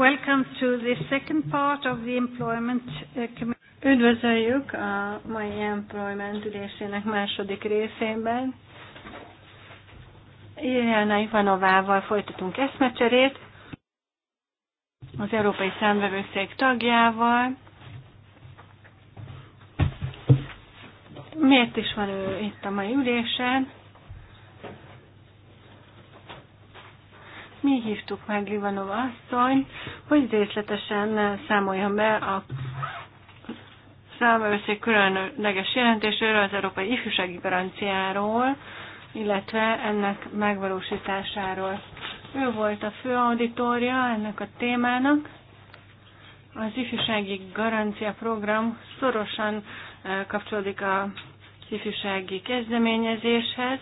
Welcome to the second part of the Employment uh, Üdvözöljük a mai Employment ülésének második részében. Irjana Ivanovával folytatunk eszmecserét, az Európai Számvevőszék tagjával. Miért is van ő itt a mai ülésen? mi hívtuk meg Livanov asszony, hogy részletesen számoljon be a számvevőszék különleges jelentésről az Európai Ifjúsági Garanciáról, illetve ennek megvalósításáról. Ő volt a fő auditorja ennek a témának. Az ifjúsági garancia program szorosan eh, kapcsolódik a ifjúsági kezdeményezéshez,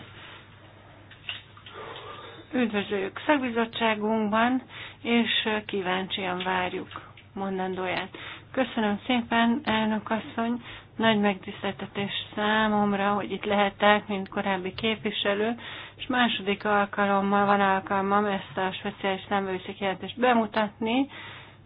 Üdvözöljük szakbizottságunkban, és kíváncsian várjuk mondandóját. Köszönöm szépen, elnök asszony, nagy megtiszteltetés számomra, hogy itt lehetek, mint korábbi képviselő, és második alkalommal van alkalmam ezt a speciális számbevőszék jelentést bemutatni.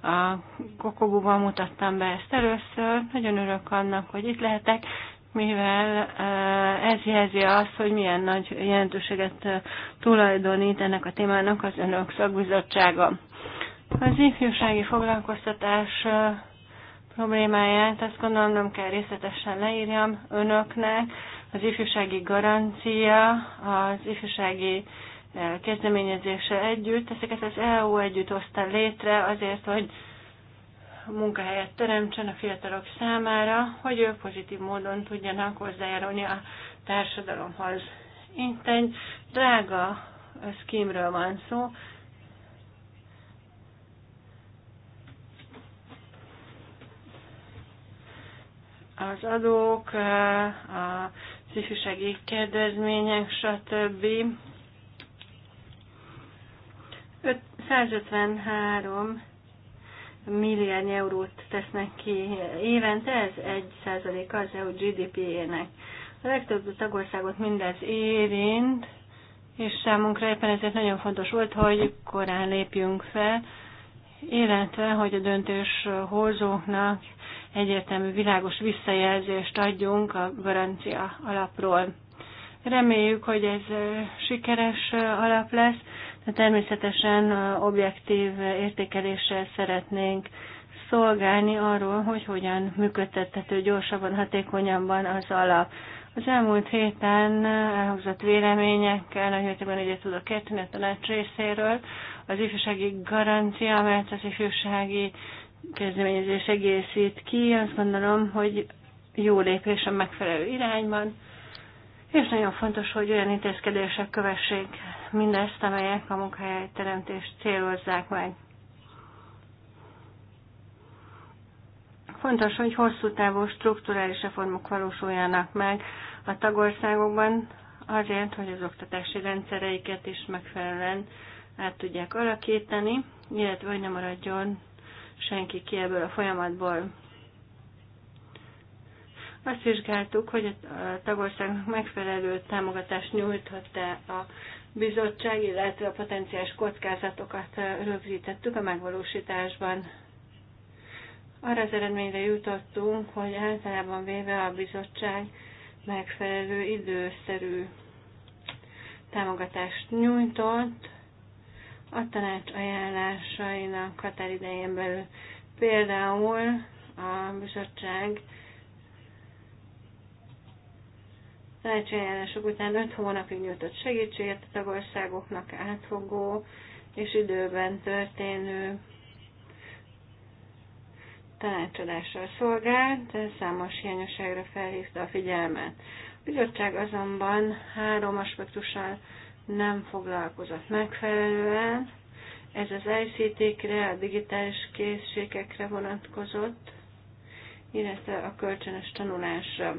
A Kokobuban mutattam be ezt először, nagyon örök annak, hogy itt lehetek, mivel eh, ez jelzi azt, hogy milyen nagy jelentőséget eh, tulajdonít ennek a témának az önök szakbizottsága. Az ifjúsági foglalkoztatás eh, problémáját azt gondolom nem kell részletesen leírjam önöknek. Az ifjúsági garancia, az ifjúsági kezdeményezése együtt, ezeket az EU együtt hozta létre azért, hogy munkahelyet teremtsen a fiatalok számára, hogy ők pozitív módon tudjanak hozzájárulni a társadalomhoz. Itt egy drága szkímről van szó, az adók, a ifjúsági kedvezmények, stb. 553 milliárd eurót tesznek ki évente, ez 1 az EU GDP-jének. A legtöbb tagországot mindez érint, és számunkra éppen ezért nagyon fontos volt, hogy korán lépjünk fel, illetve hogy a hozóknak egyértelmű világos visszajelzést adjunk a garancia alapról. Reméljük, hogy ez sikeres alap lesz, de természetesen objektív értékeléssel szeretnénk szolgálni arról, hogy hogyan működtethető gyorsabban, hatékonyabban az alap. Az elmúlt héten elhozott véleményekkel, nagy mértékben egyet tudok érteni a tanács részéről, az ifjúsági garancia, mert az ifjúsági kezdeményezés egészít ki, azt gondolom, hogy jó lépés a megfelelő irányban, és nagyon fontos, hogy olyan intézkedések kövessék mindezt, amelyek a teremtést célozzák meg. Fontos, hogy hosszú távú strukturális reformok valósuljanak meg a tagországokban, azért, hogy az oktatási rendszereiket is megfelelően át tudják alakítani, illetve hogy nem maradjon senki ki ebből a folyamatból. Azt vizsgáltuk, hogy a tagország megfelelő támogatást nyújthat-e a bizottság, illetve a potenciális kockázatokat rögzítettük a megvalósításban. Arra az eredményre jutottunk, hogy általában véve a bizottság megfelelő időszerű támogatást nyújtott a tanács ajánlásainak határidején belül. Például a bizottság tanácsajánlások után 5 hónapig nyújtott segítséget a tagországoknak átfogó és időben történő tanácsadással szolgált, számos hiányosságra felhívta a figyelmet. A bizottság azonban három aspektussal nem foglalkozott megfelelően. Ez az ICT-kre, a digitális készségekre vonatkozott, illetve a kölcsönös tanulásra.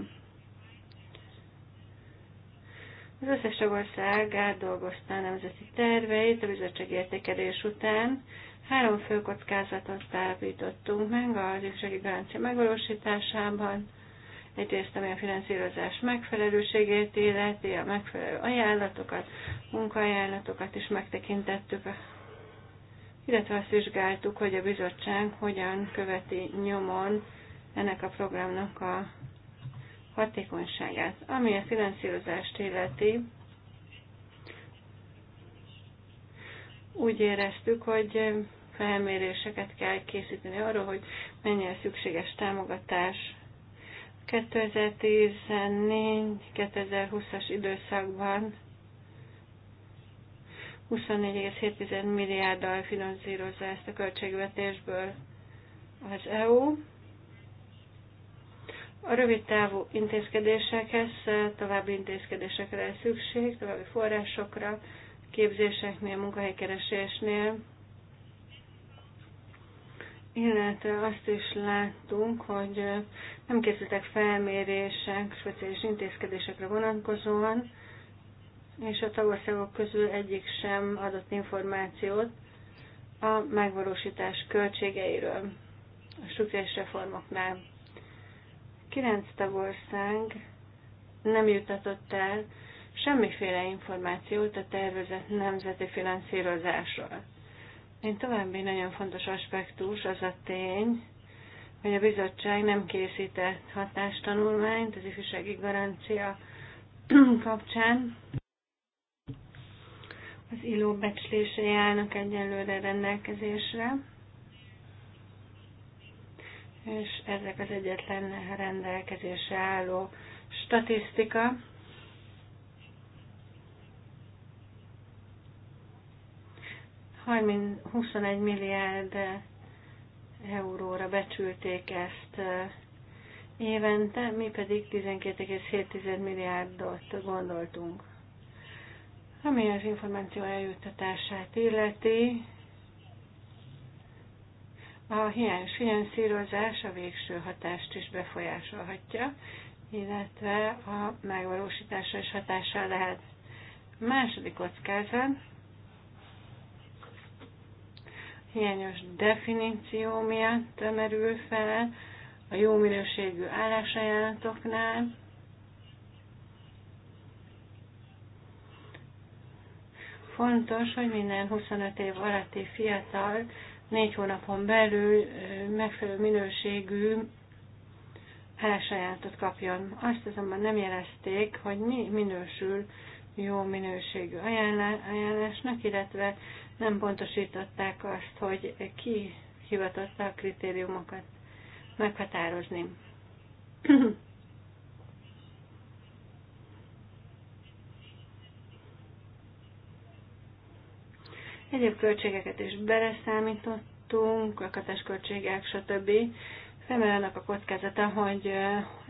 Az összes tagország átdolgozta a nemzeti terveit a bizottság értékelés után. Három fő kockázatot állapítottunk meg az ifjúsági garancia megvalósításában. Egyrészt, ami a finanszírozás megfelelőségét illeti, a megfelelő ajánlatokat, munkaajánlatokat is megtekintettük, illetve azt vizsgáltuk, hogy a bizottság hogyan követi nyomon ennek a programnak a hatékonyságát. Ami a finanszírozást illeti, úgy éreztük, hogy felméréseket kell készíteni arról, hogy mennyi a szükséges támogatás 2014-2020-as időszakban 24,7 milliárddal finanszírozza ezt a költségvetésből az EU. A rövid távú intézkedésekhez eh, további intézkedésekre szükség, további forrásokra, képzéseknél, munkahelykeresésnél, illetve azt is láttunk, hogy eh, nem készültek felmérések speciális intézkedésekre vonatkozóan, és a tagországok közül egyik sem adott információt a megvalósítás költségeiről a struktúrás reformoknál. Kilenc tagország nem jutatott el semmiféle információt a tervezett nemzeti finanszírozásról. Én további nagyon fontos aspektus az a tény, hogy a bizottság nem készített hatástanulmányt az ifjúsági garancia kapcsán. Az illó becslései állnak egyelőre rendelkezésre és ezek az egyetlen rendelkezésre álló statisztika. Hajmin 21 milliárd euróra becsülték ezt évente, mi pedig 12,7 milliárdot gondoltunk. Ami az információ eljuttatását illeti, a hiányos finanszírozás a végső hatást is befolyásolhatja, illetve a megvalósításra is hatással lehet. A második kockázat, hiányos definíció miatt merül fel a jó minőségű állásajánlatoknál, fontos, hogy minden 25 év alatti fiatal négy hónapon belül megfelelő minőségű elsajátot kapjon. Azt azonban nem jelezték, hogy mi minősül jó minőségű ajánlásnak, illetve nem pontosították azt, hogy ki hivatotta a kritériumokat meghatározni. Egyéb költségeket is beleszámítottunk, költségek stb. annak a kockázata, hogy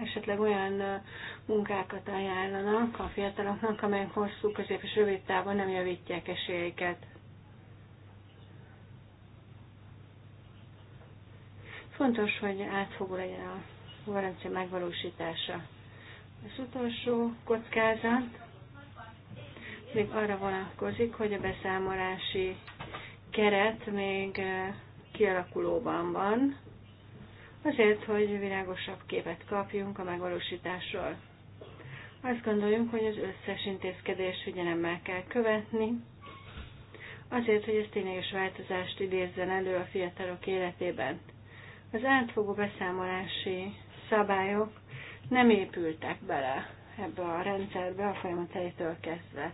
esetleg olyan munkákat ajánlanak a fiataloknak, amelyek hosszú, közép és rövid távon nem javítják esélyeiket. Fontos, hogy átfogó legyen a garancia megvalósítása. Az utolsó kockázat még arra vonatkozik, hogy a beszámolási keret még eh, kialakulóban van, azért, hogy világosabb képet kapjunk a megvalósításról. Azt gondoljuk, hogy az összes intézkedés figyelemmel kell követni, azért, hogy ez tényleges változást idézzen elő a fiatalok életében. Az átfogó beszámolási szabályok nem épültek bele ebbe a rendszerbe a folyamat elejétől kezdve.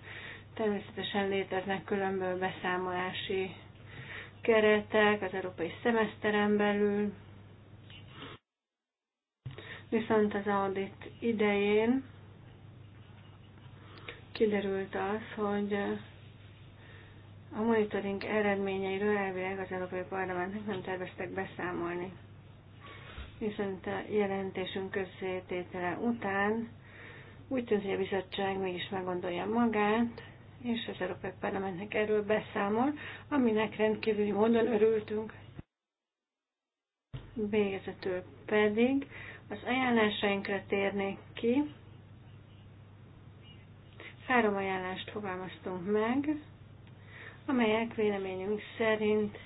Természetesen léteznek különböző beszámolási keretek az európai szemeszteren belül, viszont az audit idején kiderült az, hogy a monitoring eredményeiről elvileg az Európai Parlamentnek nem terveztek beszámolni. Viszont a jelentésünk közzététele után úgy tűnt, hogy a bizottság mégis meggondolja magát, és az Európai Parlamentnek erről beszámol, aminek rendkívüli módon örültünk. Végezetül pedig az ajánlásainkra térnék ki. Három ajánlást fogalmaztunk meg, amelyek véleményünk szerint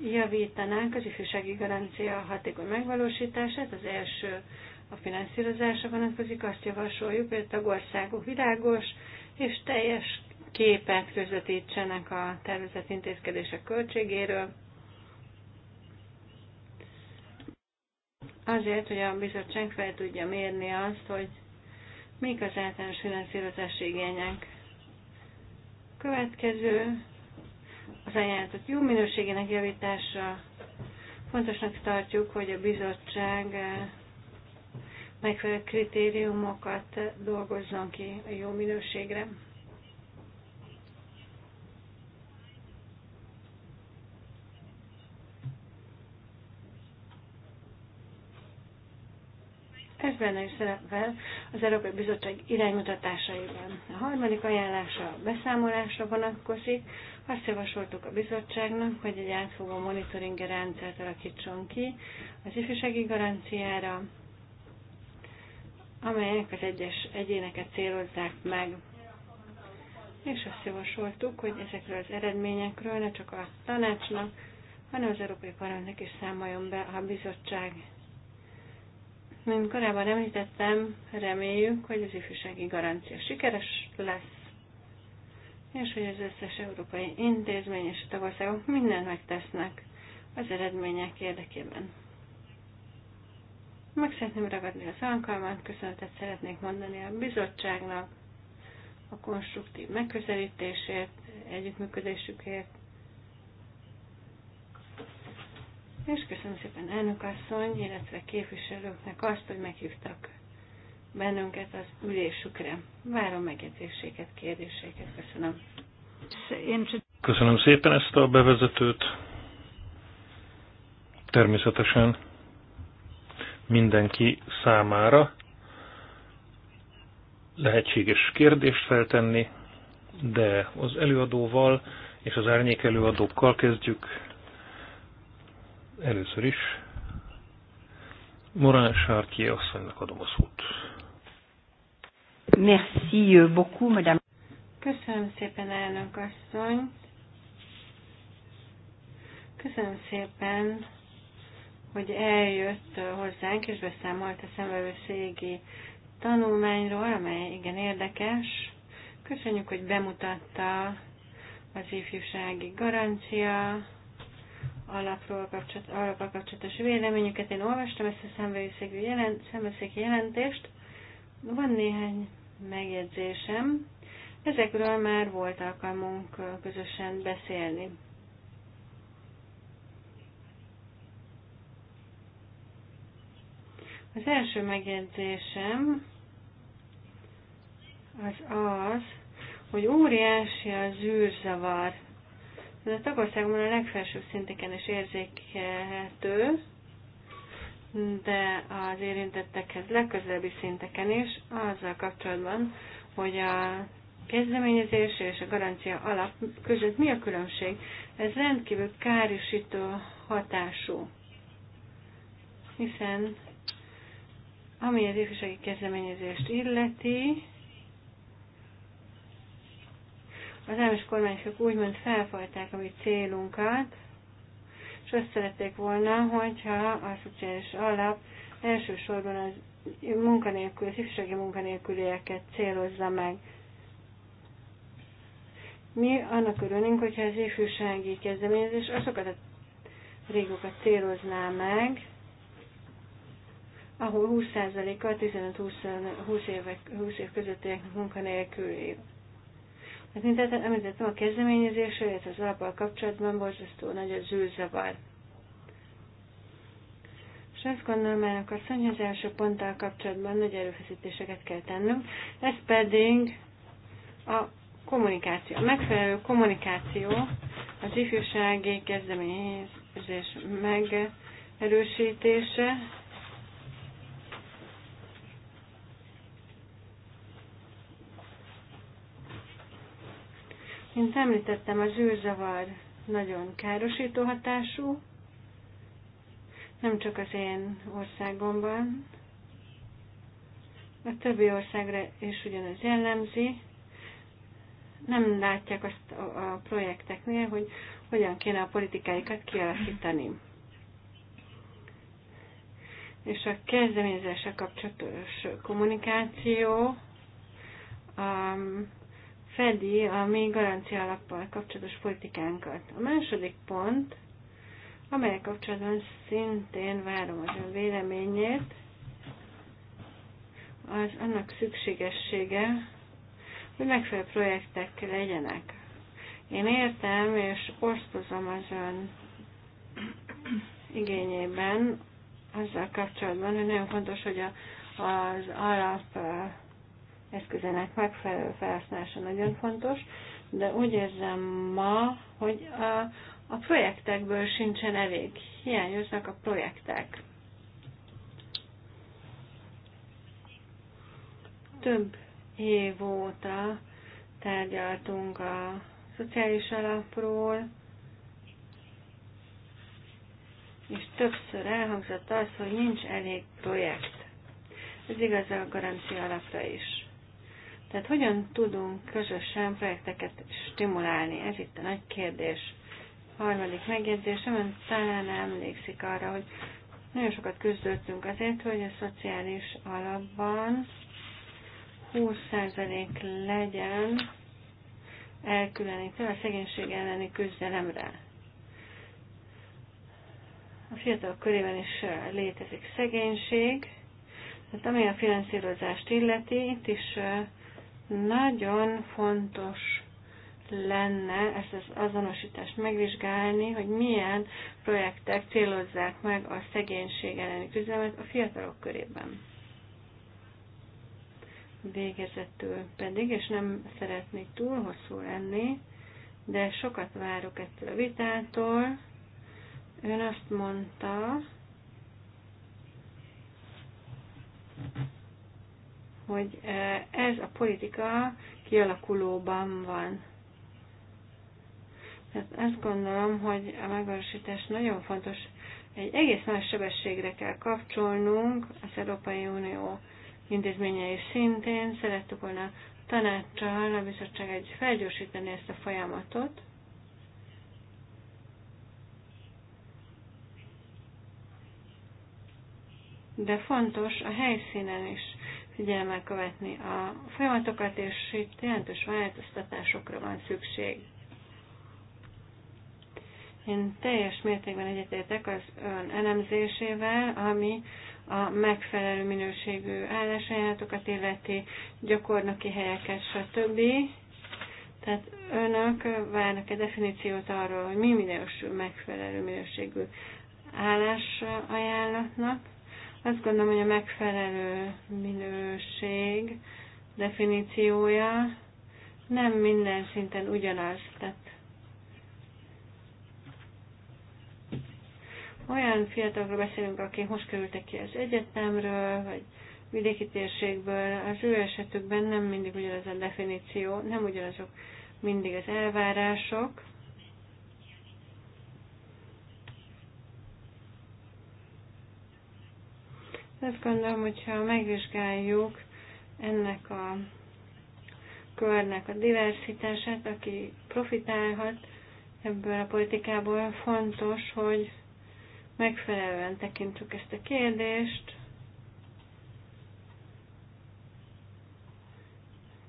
javítanánk az ifjúsági garancia hatékony megvalósítását. Az első a finanszírozása vonatkozik, azt javasoljuk, hogy a tagországok világos és teljes képet közvetítsenek a tervezett intézkedések költségéről, azért, hogy a bizottság fel tudja mérni azt, hogy mik az általános finanszírozási igények. Következő az ajánlatot jó minőségének javítása. Fontosnak tartjuk, hogy a bizottság eh, megfelelő kritériumokat dolgozzon ki a jó minőségre. Ez benne is szerepel az Európai Bizottság iránymutatásaiban. A harmadik ajánlása a beszámolásra vonatkozik. Azt javasoltuk a bizottságnak, hogy egy átfogó monitoring rendszert alakítson ki az ifjúsági garanciára, amelyek az egyes egyéneket célozzák meg. És azt javasoltuk, hogy ezekről az eredményekről ne csak a tanácsnak, hanem az Európai Parlamentnek is számoljon be a bizottság mint korábban említettem, reméljük, hogy az ifjúsági garancia sikeres lesz, és hogy az összes európai intézmény és tagországok mindent megtesznek az eredmények érdekében. Meg szeretném ragadni az alkalmat, köszönetet szeretnék mondani a bizottságnak, a konstruktív megközelítésért, együttműködésükért, És köszönöm szépen elnökasszony, illetve képviselőknek azt, hogy meghívtak bennünket az ülésükre. Várom megjegyzéseket, kérdéseket. Köszönöm. Köszönöm szépen ezt a bevezetőt. Természetesen mindenki számára lehetséges kérdést feltenni, de az előadóval és az árnyék előadókkal kezdjük Először is Morán Sártyé asszonynak adom a szót. Merci euh, beaucoup, madame. Köszönöm szépen, elnök asszony. Köszönöm szépen, hogy eljött uh, hozzánk, és beszámolt a szemvevőszégi tanulmányról, amely igen érdekes. Köszönjük, hogy bemutatta az ifjúsági garancia alapról kapcsolat, alapról kapcsolatos véleményeket. Én olvastam ezt a szemvőszégi jelent, jelentést. Van néhány megjegyzésem. Ezekről már volt alkalmunk közösen beszélni. Az első megjegyzésem az az, hogy óriási az űrzavar ez a tagországban a legfelsőbb szinteken is érzékelhető, de az érintettekhez legközelebbi szinteken is, azzal kapcsolatban, hogy a kezdeményezés és a garancia alap között mi a különbség. Ez rendkívül károsító hatású, hiszen ami az ifjúsági kezdeményezést illeti, az elmes kormányosok úgymond felfajták a mi célunkat, és azt szerették volna, hogyha a szociális alap elsősorban az munkanélkül, ifjúsági munkanélkülieket célozza meg. Mi annak örülünk, hogyha az ifjúsági kezdeményezés azokat a régokat célozná meg, ahol 20%-a 15-20 év közöttieknek él. Hát mint említettem, a kezdeményezésről, illetve az alapal kapcsolatban borzasztó nagy a zűrzavar. És azt gondolom el, akkor az ponttal kapcsolatban nagy erőfeszítéseket kell tennünk, ez pedig a kommunikáció. A megfelelő kommunikáció az ifjúsági kezdeményezés megerősítése, Mint említettem, az űrzavar nagyon károsító hatású, nem csak az én országomban, a többi országra is ugyanaz jellemzi. Nem látják azt a projekteknél, hogy hogyan kéne a politikáikat kialakítani. És a kezdeményezése kapcsolatos kommunikáció, um, fedi a mi garancia alappal kapcsolatos politikánkat. A második pont, amely kapcsolatban szintén várom az ön véleményét, az annak szükségessége, hogy megfelelő projektek legyenek. Én értem és osztozom az ön igényében azzal kapcsolatban, hogy nagyon fontos, hogy a, az alap eszközének megfelelő felhasználása nagyon fontos, de úgy érzem ma, hogy a, a projektekből sincsen elég. Hiányoznak a projektek. Több év óta tárgyaltunk a szociális alapról, és többször elhangzott az, hogy nincs elég projekt. Ez igaz a garancia alapra is. Tehát hogyan tudunk közösen projekteket stimulálni? Ez itt a nagy kérdés. A harmadik megjegyzésem, ön talán emlékszik arra, hogy nagyon sokat küzdöttünk azért, hogy a szociális alapban 20% legyen elkülönítve a szegénység elleni küzdelemre. A fiatalok körében is létezik szegénység, tehát ami a finanszírozást illeti, itt is nagyon fontos lenne ezt az azonosítást megvizsgálni, hogy milyen projektek célozzák meg a szegénység elleni küzdelmet a fiatalok körében. Végezetül pedig, és nem szeretnék túl hosszú lenni, de sokat várok ettől a vitától. Ön azt mondta, hogy ez a politika kialakulóban van. Tehát azt gondolom, hogy a megvalósítás nagyon fontos. Egy egész más sebességre kell kapcsolnunk, az Európai Unió intézményei szintén. Szerettük volna tanácssal a bizottság egy felgyorsítani ezt a folyamatot. De fontos a helyszínen is figyelemmel követni a folyamatokat, és itt jelentős változtatásokra van szükség. Én teljes mértékben egyetértek az ön elemzésével, ami a megfelelő minőségű állásajánlatokat illeti, gyakornoki helyeket, stb. Tehát önök várnak egy definíciót arról, hogy mi minősül megfelelő minőségű állásajánlatnak, azt gondolom, hogy a megfelelő minőség definíciója nem minden szinten ugyanaz. Tehát olyan fiatalokról beszélünk, akik most kerültek ki az egyetemről, vagy vidéki térségből, az ő esetükben nem mindig ugyanaz a definíció, nem ugyanazok mindig az elvárások. Azt gondolom, hogyha megvizsgáljuk ennek a körnek a diversitását, aki profitálhat ebből a politikából, fontos, hogy megfelelően tekintsük ezt a kérdést.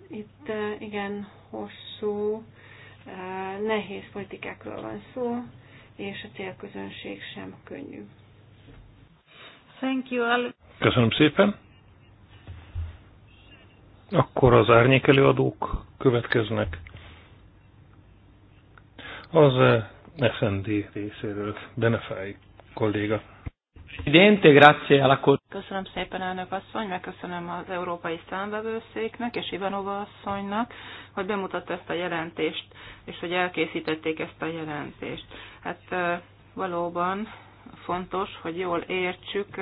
Itt eh, igen hosszú, eh, nehéz politikákról van szó, és a célközönség sem könnyű. Thank you all. Köszönöm szépen. Akkor az árnyék előadók következnek. Az SND eh, részéről, Benefáj kolléga. Köszönöm szépen, elnök asszony, megköszönöm az Európai Számbevőszéknek és Ivanova asszonynak, hogy bemutatta ezt a jelentést, és hogy elkészítették ezt a jelentést. Hát eh, valóban fontos, hogy jól értsük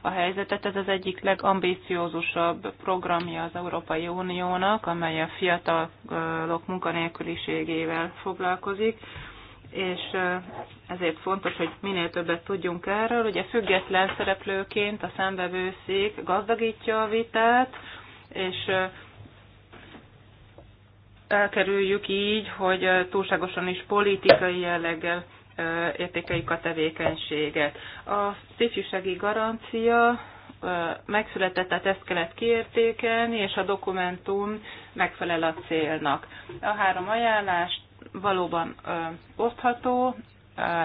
a helyzetet. Ez az egyik legambíciózusabb programja az Európai Uniónak, amely a fiatalok munkanélküliségével foglalkozik és ezért fontos, hogy minél többet tudjunk erről. Ugye független szereplőként a szembevőszék gazdagítja a vitát, és elkerüljük így, hogy túlságosan is politikai jelleggel értékeljük a tevékenységet. A ifjúsági garancia megszületett, tehát ezt kellett kiértékelni, és a dokumentum megfelel a célnak. A három ajánlást valóban osztható,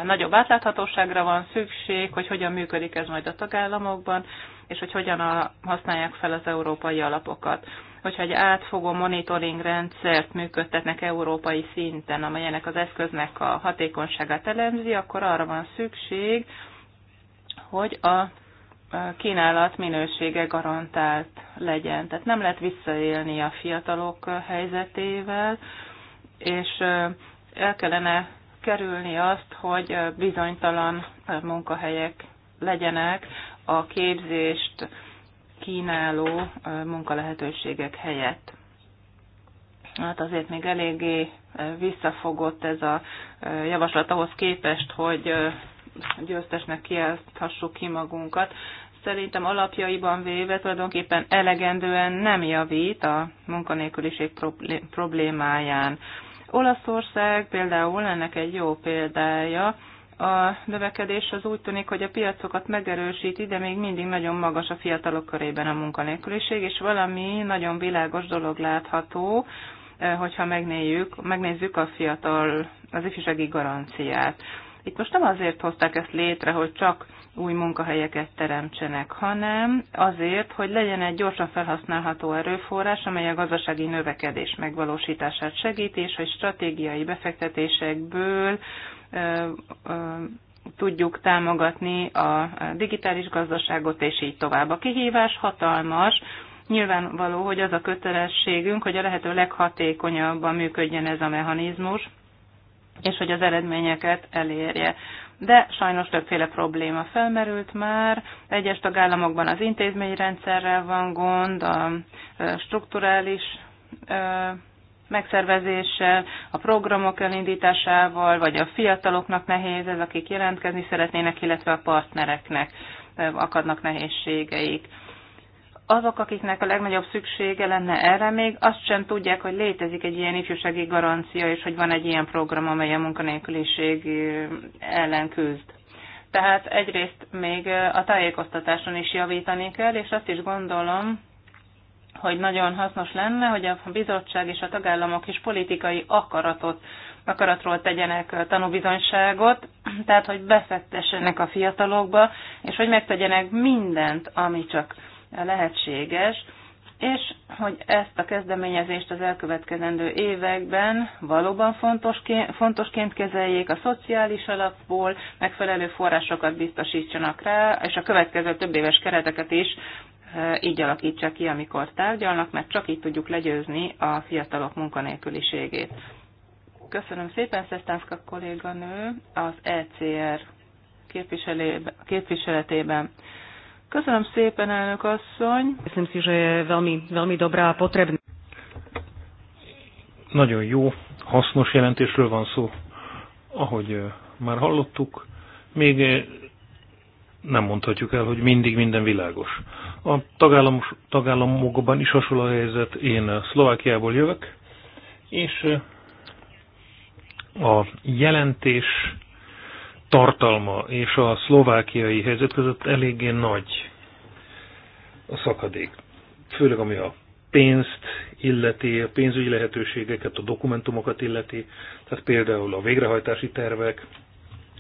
nagyobb átláthatóságra van szükség, hogy hogyan működik ez majd a tagállamokban, és hogy hogyan használják fel az európai alapokat hogyha egy átfogó monitoring rendszert működtetnek európai szinten, amelyenek az eszköznek a hatékonyságát elemzi, akkor arra van szükség, hogy a kínálat minősége garantált legyen. Tehát nem lehet visszaélni a fiatalok helyzetével, és el kellene kerülni azt, hogy bizonytalan munkahelyek legyenek, a képzést kínáló munkalehetőségek helyett. Hát azért még eléggé visszafogott ez a javaslat ahhoz képest, hogy győztesnek kiálthassuk ki magunkat. Szerintem alapjaiban véve tulajdonképpen elegendően nem javít a munkanélküliség problémáján. Olaszország például ennek egy jó példája, a növekedés az úgy tűnik, hogy a piacokat megerősíti, de még mindig nagyon magas a fiatalok körében a munkanélküliség, és valami nagyon világos dolog látható, eh, hogyha megnézzük, megnézzük a fiatal, az ifjúsági garanciát. Itt most nem azért hozták ezt létre, hogy csak új munkahelyeket teremtsenek, hanem azért, hogy legyen egy gyorsan felhasználható erőforrás, amely a gazdasági növekedés megvalósítását segíti, és hogy stratégiai befektetésekből tudjuk támogatni a digitális gazdaságot, és így tovább. A kihívás hatalmas, nyilvánvaló, hogy az a kötelességünk, hogy a lehető leghatékonyabban működjen ez a mechanizmus, és hogy az eredményeket elérje. De sajnos többféle probléma felmerült már. Egyes tagállamokban az intézményrendszerrel van gond, a strukturális megszervezéssel, a programok elindításával, vagy a fiataloknak nehéz ez, akik jelentkezni szeretnének, illetve a partnereknek akadnak nehézségeik azok, akiknek a legnagyobb szüksége lenne erre még, azt sem tudják, hogy létezik egy ilyen ifjúsági garancia, és hogy van egy ilyen program, amely a munkanélküliség ellen küzd. Tehát egyrészt még a tájékoztatáson is javítani kell, és azt is gondolom, hogy nagyon hasznos lenne, hogy a bizottság és a tagállamok is politikai akaratot, akaratról tegyenek tanúbizonyságot, tehát hogy befektessenek a fiatalokba, és hogy megtegyenek mindent, ami csak lehetséges, és hogy ezt a kezdeményezést az elkövetkezendő években valóban fontosként, fontosként kezeljék a szociális alapból, megfelelő forrásokat biztosítsanak rá, és a következő több éves kereteket is Eh, így alakítsa ki, amikor tárgyalnak, mert csak így tudjuk legyőzni a fiatalok munkanélküliségét. Köszönöm szépen, Szesztánszka kolléganő az ECR képviseletében. Köszönöm szépen, elnök asszony. Köszönöm szépen, že je veľmi, dobrá Nagyon jó, hasznos jelentésről van szó. Ahogy eh, már hallottuk, még eh, nem mondhatjuk el, hogy mindig minden világos. A tagállamos, tagállamokban is hasonló a helyzet, én eh, Szlovákiából jövök, és eh, a jelentés tartalma és a szlovákiai helyzet között eléggé nagy a szakadék. Főleg ami a pénzt illeti, a pénzügyi lehetőségeket, a dokumentumokat illeti, tehát például a végrehajtási tervek,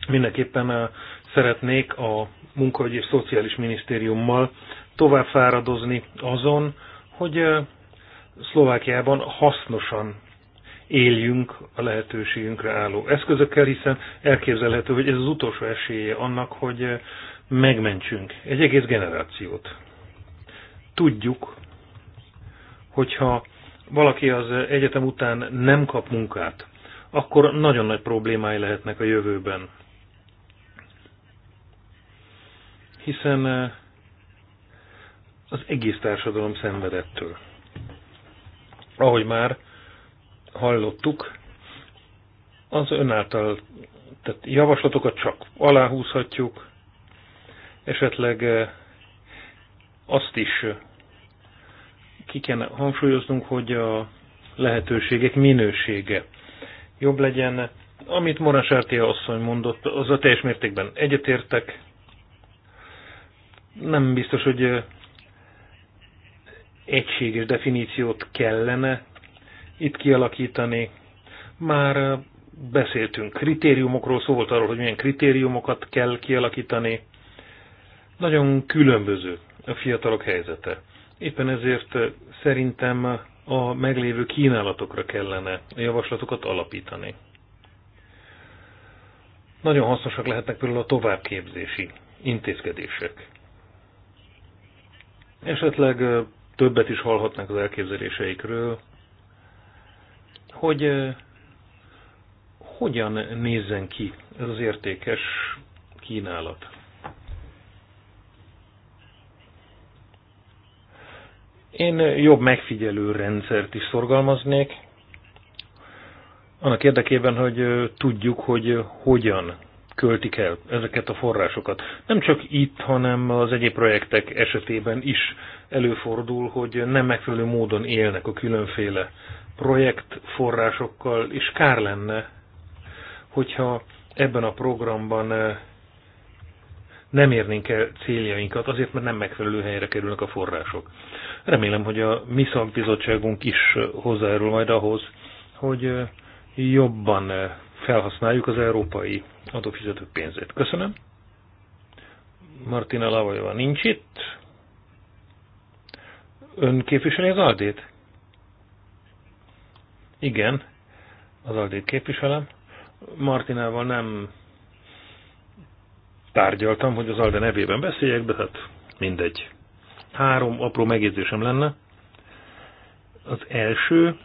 mindenképpen eh, szeretnék a munkahogy és szociális minisztériummal tovább fáradozni azon, hogy Szlovákiában hasznosan éljünk a lehetőségünkre álló eszközökkel, hiszen elképzelhető, hogy ez az utolsó esélye annak, hogy megmentsünk egy egész generációt. Tudjuk, hogyha valaki az egyetem után nem kap munkát, akkor nagyon nagy problémái lehetnek a jövőben hiszen eh, az egész társadalom szenvedettől. Ahogy már hallottuk, az önáltal tehát javaslatokat csak aláhúzhatjuk, esetleg eh, azt is eh, ki kell hangsúlyoznunk, hogy a lehetőségek minősége jobb legyen. Amit Morasártia asszony mondott, az a teljes mértékben egyetértek nem biztos, hogy egységes definíciót kellene itt kialakítani. Már beszéltünk kritériumokról, szó volt arról, hogy milyen kritériumokat kell kialakítani. Nagyon különböző a fiatalok helyzete. Éppen ezért szerintem a meglévő kínálatokra kellene a javaslatokat alapítani. Nagyon hasznosak lehetnek például a továbbképzési intézkedések. Esetleg többet is hallhatnak az elképzeléseikről, hogy hogyan nézzen ki ez az értékes kínálat. Én jobb megfigyelő rendszert is szorgalmaznék, annak érdekében, hogy tudjuk, hogy hogyan költik el ezeket a forrásokat. Nem csak itt, hanem az egyéb projektek esetében is előfordul, hogy nem megfelelő módon élnek a különféle projektforrásokkal, és kár lenne, hogyha ebben a programban eh, nem érnénk el céljainkat, azért, mert nem megfelelő helyre kerülnek a források. Remélem, hogy a mi szakbizottságunk is eh, hozzájárul majd ahhoz, hogy eh, jobban felhasználjuk az európai adófizetők pénzét. Köszönöm. Martina Lavajova nincs itt. Ön képviseli az Aldét? Igen, az Aldét képviselem. Martinával nem tárgyaltam, hogy az Alde nevében beszéljek, de hát mindegy. Három apró megjegyzésem lenne. Az első,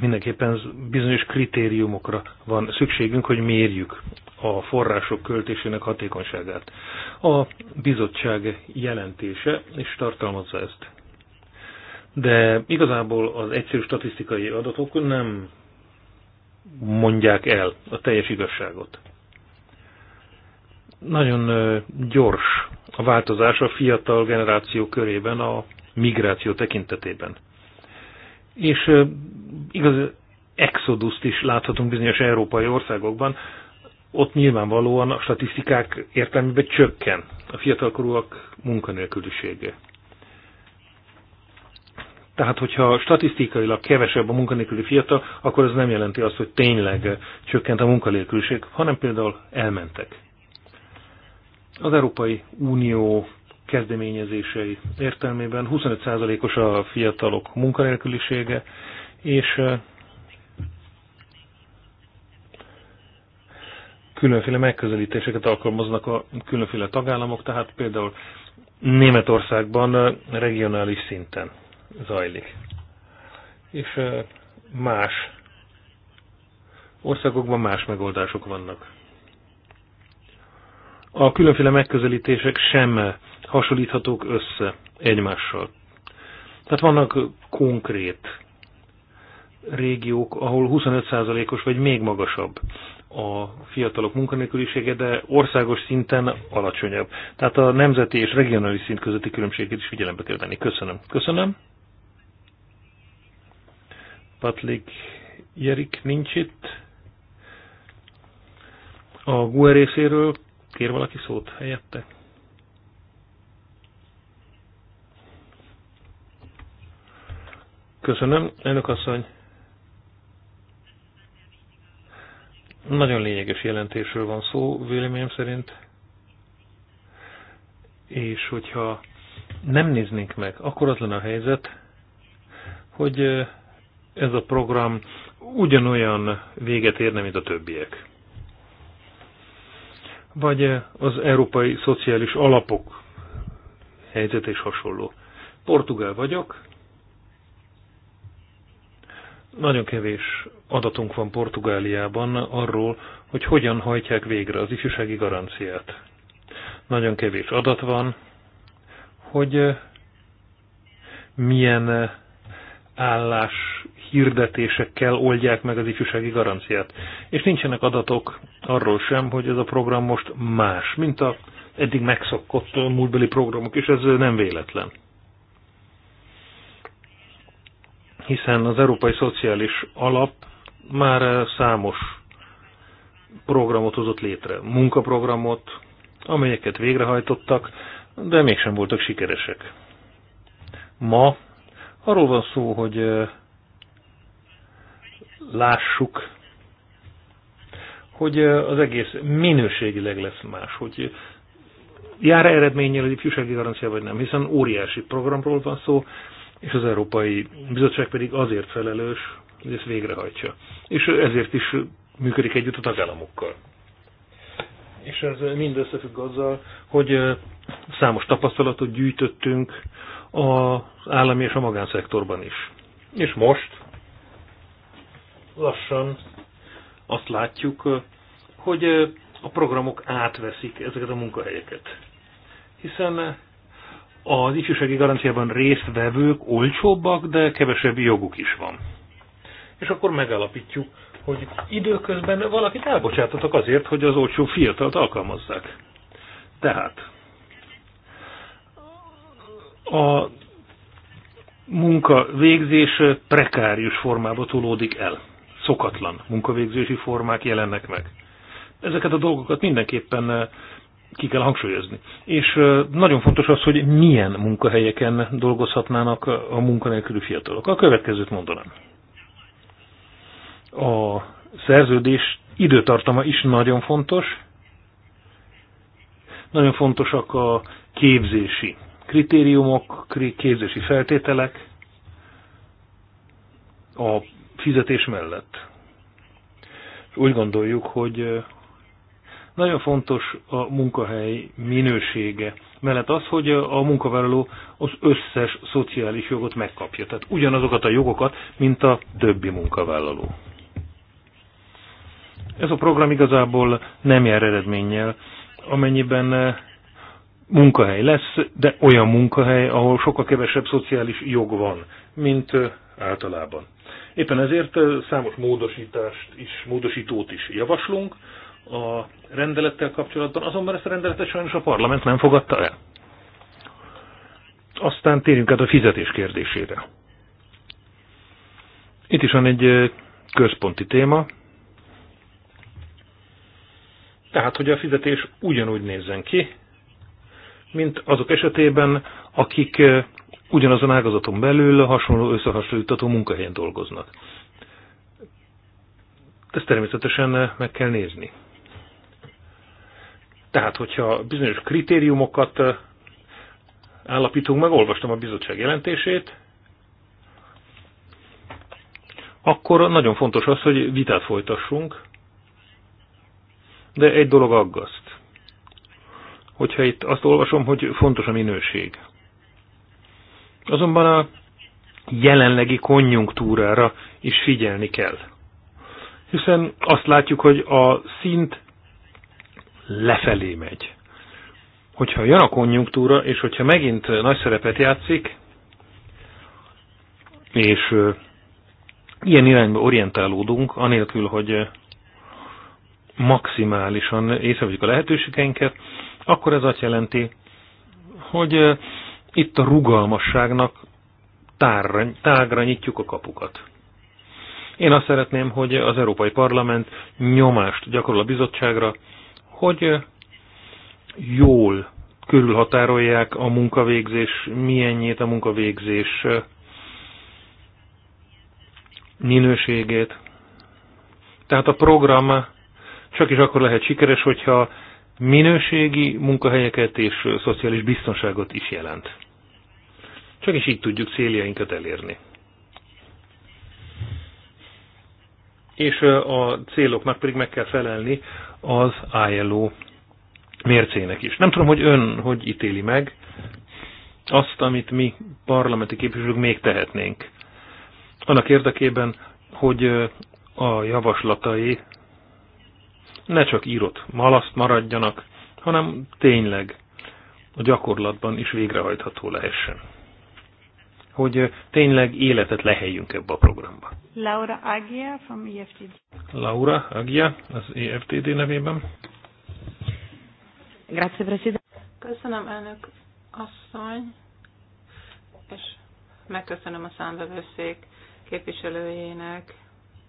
mindenképpen bizonyos kritériumokra van szükségünk, hogy mérjük a források költésének hatékonyságát. A bizottság jelentése is tartalmazza ezt. De igazából az egyszerű statisztikai adatok nem mondják el a teljes igazságot. Nagyon gyors a változás a fiatal generáció körében a migráció tekintetében és igaz, exodus is láthatunk bizonyos európai országokban, ott nyilvánvalóan a statisztikák értelmében csökken a fiatalkorúak munkanélkülisége. Tehát, hogyha statisztikailag kevesebb a munkanélküli fiatal, akkor ez nem jelenti azt, hogy tényleg csökkent a munkanélküliség, hanem például elmentek. Az Európai Unió kezdeményezései értelmében 25%-os a fiatalok munkanélkülisége, és különféle megközelítéseket alkalmaznak a különféle tagállamok, tehát például Németországban regionális szinten zajlik. És más országokban más megoldások vannak. A különféle megközelítések sem hasonlíthatók össze egymással. Tehát vannak konkrét régiók, ahol 25%-os vagy még magasabb a fiatalok munkanélkülisége, de országos szinten alacsonyabb. Tehát a nemzeti és regionális szint közötti különbséget is figyelembe kell venni. Köszönöm. Köszönöm. Patlik Jerik nincs itt. A GUE részéről kér valaki szót helyette? Köszönöm, elnök asszony. Nagyon lényeges jelentésről van szó, véleményem szerint. És hogyha nem néznénk meg, akkor az lenne a helyzet, hogy ez a program ugyanolyan véget érne, mint a többiek. Vagy az európai szociális alapok helyzet és hasonló. Portugál vagyok, nagyon kevés adatunk van Portugáliában arról, hogy hogyan hajtják végre az ifjúsági garanciát. Nagyon kevés adat van, hogy eh, milyen eh, állás hirdetésekkel oldják meg az ifjúsági garanciát. És nincsenek adatok arról sem, hogy ez a program most más, mint a eddig megszokott eh, múltbeli programok, és ez nem véletlen. hiszen az Európai Szociális Alap már számos programot hozott létre, munkaprogramot, amelyeket végrehajtottak, de mégsem voltak sikeresek. Ma arról van szó, hogy lássuk, hogy az egész minőségileg lesz más, hogy jár -e eredménnyel az ifjúsági garancia, vagy nem, hiszen óriási programról van szó, és az Európai Bizottság pedig azért felelős, hogy ezt végrehajtsa. És ezért is működik együtt a tagállamokkal. És ez mind összefügg azzal, hogy számos tapasztalatot gyűjtöttünk az állami és a magánszektorban is. És most lassan azt látjuk, hogy a programok átveszik ezeket a munkahelyeket. Hiszen az ifjúsági garanciában résztvevők olcsóbbak, de kevesebb joguk is van. És akkor megalapítjuk, hogy időközben valakit elbocsátatok azért, hogy az olcsó fiatalt alkalmazzák. Tehát a munka prekárius formába tulódik el. Szokatlan munkavégzési formák jelennek meg. Ezeket a dolgokat mindenképpen ki kell hangsúlyozni. És nagyon fontos az, hogy milyen munkahelyeken dolgozhatnának a munkanélküli fiatalok. A következőt mondanám. A szerződés időtartama is nagyon fontos. Nagyon fontosak a képzési kritériumok, képzési feltételek a fizetés mellett. Úgy gondoljuk, hogy nagyon fontos a munkahely minősége, mellett az, hogy a munkavállaló az összes szociális jogot megkapja, tehát ugyanazokat a jogokat, mint a többi munkavállaló. Ez a program igazából nem jár eredménnyel, amennyiben eh, munkahely lesz, de olyan munkahely, ahol sokkal kevesebb szociális jog van, mint eh, általában. Éppen ezért eh, számos módosítást is, módosítót is javaslunk, a rendelettel kapcsolatban, azonban ezt a rendeletet sajnos a parlament nem fogadta el. Aztán térjünk át a fizetés kérdésére. Itt is van egy központi téma, tehát, hogy a fizetés ugyanúgy nézzen ki, mint azok esetében, akik ugyanazon ágazaton belül hasonló összehasonlítató munkahelyen dolgoznak. Ezt természetesen meg kell nézni. Tehát, hogyha bizonyos kritériumokat állapítunk meg, olvastam a bizottság jelentését, akkor nagyon fontos az, hogy vitát folytassunk, de egy dolog aggaszt. Hogyha itt azt olvasom, hogy fontos a minőség. Azonban a jelenlegi konjunktúrára is figyelni kell. Hiszen azt látjuk, hogy a szint lefelé megy. Hogyha jön a konjunktúra, és hogyha megint nagy szerepet játszik, és ilyen irányba orientálódunk, anélkül, hogy maximálisan észrevegyük a lehetőségeinket, akkor ez azt jelenti, hogy itt a rugalmasságnak tárra, tágra nyitjuk a kapukat. Én azt szeretném, hogy az Európai Parlament nyomást gyakorol a bizottságra, hogy jól körülhatárolják a munkavégzés milyenjét, a munkavégzés minőségét. Tehát a program csak is akkor lehet sikeres, hogyha minőségi munkahelyeket és szociális biztonságot is jelent. Csak is így tudjuk céljainkat elérni. és a céloknak pedig meg kell felelni az ILO mércének is. Nem tudom, hogy ön hogy ítéli meg azt, amit mi parlamenti képviselők még tehetnénk. Annak érdekében, hogy a javaslatai ne csak írott malaszt maradjanak, hanem tényleg a gyakorlatban is végrehajtható lehessen hogy tényleg életet leheljünk ebbe a programba. Laura Agia from EFTD. Laura Agia az EFTD nevében. Grazie, Presidente. Köszönöm, elnök asszony, és megköszönöm a számbevőszék képviselőjének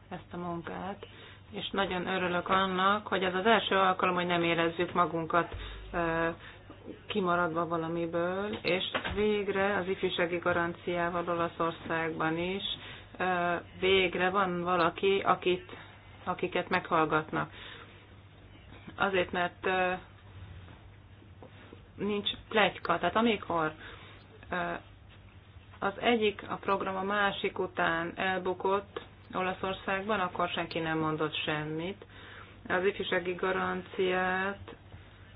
ezt a munkát, és nagyon örülök annak, hogy ez az első alkalom, hogy nem érezzük magunkat kimaradva valamiből, és végre az ifjúsági garanciával Olaszországban is végre van valaki, akit, akiket meghallgatnak. Azért, mert nincs plegyka. Tehát amikor az egyik a program a másik után elbukott Olaszországban, akkor senki nem mondott semmit. Az ifjúsági garanciát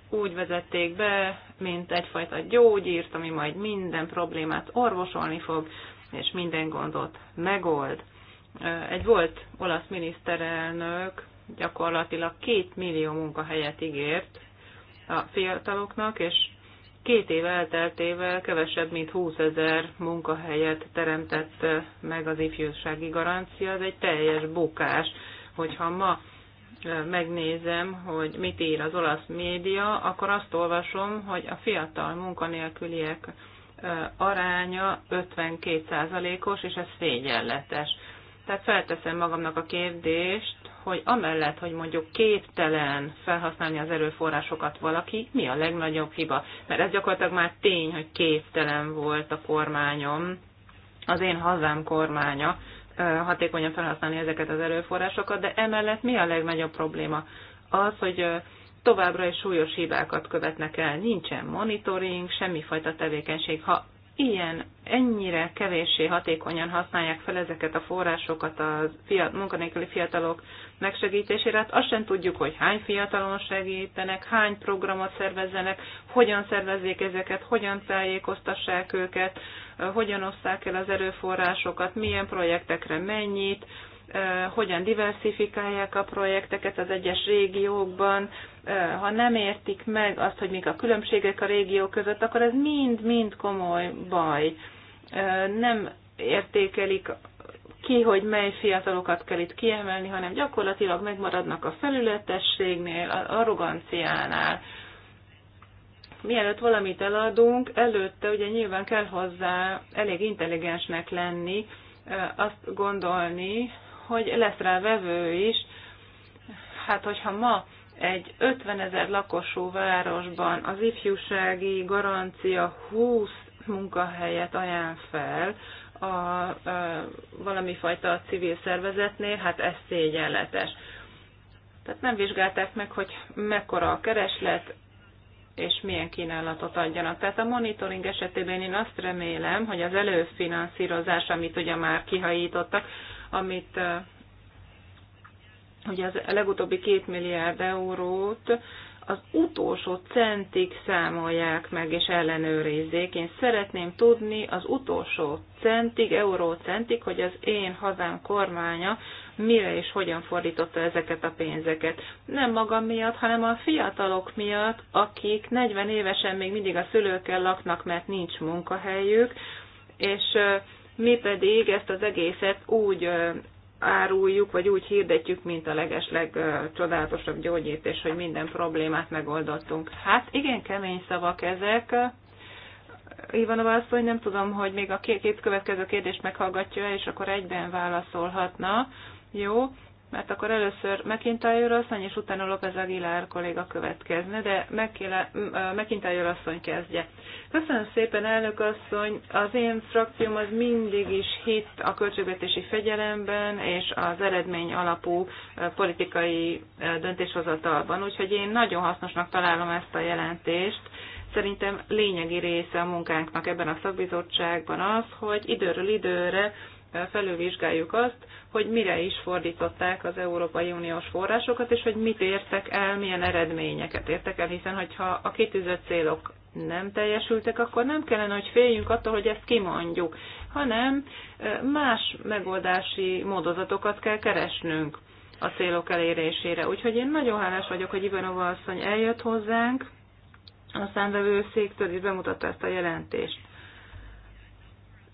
úgy vezették be, mint egyfajta gyógyírt, ami majd minden problémát orvosolni fog, és minden gondot megold. Egy volt olasz miniszterelnök gyakorlatilag két millió munkahelyet ígért a fiataloknak, és két év elteltével kevesebb, mint 20 ezer munkahelyet teremtett meg az ifjúsági garancia. Ez egy teljes bukás, hogyha ma megnézem, hogy mit ír az olasz média, akkor azt olvasom, hogy a fiatal munkanélküliek aránya 52%-os, és ez szégyenletes. Tehát felteszem magamnak a kérdést, hogy amellett, hogy mondjuk képtelen felhasználni az erőforrásokat valaki, mi a legnagyobb hiba? Mert ez gyakorlatilag már tény, hogy képtelen volt a kormányom, az én hazám kormánya hatékonyan felhasználni ezeket az erőforrásokat, de emellett mi a legnagyobb probléma? Az, hogy továbbra is súlyos hibákat követnek el, nincsen monitoring, semmifajta tevékenység. Ha ilyen, ennyire kevéssé hatékonyan használják fel ezeket a forrásokat a fiat, munkanélküli fiatalok megsegítésére. Hát azt sem tudjuk, hogy hány fiatalon segítenek, hány programot szervezzenek, hogyan szervezzék ezeket, hogyan tájékoztassák őket, hogyan osszák el az erőforrásokat, milyen projektekre mennyit, hogyan diversifikálják a projekteket az egyes régiókban, ha nem értik meg azt, hogy mik a különbségek a régiók között, akkor ez mind-mind komoly baj. Nem értékelik ki, hogy mely fiatalokat kell itt kiemelni, hanem gyakorlatilag megmaradnak a felületességnél, a arroganciánál. Mielőtt valamit eladunk, előtte ugye nyilván kell hozzá elég intelligensnek lenni, azt gondolni, hogy lesz rá vevő is. Hát, hogyha ma egy 50 ezer lakosú városban az ifjúsági garancia 20 munkahelyet ajánl fel, a, a valami fajta civil szervezetnél, hát ez szégyenletes. Tehát nem vizsgálták meg, hogy mekkora a kereslet, és milyen kínálatot adjanak. Tehát a monitoring esetében én azt remélem, hogy az előfinanszírozás, amit ugye már kihajítottak, amit ugye az legutóbbi két milliárd eurót az utolsó centig számolják meg és ellenőrizzék. Én szeretném tudni az utolsó centig, eurócentig, hogy az én hazám kormánya mire és hogyan fordította ezeket a pénzeket. Nem magam miatt, hanem a fiatalok miatt, akik 40 évesen még mindig a szülőkkel laknak, mert nincs munkahelyük, és mi pedig ezt az egészet úgy áruljuk, vagy úgy hirdetjük, mint a legesleg csodálatosabb gyógyítás, hogy minden problémát megoldottunk. Hát igen, kemény szavak ezek. Ivan azt hogy nem tudom, hogy még a két következő kérdést meghallgatja, és akkor egyben válaszolhatna. Jó, mert akkor először McIntyre asszony, és utána López Aguilar kolléga következne, de McIntyre asszony kezdje. Köszönöm szépen, elnök asszony! Az én frakcióm az mindig is hit a költségvetési fegyelemben és az eredmény alapú politikai döntéshozatalban, úgyhogy én nagyon hasznosnak találom ezt a jelentést, szerintem lényegi része a munkánknak ebben a szakbizottságban az, hogy időről időre felülvizsgáljuk azt, hogy mire is fordították az Európai Uniós forrásokat, és hogy mit értek el, milyen eredményeket értek el, hiszen hogyha a kitűzött célok nem teljesültek, akkor nem kellene, hogy féljünk attól, hogy ezt kimondjuk, hanem más megoldási módozatokat kell keresnünk a célok elérésére. Úgyhogy én nagyon hálás vagyok, hogy Ivanova asszony eljött hozzánk, a számvevőszéktől is bemutatta ezt a jelentést.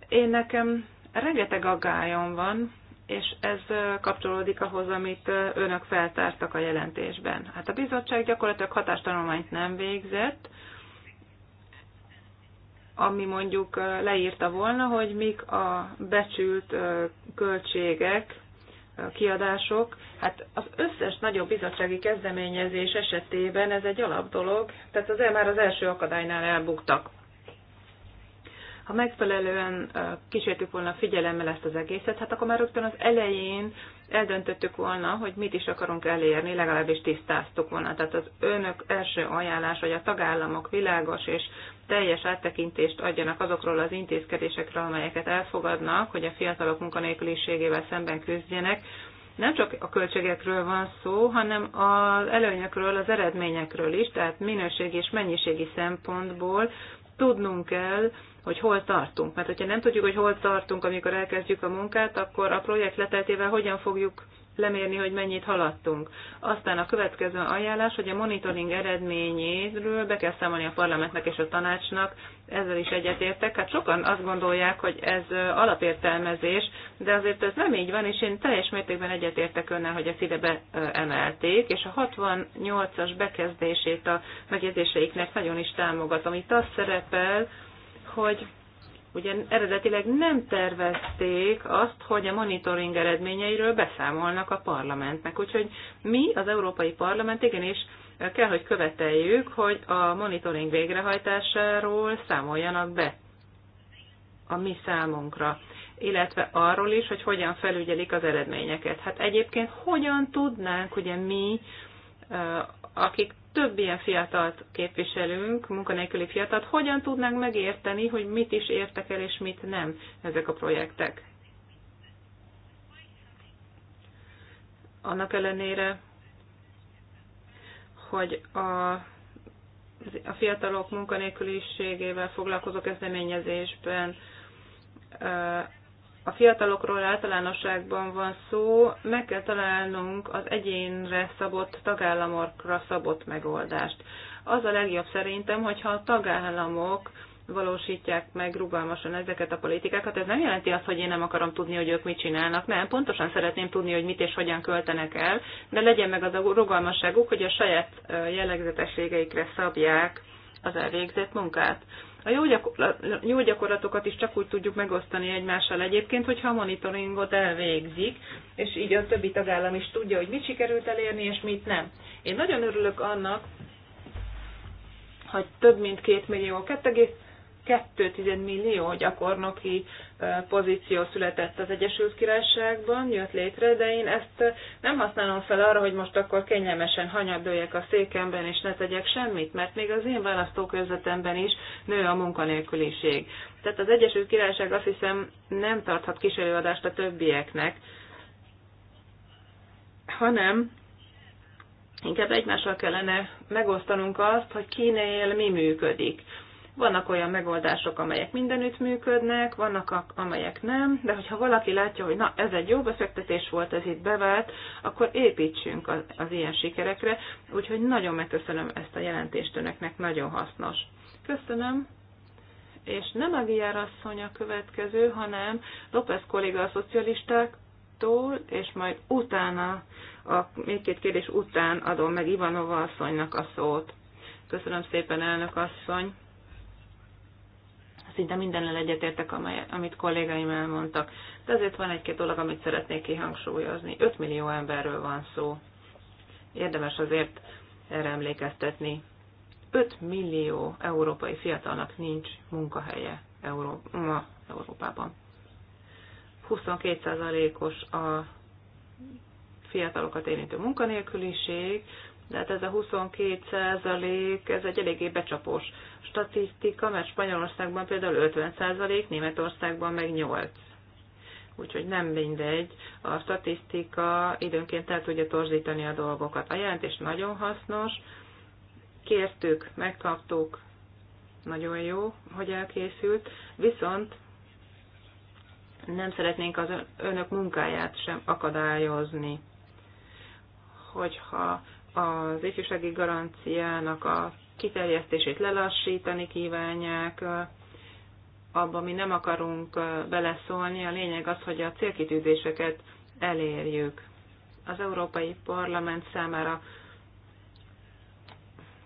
Én nekem Rengeteg aggályom van, és ez kapcsolódik ahhoz, amit önök feltártak a jelentésben. Hát a bizottság gyakorlatilag hatástanulmányt nem végzett, ami mondjuk leírta volna, hogy mik a becsült költségek, kiadások. Hát az összes nagyobb bizottsági kezdeményezés esetében ez egy alap dolog, tehát azért már az első akadálynál elbuktak. Ha megfelelően kísértük volna figyelemmel ezt az egészet, hát akkor már rögtön az elején eldöntöttük volna, hogy mit is akarunk elérni, legalábbis tisztáztuk volna. Tehát az önök első ajánlás, hogy a tagállamok világos és teljes áttekintést adjanak azokról az intézkedésekről, amelyeket elfogadnak, hogy a fiatalok munkanélküliségével szemben küzdjenek, nem csak a költségekről van szó, hanem az előnyökről, az eredményekről is, tehát minőségi és mennyiségi szempontból tudnunk kell, hogy hol tartunk. Mert hogyha nem tudjuk, hogy hol tartunk, amikor elkezdjük a munkát, akkor a projekt leteltével hogyan fogjuk lemérni, hogy mennyit haladtunk. Aztán a következő ajánlás, hogy a monitoring eredményéről be kell számolni a parlamentnek és a tanácsnak, ezzel is egyetértek. Hát sokan azt gondolják, hogy ez alapértelmezés, de azért ez nem így van, és én teljes mértékben egyetértek önnel, hogy ezt ide beemelték, és a 68-as bekezdését a megjegyzéseiknek nagyon is támogatom. Itt az szerepel, hogy Ugye eredetileg nem tervezték azt, hogy a monitoring eredményeiről beszámolnak a parlamentnek. Úgyhogy mi, az Európai Parlament, igenis kell, hogy követeljük, hogy a monitoring végrehajtásáról számoljanak be a mi számunkra, illetve arról is, hogy hogyan felügyelik az eredményeket. Hát egyébként hogyan tudnánk, ugye mi, eh, akik több ilyen fiatalt képviselünk, munkanélküli fiatalt, hogyan tudnánk megérteni, hogy mit is értek el és mit nem ezek a projektek? Annak ellenére, hogy a, a fiatalok munkanélküliségével foglalkozó kezdeményezésben a fiatalokról általánosságban van szó, meg kell találnunk az egyénre szabott, tagállamokra szabott megoldást. Az a legjobb szerintem, hogyha a tagállamok valósítják meg rugalmasan ezeket a politikákat. Ez nem jelenti azt, hogy én nem akarom tudni, hogy ők mit csinálnak. Nem, pontosan szeretném tudni, hogy mit és hogyan költenek el, de legyen meg az a rugalmasságuk, hogy a saját jellegzetességeikre szabják az elvégzett munkát. A jó, gyakorlat, jó gyakorlatokat is csak úgy tudjuk megosztani egymással egyébként, hogyha a monitoringot elvégzik, és így a többi tagállam is tudja, hogy mit sikerült elérni, és mit nem. Én nagyon örülök annak, hogy több mint két millió, 2,2 millió gyakornoki pozíció született az Egyesült Királyságban, jött létre, de én ezt nem használom fel arra, hogy most akkor kényelmesen hanyagdoljak a székemben, és ne tegyek semmit, mert még az én választókörzetemben is nő a munkanélküliség. Tehát az Egyesült Királyság azt hiszem nem tarthat kísérőadást a többieknek, hanem inkább egymással kellene megosztanunk azt, hogy kinél mi működik. Vannak olyan megoldások, amelyek mindenütt működnek, vannak, amelyek nem, de hogyha valaki látja, hogy na, ez egy jó befektetés volt, ez itt bevált, akkor építsünk az, az ilyen sikerekre. Úgyhogy nagyon megköszönöm ezt a jelentést önöknek, nagyon hasznos. Köszönöm és nem a asszony a következő, hanem López kolléga a szocialistáktól, és majd utána, a, még két kérdés után adom meg Ivanova asszonynak a szót. Köszönöm szépen, elnök asszony! szinte mindennel egyetértek, amit kollégáim elmondtak. De azért van egy-két dolog, amit szeretnék kihangsúlyozni. 5 millió emberről van szó. Érdemes azért erre emlékeztetni. 5 millió európai fiatalnak nincs munkahelye Euró- ma Európában. 22%-os a fiatalokat érintő munkanélküliség, tehát ez a 22 százalék, ez egy eléggé becsapós statisztika, mert Spanyolországban például 50 százalék, Németországban meg 8. Úgyhogy nem mindegy, a statisztika időnként el tudja torzítani a dolgokat. A jelentés nagyon hasznos, kértük, megkaptuk, nagyon jó, hogy elkészült, viszont nem szeretnénk az önök munkáját sem akadályozni. Hogyha az ifjúsági garanciának a kiterjesztését lelassítani kívánják, abban, mi nem akarunk beleszólni, a lényeg az, hogy a célkitűzéseket elérjük. Az Európai Parlament számára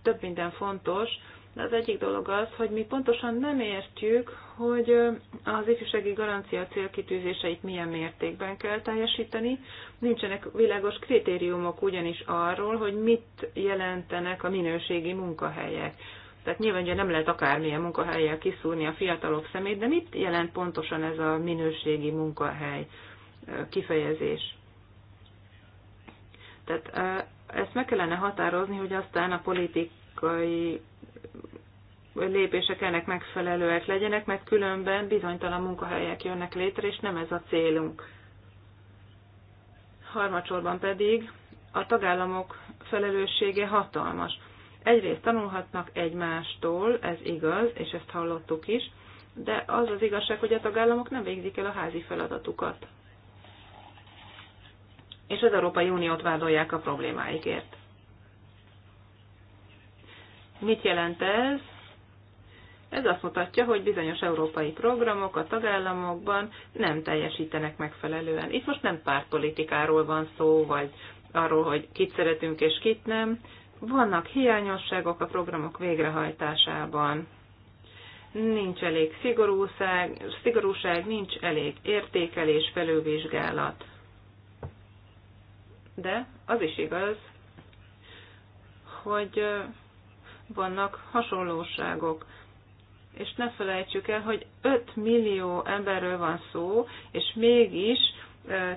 több minden fontos, de az egyik dolog az, hogy mi pontosan nem értjük, hogy az ifjúsági garancia célkitűzéseit milyen mértékben kell teljesíteni. Nincsenek világos kritériumok ugyanis arról, hogy mit jelentenek a minőségi munkahelyek. Tehát nyilván ugye nem lehet akármilyen munkahelyel kiszúrni a fiatalok szemét, de mit jelent pontosan ez a minőségi munkahely kifejezés? Tehát ezt meg kellene határozni, hogy aztán a politikai lépések ennek megfelelőek legyenek, mert különben bizonytalan munkahelyek jönnek létre, és nem ez a célunk. Harmadsorban pedig a tagállamok felelőssége hatalmas. Egyrészt tanulhatnak egymástól, ez igaz, és ezt hallottuk is, de az az igazság, hogy a tagállamok nem végzik el a házi feladatukat. És az Európai Uniót vádolják a problémáikért. Mit jelent ez? Ez azt mutatja, hogy bizonyos európai programok a tagállamokban nem teljesítenek megfelelően. Itt most nem pártpolitikáról van szó, vagy arról, hogy kit szeretünk és kit nem. Vannak hiányosságok a programok végrehajtásában. Nincs elég szigorúság, szigorúság nincs elég értékelés, felülvizsgálat. De az is igaz, hogy vannak hasonlóságok és ne felejtsük el, hogy 5 millió emberről van szó, és mégis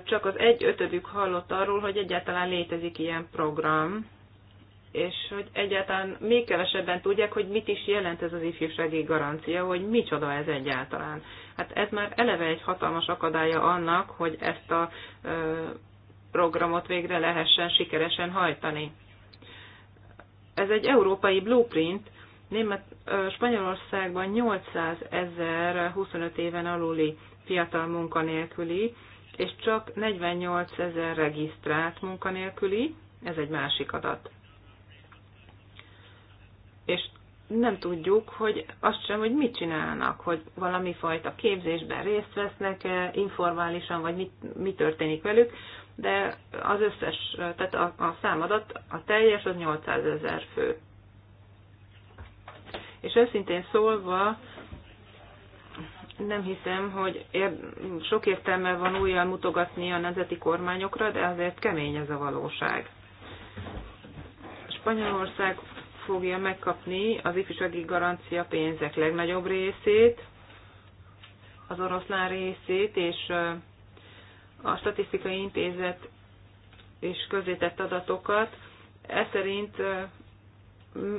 csak az egy ötödük hallott arról, hogy egyáltalán létezik ilyen program, és hogy egyáltalán még kevesebben tudják, hogy mit is jelent ez az ifjúsági garancia, hogy micsoda ez egyáltalán. Hát ez már eleve egy hatalmas akadálya annak, hogy ezt a programot végre lehessen sikeresen hajtani. Ez egy európai blueprint, Német, Spanyolországban 800 ezer 25 éven aluli fiatal munkanélküli, és csak 48 ezer regisztrált munkanélküli, ez egy másik adat. És nem tudjuk, hogy azt sem, hogy mit csinálnak, hogy valami fajta képzésben részt vesznek-e informálisan, vagy mit, mi történik velük, de az összes, tehát a, a számadat, a teljes az 800 ezer fő. És őszintén szólva, nem hiszem, hogy ér, sok értelme van újjal mutogatni a nemzeti kormányokra, de azért kemény ez a valóság. Spanyolország fogja megkapni az ifjúsági garancia pénzek legnagyobb részét, az oroszlán részét, és a statisztikai intézet és közzétett adatokat. Ez szerint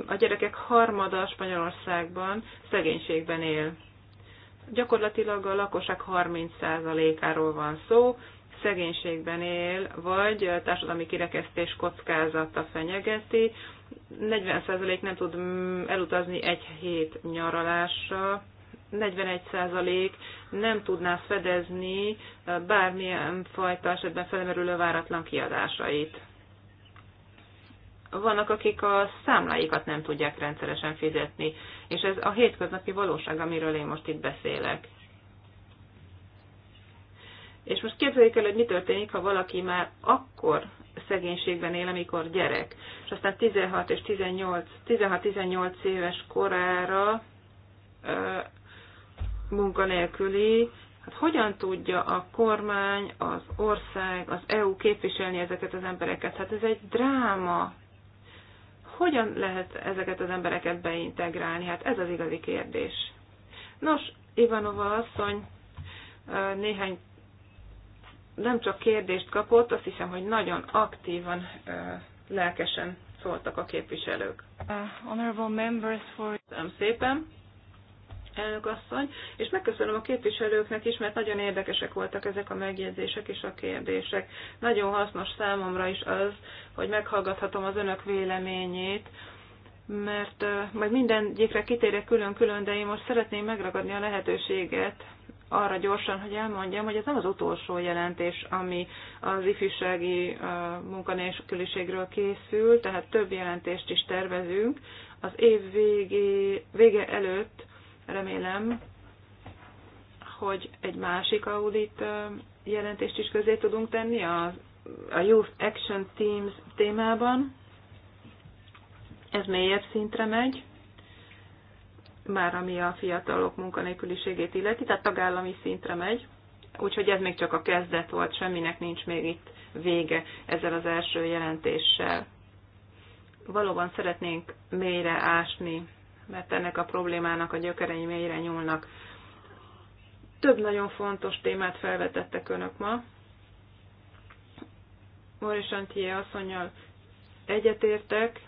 a gyerekek harmada Spanyolországban szegénységben él. Gyakorlatilag a lakosság 30%-áról van szó, szegénységben él, vagy társadalmi kirekesztés kockázata fenyegeti. 40% nem tud elutazni egy hét nyaralásra, 41% nem tudná fedezni bármilyen fajta esetben felmerülő váratlan kiadásait vannak, akik a számláikat nem tudják rendszeresen fizetni, és ez a hétköznapi valóság, amiről én most itt beszélek. És most képzeljük el, hogy mi történik, ha valaki már akkor szegénységben él, amikor gyerek, és aztán 16 és 18, 16-18 éves korára munkanélküli, hát hogyan tudja a kormány, az ország, az EU képviselni ezeket az embereket? Hát ez egy dráma, hogyan lehet ezeket az embereket beintegrálni? Hát ez az igazi kérdés. Nos, Ivanova asszony néhány nem csak kérdést kapott, azt hiszem, hogy nagyon aktívan, lelkesen szóltak a képviselők. Uh, honorable members for... Köszönöm szépen elnök asszony, és megköszönöm a képviselőknek is, mert nagyon érdekesek voltak ezek a megjegyzések és a kérdések. Nagyon hasznos számomra is az, hogy meghallgathatom az önök véleményét, mert majd mindegyikre kitérek külön-külön, de én most szeretném megragadni a lehetőséget arra gyorsan, hogy elmondjam, hogy ez nem az utolsó jelentés, ami az ifjúsági munkanélküliségről készül, tehát több jelentést is tervezünk. Az év végé, vége előtt Remélem, hogy egy másik audit jelentést is közé tudunk tenni a, a Youth Action Teams témában. Ez mélyebb szintre megy, már ami a fiatalok munkanélküliségét illeti, tehát tagállami szintre megy. Úgyhogy ez még csak a kezdet volt, semminek nincs még itt vége ezzel az első jelentéssel. Valóban szeretnénk mélyre ásni mert ennek a problémának a gyökerei mélyre nyúlnak. Több nagyon fontos témát felvetettek önök ma. Moris Antje asszonynal egyetértek,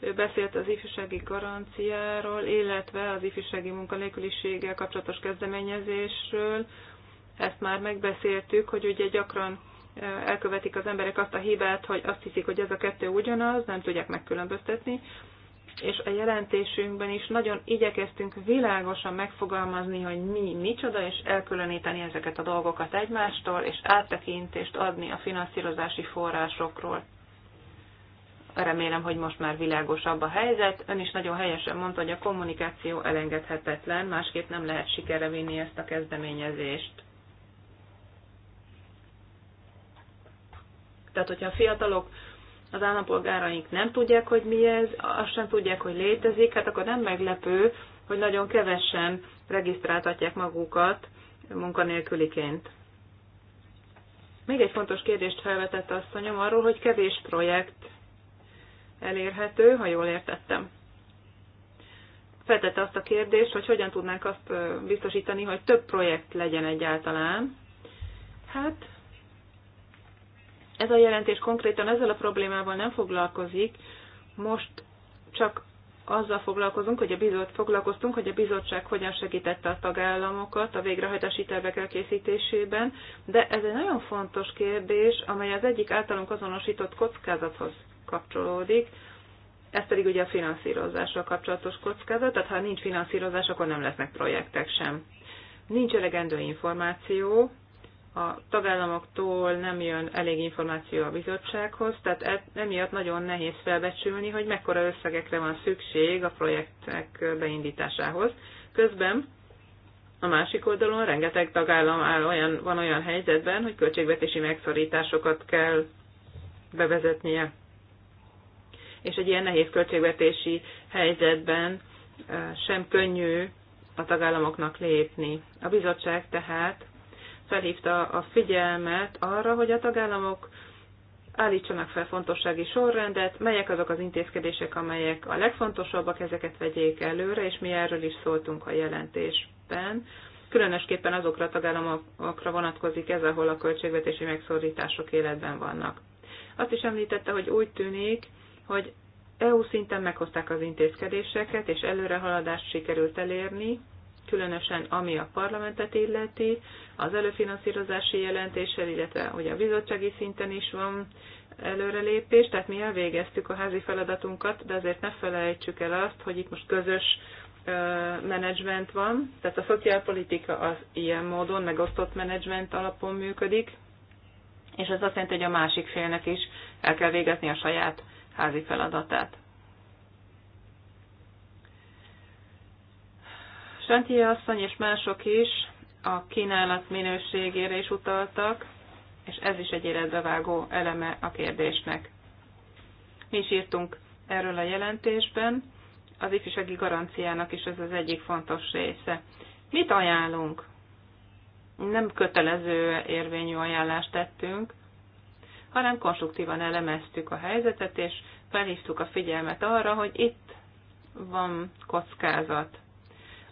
ő beszélt az ifjúsági garanciáról, illetve az ifjúsági munkanélküliséggel kapcsolatos kezdeményezésről. Ezt már megbeszéltük, hogy ugye gyakran elkövetik az emberek azt a hibát, hogy azt hiszik, hogy ez a kettő ugyanaz, nem tudják megkülönböztetni és a jelentésünkben is nagyon igyekeztünk világosan megfogalmazni, hogy mi micsoda, és elkülöníteni ezeket a dolgokat egymástól, és áttekintést adni a finanszírozási forrásokról. Remélem, hogy most már világosabb a helyzet. Ön is nagyon helyesen mondta, hogy a kommunikáció elengedhetetlen, másképp nem lehet sikere vinni ezt a kezdeményezést. Tehát, hogyha a fiatalok az állampolgáraink nem tudják, hogy mi ez, azt sem tudják, hogy létezik, hát akkor nem meglepő, hogy nagyon kevesen regisztráltatják magukat munkanélküliként. Még egy fontos kérdést felvetett asszonyom arról, hogy kevés projekt elérhető, ha jól értettem. Feltette azt a kérdést, hogy hogyan tudnánk azt biztosítani, hogy több projekt legyen egyáltalán. Hát ez a jelentés konkrétan ezzel a problémával nem foglalkozik, most csak azzal foglalkozunk, hogy a bizot, foglalkoztunk, hogy a bizottság hogyan segítette a tagállamokat a végrehajtási tervek elkészítésében, de ez egy nagyon fontos kérdés, amely az egyik általunk azonosított kockázathoz kapcsolódik, ez pedig ugye a finanszírozással kapcsolatos kockázat, tehát ha nincs finanszírozás, akkor nem lesznek projektek sem. Nincs elegendő információ a tagállamoktól nem jön elég információ a bizottsághoz, tehát e- emiatt nagyon nehéz felbecsülni, hogy mekkora összegekre van szükség a projektek beindításához. Közben a másik oldalon rengeteg tagállam áll olyan, van olyan helyzetben, hogy költségvetési megszorításokat kell bevezetnie. És egy ilyen nehéz költségvetési helyzetben sem könnyű a tagállamoknak lépni. A bizottság tehát felhívta a figyelmet arra, hogy a tagállamok állítsanak fel fontossági sorrendet, melyek azok az intézkedések, amelyek a legfontosabbak, ezeket vegyék előre, és mi erről is szóltunk a jelentésben. Különösképpen azokra a tagállamokra vonatkozik ez, ahol a költségvetési megszorítások életben vannak. Azt is említette, hogy úgy tűnik, hogy EU szinten meghozták az intézkedéseket, és előrehaladást sikerült elérni, különösen ami a parlamentet illeti, az előfinanszírozási jelentéssel, illetve hogy a bizottsági szinten is van előrelépés, tehát mi elvégeztük a házi feladatunkat, de azért ne felejtsük el azt, hogy itt most közös menedzsment van, tehát a szociálpolitika az ilyen módon megosztott menedzsment alapon működik, és ez azt jelenti, hogy a másik félnek is el kell végezni a saját házi feladatát. Senti asszony és mások is a kínálat minőségére is utaltak, és ez is egy életbevágó eleme a kérdésnek. Mi is írtunk erről a jelentésben, az ifjúsági garanciának is ez az egyik fontos része. Mit ajánlunk? Nem kötelező érvényű ajánlást tettünk, hanem konstruktívan elemeztük a helyzetet, és felhívtuk a figyelmet arra, hogy itt van kockázat.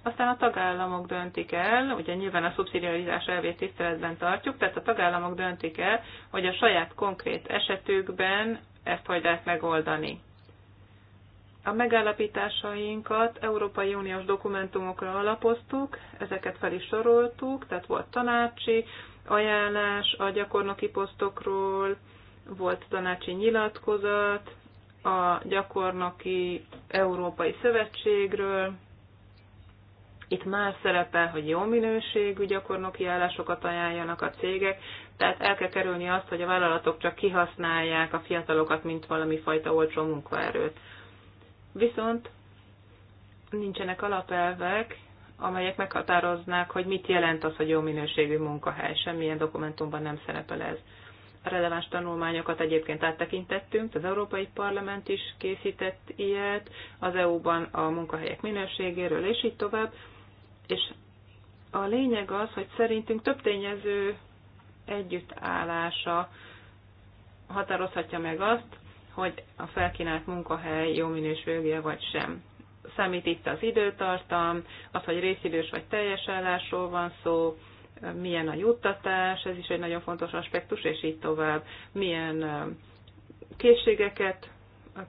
Aztán a tagállamok döntik el, ugye nyilván a szubszidiarizás elvét tiszteletben tartjuk, tehát a tagállamok döntik el, hogy a saját konkrét esetükben ezt hogy lehet megoldani. A megállapításainkat Európai Uniós dokumentumokra alapoztuk, ezeket fel is soroltuk, tehát volt tanácsi ajánlás a gyakornoki posztokról, volt tanácsi nyilatkozat, a gyakornoki Európai Szövetségről, itt már szerepel, hogy jó minőségű gyakornoki állásokat ajánljanak a cégek, tehát el kell kerülni azt, hogy a vállalatok csak kihasználják a fiatalokat, mint valami fajta olcsó munkaerőt. Viszont nincsenek alapelvek, amelyek meghatároznák, hogy mit jelent az, hogy jó minőségű munkahely. Semmilyen dokumentumban nem szerepel ez. A releváns tanulmányokat egyébként áttekintettünk, az Európai Parlament is készített ilyet, az EU-ban a munkahelyek minőségéről, és így tovább. És a lényeg az, hogy szerintünk több tényező együttállása határozhatja meg azt, hogy a felkínált munkahely jó minőségű vagy sem. Számít itt az időtartam, az, hogy részidős vagy teljes állásról van szó, milyen a juttatás, ez is egy nagyon fontos aspektus, és így tovább. Milyen készségeket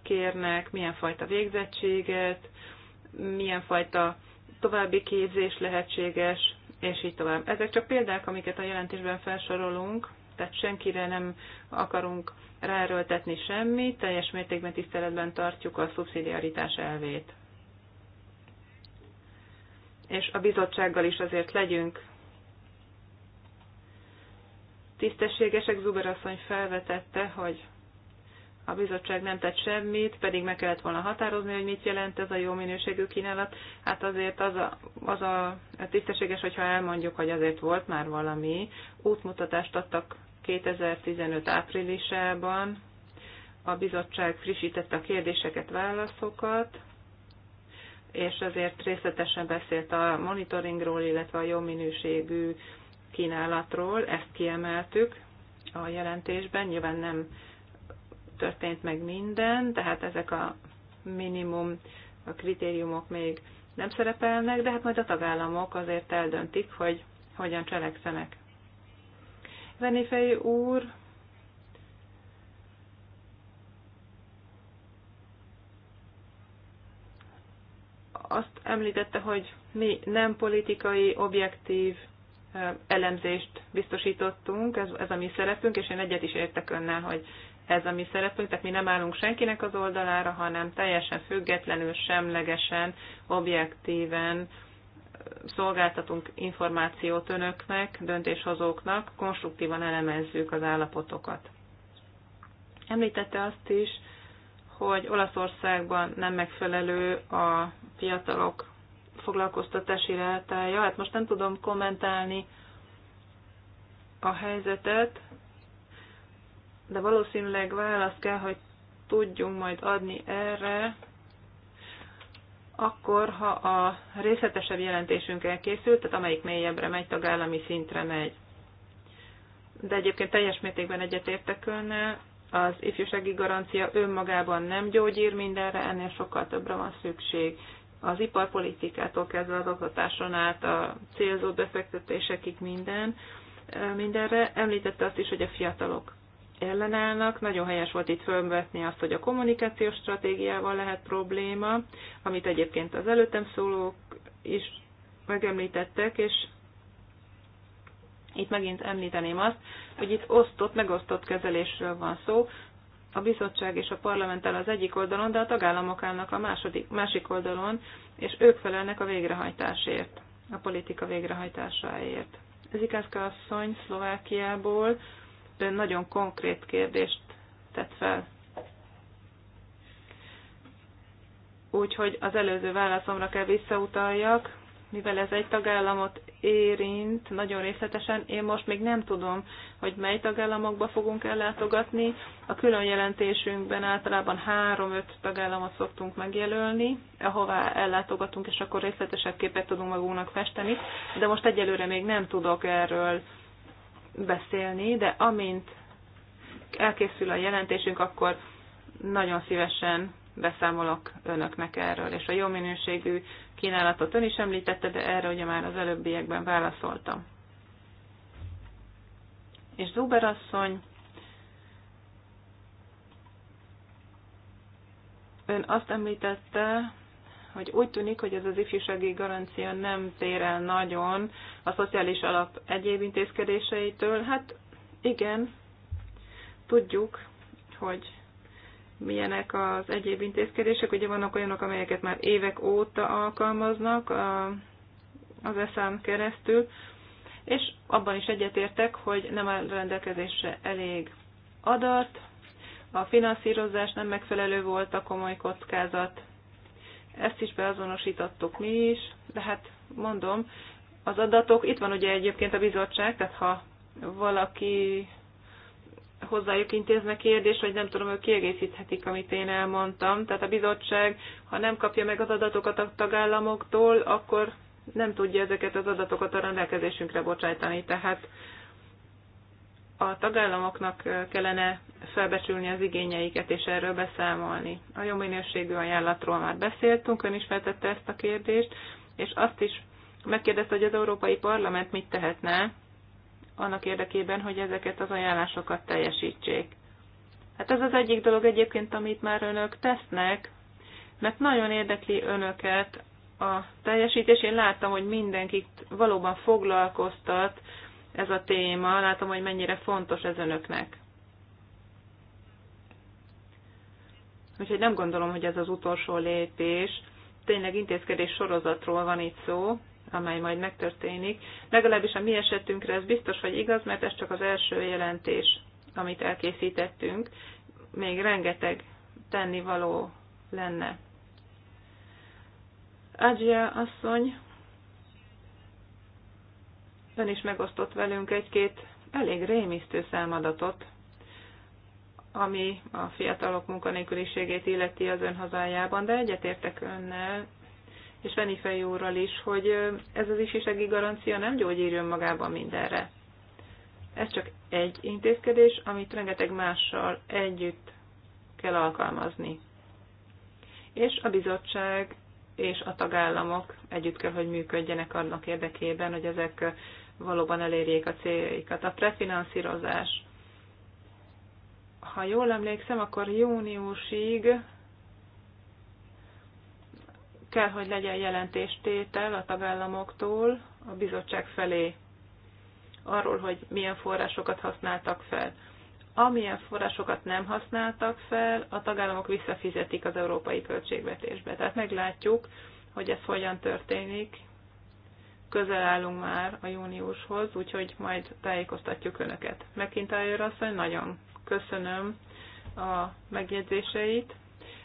kérnek, milyen fajta végzettséget, milyen fajta további képzés lehetséges, és így tovább. Ezek csak példák, amiket a jelentésben felsorolunk, tehát senkire nem akarunk ráerőltetni semmit, teljes mértékben tiszteletben tartjuk a szubszidiaritás elvét. És a bizottsággal is azért legyünk tisztességesek. Zuber asszony felvetette, hogy a bizottság nem tett semmit, pedig meg kellett volna határozni, hogy mit jelent ez a jó minőségű kínálat. Hát azért az a, az a tisztességes, hogyha elmondjuk, hogy azért volt már valami. Útmutatást adtak 2015 áprilisában, a bizottság frissítette a kérdéseket, válaszokat, és azért részletesen beszélt a monitoringról, illetve a jó minőségű kínálatról, ezt kiemeltük a jelentésben, nyilván nem történt meg minden, tehát ezek a minimum a kritériumok még nem szerepelnek, de hát majd a tagállamok azért eldöntik, hogy hogyan cselekszenek. Venifei úr azt említette, hogy mi nem politikai, objektív elemzést biztosítottunk, ez, ez a mi szerepünk, és én egyet is értek önnel, hogy ez a mi szerepünk, tehát mi nem állunk senkinek az oldalára, hanem teljesen függetlenül, semlegesen, objektíven szolgáltatunk információt önöknek, döntéshozóknak, konstruktívan elemezzük az állapotokat. Említette azt is, hogy Olaszországban nem megfelelő a fiatalok foglalkoztatási lehetája. Hát most nem tudom kommentálni a helyzetet, de valószínűleg választ kell, hogy tudjunk majd adni erre, akkor, ha a részletesebb jelentésünk elkészült, tehát amelyik mélyebbre megy, tagállami szintre megy. De egyébként teljes mértékben egyetértek önnel, az ifjúsági garancia önmagában nem gyógyír mindenre, ennél sokkal többre van szükség. Az iparpolitikától kezdve az oktatáson át a célzott befektetésekig minden, mindenre. Említette azt is, hogy a fiatalok ellenállnak. Nagyon helyes volt itt fölvetni azt, hogy a kommunikációs stratégiával lehet probléma, amit egyébként az előttem szólók is megemlítettek, és itt megint említeném azt, hogy itt osztott, megosztott kezelésről van szó. A bizottság és a parlament el az egyik oldalon, de a tagállamok állnak a második, másik oldalon, és ők felelnek a végrehajtásért, a politika végrehajtásáért. Ikászka asszony Szlovákiából ön nagyon konkrét kérdést tett fel. Úgyhogy az előző válaszomra kell visszautaljak, mivel ez egy tagállamot érint nagyon részletesen, én most még nem tudom, hogy mely tagállamokba fogunk ellátogatni. A külön jelentésünkben általában három-öt tagállamot szoktunk megjelölni, ahová ellátogatunk, és akkor részletesebb képet tudunk magunknak festeni, de most egyelőre még nem tudok erről beszélni, de amint elkészül a jelentésünk, akkor nagyon szívesen beszámolok önöknek erről. És a jó minőségű kínálatot ön is említette, de erre ugye már az előbbiekben válaszoltam. És Zuber asszony, ön azt említette, hogy úgy tűnik, hogy ez az ifjúsági garancia nem tér el nagyon a szociális alap egyéb intézkedéseitől. Hát igen, tudjuk, hogy milyenek az egyéb intézkedések. Ugye vannak olyanok, amelyeket már évek óta alkalmaznak az eszám keresztül, és abban is egyetértek, hogy nem a rendelkezésre elég adat, a finanszírozás nem megfelelő volt, a komoly kockázat ezt is beazonosítottuk mi is, de hát mondom, az adatok, itt van ugye egyébként a bizottság, tehát ha valaki hozzájuk intézne kérdés, vagy nem tudom, ők kiegészíthetik, amit én elmondtam. Tehát a bizottság, ha nem kapja meg az adatokat a tagállamoktól, akkor nem tudja ezeket az adatokat a rendelkezésünkre bocsájtani. Tehát a tagállamoknak kellene felbecsülni az igényeiket és erről beszámolni. A jó minőségű ajánlatról már beszéltünk, ön is feltette ezt a kérdést, és azt is megkérdezte, hogy az Európai Parlament mit tehetne annak érdekében, hogy ezeket az ajánlásokat teljesítsék. Hát ez az egyik dolog egyébként, amit már önök tesznek, mert nagyon érdekli önöket a teljesítés. Én láttam, hogy mindenkit valóban foglalkoztat ez a téma, látom, hogy mennyire fontos ez önöknek. Úgyhogy nem gondolom, hogy ez az utolsó lépés. Tényleg intézkedés sorozatról van itt szó, amely majd megtörténik. Legalábbis a mi esetünkre ez biztos, hogy igaz, mert ez csak az első jelentés, amit elkészítettünk. Még rengeteg tennivaló lenne. Adzsia asszony, ön is megosztott velünk egy-két elég rémisztő számadatot, ami a fiatalok munkanélküliségét illeti az ön hazájában, de egyetértek önnel, és Venifei úrral is, hogy ez az isisegi garancia nem gyógyírjon magában mindenre. Ez csak egy intézkedés, amit rengeteg mással együtt kell alkalmazni. És a bizottság és a tagállamok együtt kell, hogy működjenek annak érdekében, hogy ezek valóban elérjék a céljaikat. A prefinanszírozás. Ha jól emlékszem, akkor júniusig kell, hogy legyen jelentéstétel a tagállamoktól a bizottság felé arról, hogy milyen forrásokat használtak fel. Amilyen forrásokat nem használtak fel, a tagállamok visszafizetik az európai költségvetésbe. Tehát meglátjuk, hogy ez hogyan történik, közel állunk már a júniushoz, úgyhogy majd tájékoztatjuk Önöket. McIntyre asszony, nagyon köszönöm a megjegyzéseit.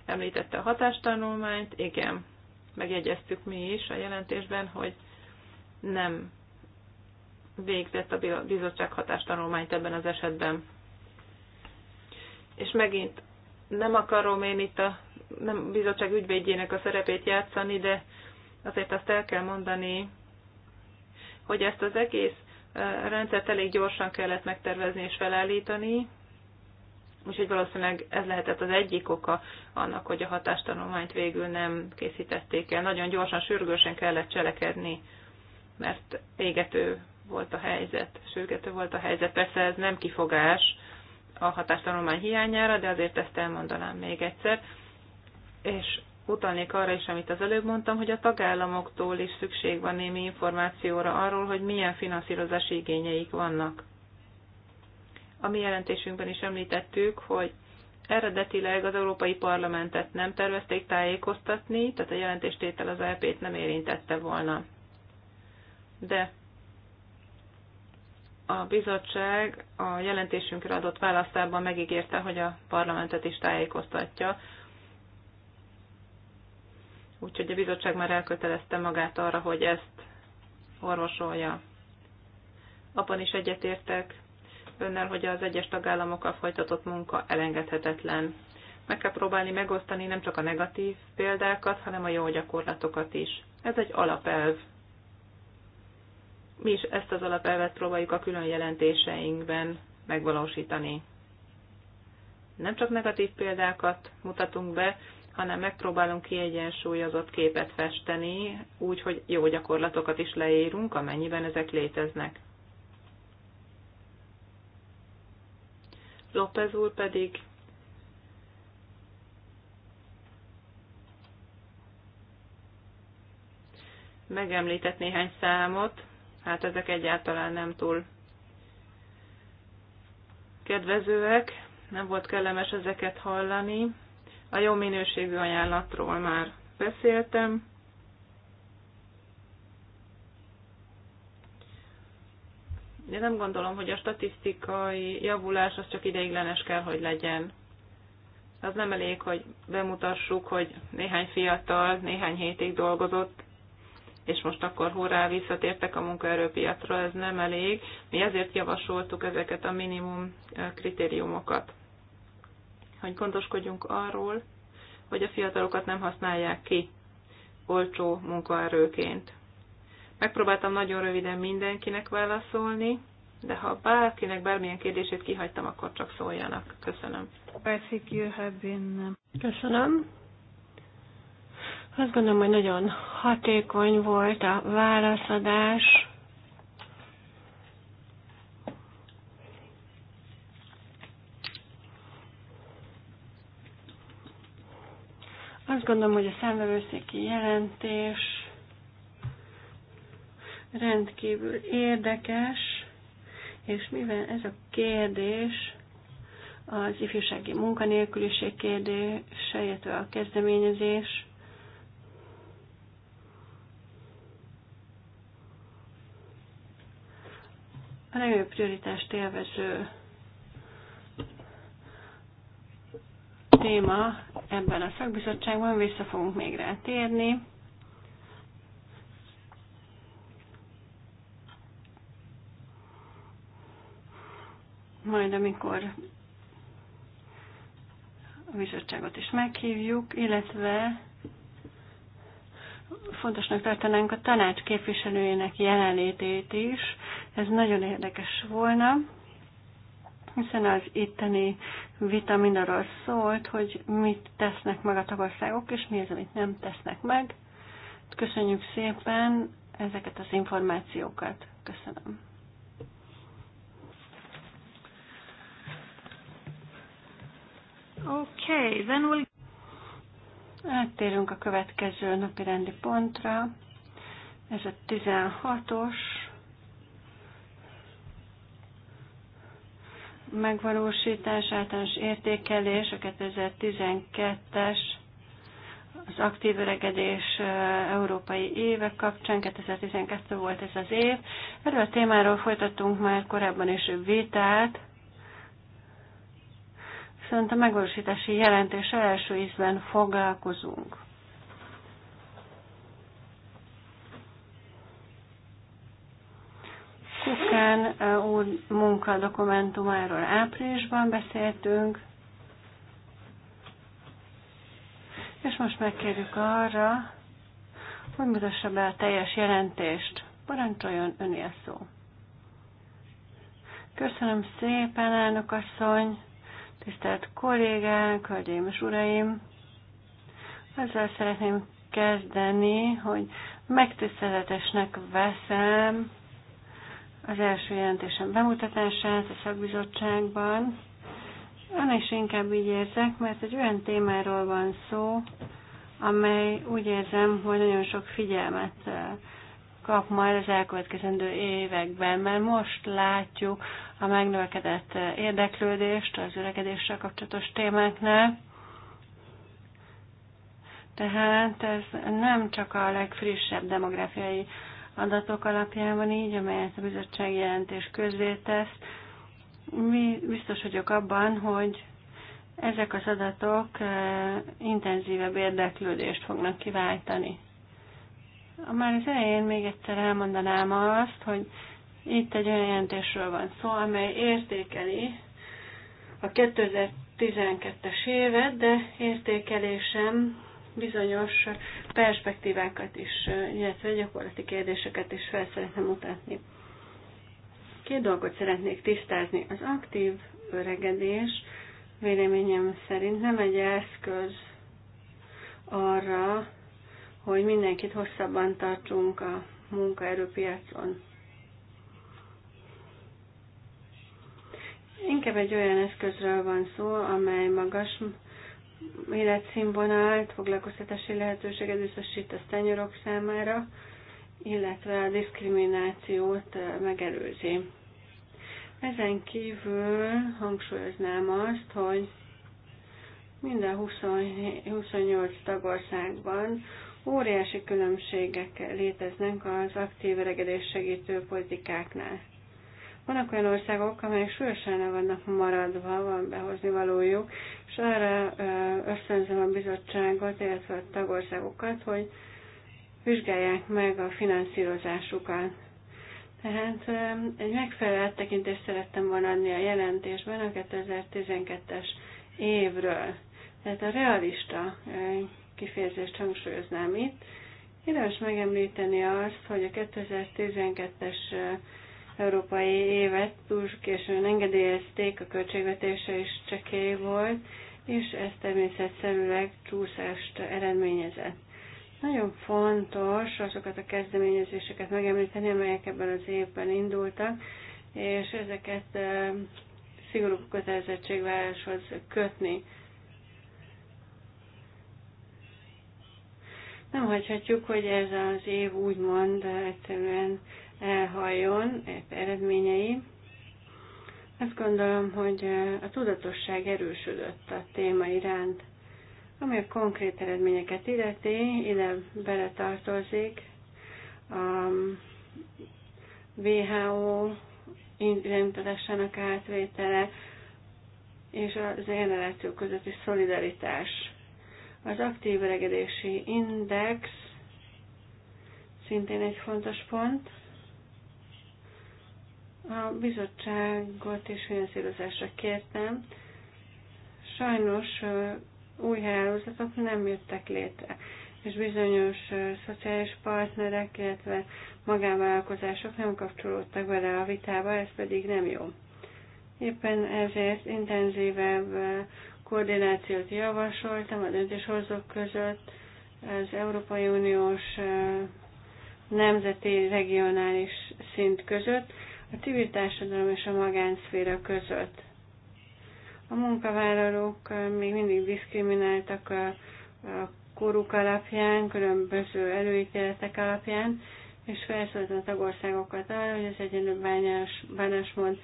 Említette a hatástanulmányt, igen, megjegyeztük mi is a jelentésben, hogy nem végzett a bizottság hatástanulmányt ebben az esetben. És megint nem akarom én itt a nem bizottság ügyvédjének a szerepét játszani, de azért azt el kell mondani, hogy ezt az egész rendszert elég gyorsan kellett megtervezni és felállítani, úgyhogy valószínűleg ez lehetett az egyik oka annak, hogy a hatástanulmányt végül nem készítették el. Nagyon gyorsan, sürgősen kellett cselekedni, mert égető volt a helyzet, sürgető volt a helyzet. Persze ez nem kifogás a hatástanulmány hiányára, de azért ezt elmondanám még egyszer. És utalnék arra is, amit az előbb mondtam, hogy a tagállamoktól is szükség van némi információra arról, hogy milyen finanszírozási igényeik vannak. A mi jelentésünkben is említettük, hogy eredetileg az Európai Parlamentet nem tervezték tájékoztatni, tehát a jelentéstétel az EP-t nem érintette volna. De a bizottság a jelentésünkre adott választában megígérte, hogy a parlamentet is tájékoztatja úgyhogy a bizottság már elkötelezte magát arra, hogy ezt orvosolja. Abban is egyetértek önnel, hogy az egyes tagállamokkal folytatott munka elengedhetetlen. Meg kell próbálni megosztani nem csak a negatív példákat, hanem a jó gyakorlatokat is. Ez egy alapelv. Mi is ezt az alapelvet próbáljuk a külön jelentéseinkben megvalósítani. Nem csak negatív példákat mutatunk be, hanem megpróbálunk kiegyensúlyozott képet festeni, úgy, hogy jó gyakorlatokat is leírunk, amennyiben ezek léteznek. López úr pedig megemlített néhány számot, hát ezek egyáltalán nem túl kedvezőek, nem volt kellemes ezeket hallani. A jó minőségű ajánlatról már beszéltem. De nem gondolom, hogy a statisztikai javulás az csak ideiglenes kell, hogy legyen. Az nem elég, hogy bemutassuk, hogy néhány fiatal néhány hétig dolgozott, és most akkor hurrá visszatértek a munkaerőpiacra, ez nem elég. Mi ezért javasoltuk ezeket a minimum eh, kritériumokat hogy gondoskodjunk arról, hogy a fiatalokat nem használják ki olcsó munkaerőként. Megpróbáltam nagyon röviden mindenkinek válaszolni, de ha bárkinek bármilyen kérdését kihagytam, akkor csak szóljanak. Köszönöm. Uh, Köszönöm. Azt gondolom, hogy nagyon hatékony volt a válaszadás. Azt gondolom, hogy a számvevőszéki jelentés rendkívül érdekes, és mivel ez a kérdés az ifjúsági munkanélküliség kérdése, illetve a kezdeményezés, a legnagyobb prioritást élvező téma ebben a szakbizottságban, vissza fogunk még rá térni. Majd amikor a bizottságot is meghívjuk, illetve fontosnak tartanánk a tanács képviselőjének jelenlétét is. Ez nagyon érdekes volna hiszen az itteni vita mindarról szólt, hogy mit tesznek meg a tagországok, és mi az, amit nem tesznek meg. Köszönjük szépen ezeket az információkat. Köszönöm. Okay, then we'll... Áttérünk a következő napi rendi pontra. Ez a 16-os megvalósítás, általános értékelés, a 2012-es az aktív öregedés európai éve kapcsán, 2012 volt ez az év. Erről a témáról folytattunk már korábban is vitát, viszont a megvalósítási jelentés első ízben foglalkozunk. Kán úr munkadokumentumáról áprilisban beszéltünk, és most megkérjük arra, hogy mutassa be a teljes jelentést. Parancsoljon öné a szó. Köszönöm szépen, elnök asszony, tisztelt kollégák, hölgyeim és uraim. Ezzel szeretném kezdeni, hogy megtiszteletesnek veszem az első jelentésem bemutatását a szakbizottságban. Ön is inkább így érzek, mert egy olyan témáról van szó, amely úgy érzem, hogy nagyon sok figyelmet kap majd az elkövetkezendő években, mert most látjuk a megnövekedett érdeklődést az öregedéssel kapcsolatos témáknál. Tehát ez nem csak a legfrissebb demográfiai adatok alapján van így, amelyet a bizottság jelentés közé tesz. Mi biztos vagyok abban, hogy ezek az adatok eh, intenzívebb érdeklődést fognak kiváltani. Már az elején még egyszer elmondanám azt, hogy itt egy olyan jelentésről van szó, amely értékeli a 2012-es évet, de értékelésem bizonyos perspektívákat is, illetve gyakorlati kérdéseket is fel szeretném mutatni. Két dolgot szeretnék tisztázni. Az aktív öregedés véleményem szerint nem egy eszköz arra, hogy mindenkit hosszabban tartsunk a munkaerőpiacon. Inkább egy olyan eszközről van szó, amely magas életszínvonalat, foglalkoztatási lehetőséget biztosít a szenyorok számára, illetve a diszkriminációt eh, megelőzi. Ezen kívül hangsúlyoznám azt, hogy minden 20, 28 tagországban óriási különbségek léteznek az aktív öregedés segítő politikáknál. Vannak olyan országok, amelyek súlyosan le vannak maradva, van behozni valójuk, és arra ösztönzöm a bizottságot, illetve a tagországokat, hogy vizsgálják meg a finanszírozásukat. Tehát egy megfelelő áttekintést szerettem volna adni a jelentésben a 2012-es évről. Tehát a realista kifejezést hangsúlyoznám itt. Érdemes megemlíteni azt, hogy a 2012-es európai évet túl későn engedélyezték, a költségvetése is csekély volt, és ez természetszerűleg csúszást eredményezett. Nagyon fontos azokat a kezdeményezéseket megemlíteni, amelyek ebben az évben indultak, és ezeket szigorú kötelezettségváláshoz kötni. Nem hagyhatjuk, hogy ez az év úgymond egyszerűen elhajjon, eredményei. Azt gondolom, hogy a tudatosság erősödött a téma iránt, ami a konkrét eredményeket illeti, ide beletartozik a mm, WHO irányításának átvétele és az generáció közötti szolidaritás. Az aktív öregedési index szintén egy fontos pont. A bizottságot és finanszírozásra kértem. Sajnos új hálózatok nem jöttek létre, és bizonyos szociális partnerek, illetve magánvállalkozások nem kapcsolódtak bele a vitába, ez pedig nem jó. Éppen ezért intenzívebb koordinációt javasoltam a döntéshozók között, az Európai Uniós nemzeti regionális szint között, a civil társadalom és a magánszféra között. A munkavállalók eh, még mindig diszkrimináltak a koruk alapján, különböző előítéletek alapján, és felszólítva a tagországokat arra, hogy az egyenlő bánásmód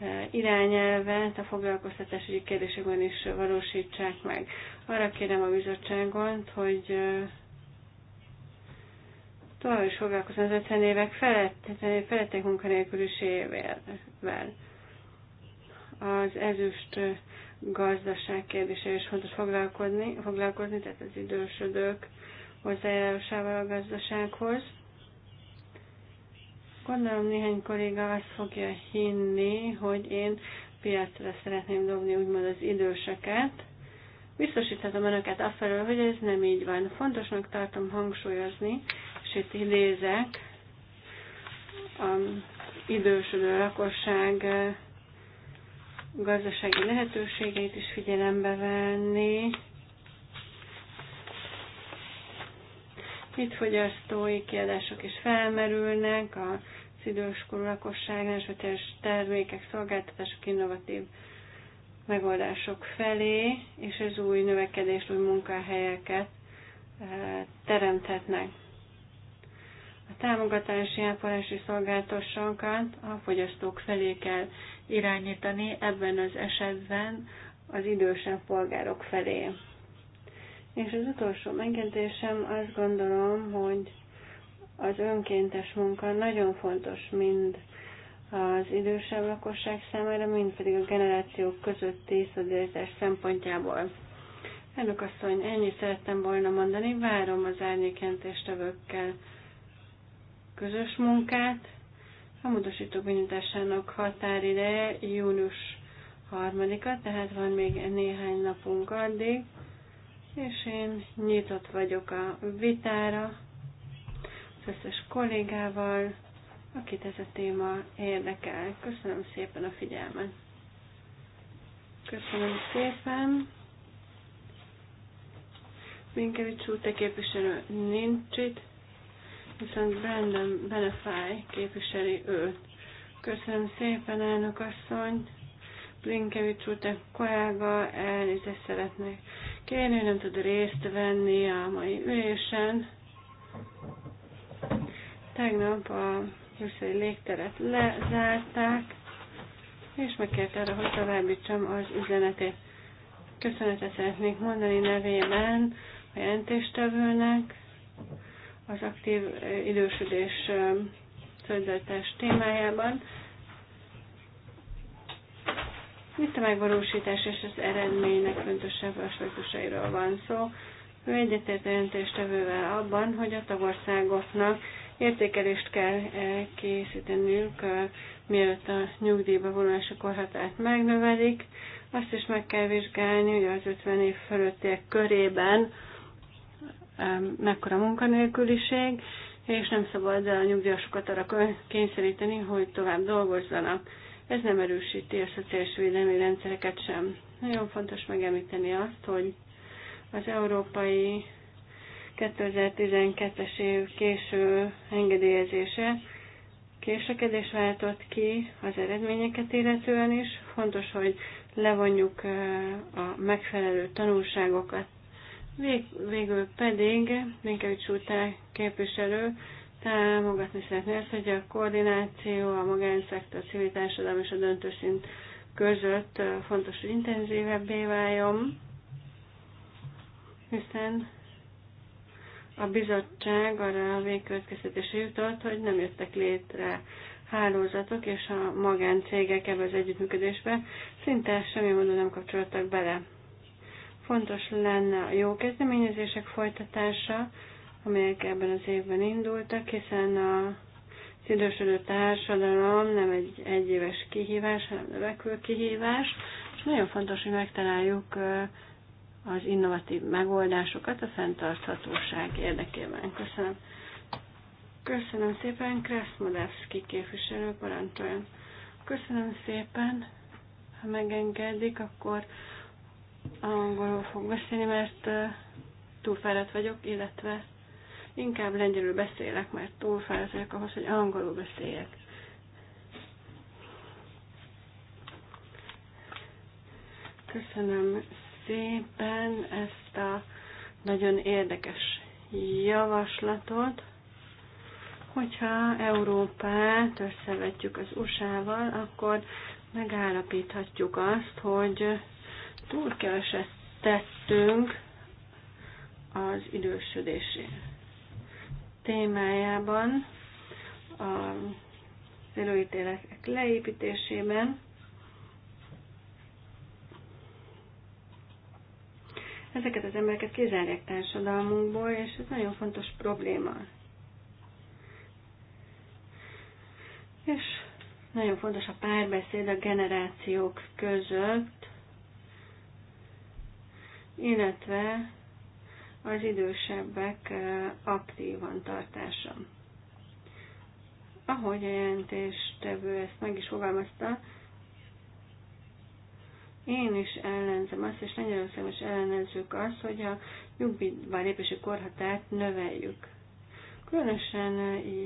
eh, irányelvet a foglalkoztatási kérdésekben is valósítsák meg. Arra kérem a bizottságot, hogy eh, tovább is foglalkozni az 50 évek felett, felettek munkanélküliségével. Az ezüst gazdaság kérdése is fontos foglalkozni, foglalkozni tehát az idősödők hozzájárulásával a gazdasághoz. Gondolom néhány kolléga azt fogja hinni, hogy én piacra szeretném dobni úgymond az időseket. Biztosíthatom önöket afelől, hogy ez nem így van. Fontosnak tartom hangsúlyozni, kicsit idézek, az idősödő lakosság gazdasági lehetőségeit is figyelembe venni. Itt fogyasztói kiadások is felmerülnek, az időskorú lakosságnál, és a termékek, szolgáltatások, innovatív megoldások felé, és ez új növekedés új munkahelyeket teremthetnek. A támogatási ápolási szolgáltatásokat a fogyasztók felé kell irányítani, ebben az esetben az idősebb polgárok felé. És az utolsó megjegyzésem azt gondolom, hogy az önkéntes munka nagyon fontos mind az idősebb lakosság számára, mind pedig a generációk közötti szolidaritás szempontjából. Elnök asszony, ennyit szerettem volna mondani, várom az árnyékjelentéstevőkkel közös munkát. A módosítók benyújtásának határideje június 3-a, tehát van még néhány napunk addig, és én nyitott vagyok a vitára az összes kollégával, akit ez a téma érdekel. Köszönöm szépen a figyelmet! Köszönöm szépen! Minkevics úr, te képviselő nincs itt viszont Brandon Benefáj képviseli őt. Köszönöm szépen, elnök asszony! Blinkevics úr, te kollega elnézést szeretnék kérni, nem tud részt venni a mai ülésen. Tegnap a Jusszai légteret lezárták, és megkért arra, hogy továbbítsam az üzenetét. Köszönetet szeretnék mondani nevében a jelentéstevőnek, az aktív idősödés szolidaritás témájában. Itt a megvalósítás és az eredménynek fontosabb aspektusairól van szó. Ő egyetért a jelentéstevővel abban, hogy a tagországoknak értékelést kell készíteniük, mielőtt a nyugdíjba vonulási korhatárt megnövelik. Azt is meg kell vizsgálni, hogy az 50 év fölöttiek körében Um, mekkora munkanélküliség, és nem szabad a nyugdíjasokat arra kényszeríteni, hogy tovább dolgozzanak. Ez nem erősíti a szociális védelmi rendszereket sem. Nagyon fontos megemlíteni azt, hogy az európai 2012-es év késő engedélyezése késlekedés váltott ki az eredményeket illetően is. Fontos, hogy levonjuk uh, a megfelelő tanulságokat Vég, végül pedig Minkevics útá képviselő támogatni szeretné ezt, hogy a koordináció a magánszektor, a civil társadalom és a döntőszint között fontos, hogy intenzívebbé váljon, hiszen a bizottság arra a végkövetkeztetésre jutott, hogy nem jöttek létre hálózatok, és a magáncégek ebbe az együttműködésbe szinte semmi módon nem kapcsolódtak bele. Fontos lenne a jó kezdeményezések folytatása, amelyek ebben az évben indultak, hiszen a az idősödő társadalom nem egy egyéves kihívás, hanem növekvő kihívás, és nagyon fontos, hogy megtaláljuk az innovatív megoldásokat a fenntarthatóság érdekében. Köszönöm. Köszönöm szépen, Kraszmodevszki képviselő parancsoljon. Köszönöm szépen, ha megengedik, akkor angolul fog beszélni, mert túl fáradt vagyok, illetve inkább lengyelül beszélek, mert túl fáradt vagyok ahhoz, hogy angolul beszéljek. Köszönöm szépen ezt a nagyon érdekes javaslatot, hogyha Európát összevetjük az USA-val, akkor megállapíthatjuk azt, hogy túl keveset tettünk az idősödés témájában, az előítéletek leépítésében. Ezeket az embereket kizárják társadalmunkból, és ez nagyon fontos probléma. És nagyon fontos a párbeszéd a generációk között, illetve az idősebbek aktívan tartása. Ahogy a jelentéstevő ezt meg is fogalmazta, én is ellenzem azt, és Lengyelország is ellenezzük azt, hogy a nyugdíjban lépési korhatárt növeljük. Különösen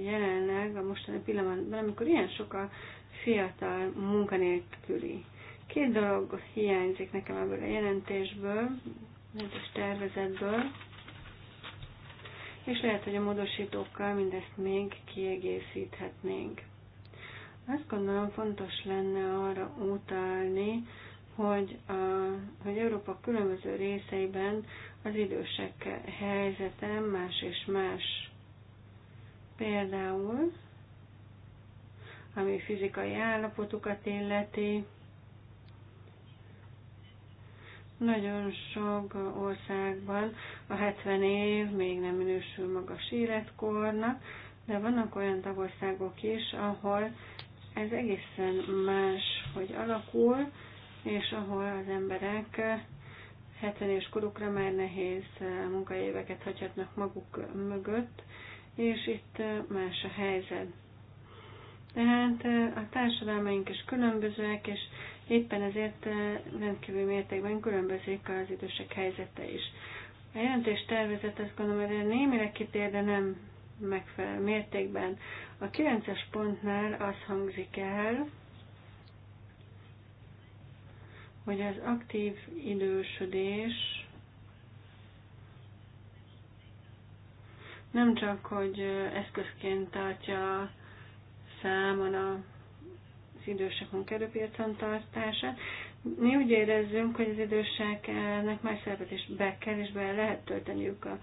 jelenleg a mostani pillanatban, amikor ilyen sok a fiatal munkanélküli, Két dolog hiányzik nekem ebből a jelentésből, a tervezetből, és lehet, hogy a módosítókkal mindezt még kiegészíthetnénk. Azt gondolom fontos lenne arra utalni, hogy, a, hogy Európa különböző részeiben az idősek helyzete más és más. Például, ami fizikai állapotukat illeti, nagyon sok országban a 70 év még nem minősül magas életkornak, de vannak olyan tagországok is, ahol ez egészen más, hogy alakul, és ahol az emberek 70 és korukra már nehéz munkaéveket hagyhatnak maguk mögött, és itt más a helyzet. Tehát a társadalmaink is különbözőek, és Éppen ezért rendkívül mértékben különbözik az idősek helyzete is. A jelentés tervezet azt gondolom, hogy némire kitér, de nem megfelelő mértékben. A 9-es pontnál az hangzik el, hogy az aktív idősödés nem csak, hogy eszközként tartja számon a az idősek munkaerőpiacon tartását. Mi úgy érezzünk, hogy az időseknek más szerepet is be kell és be lehet tölteniük a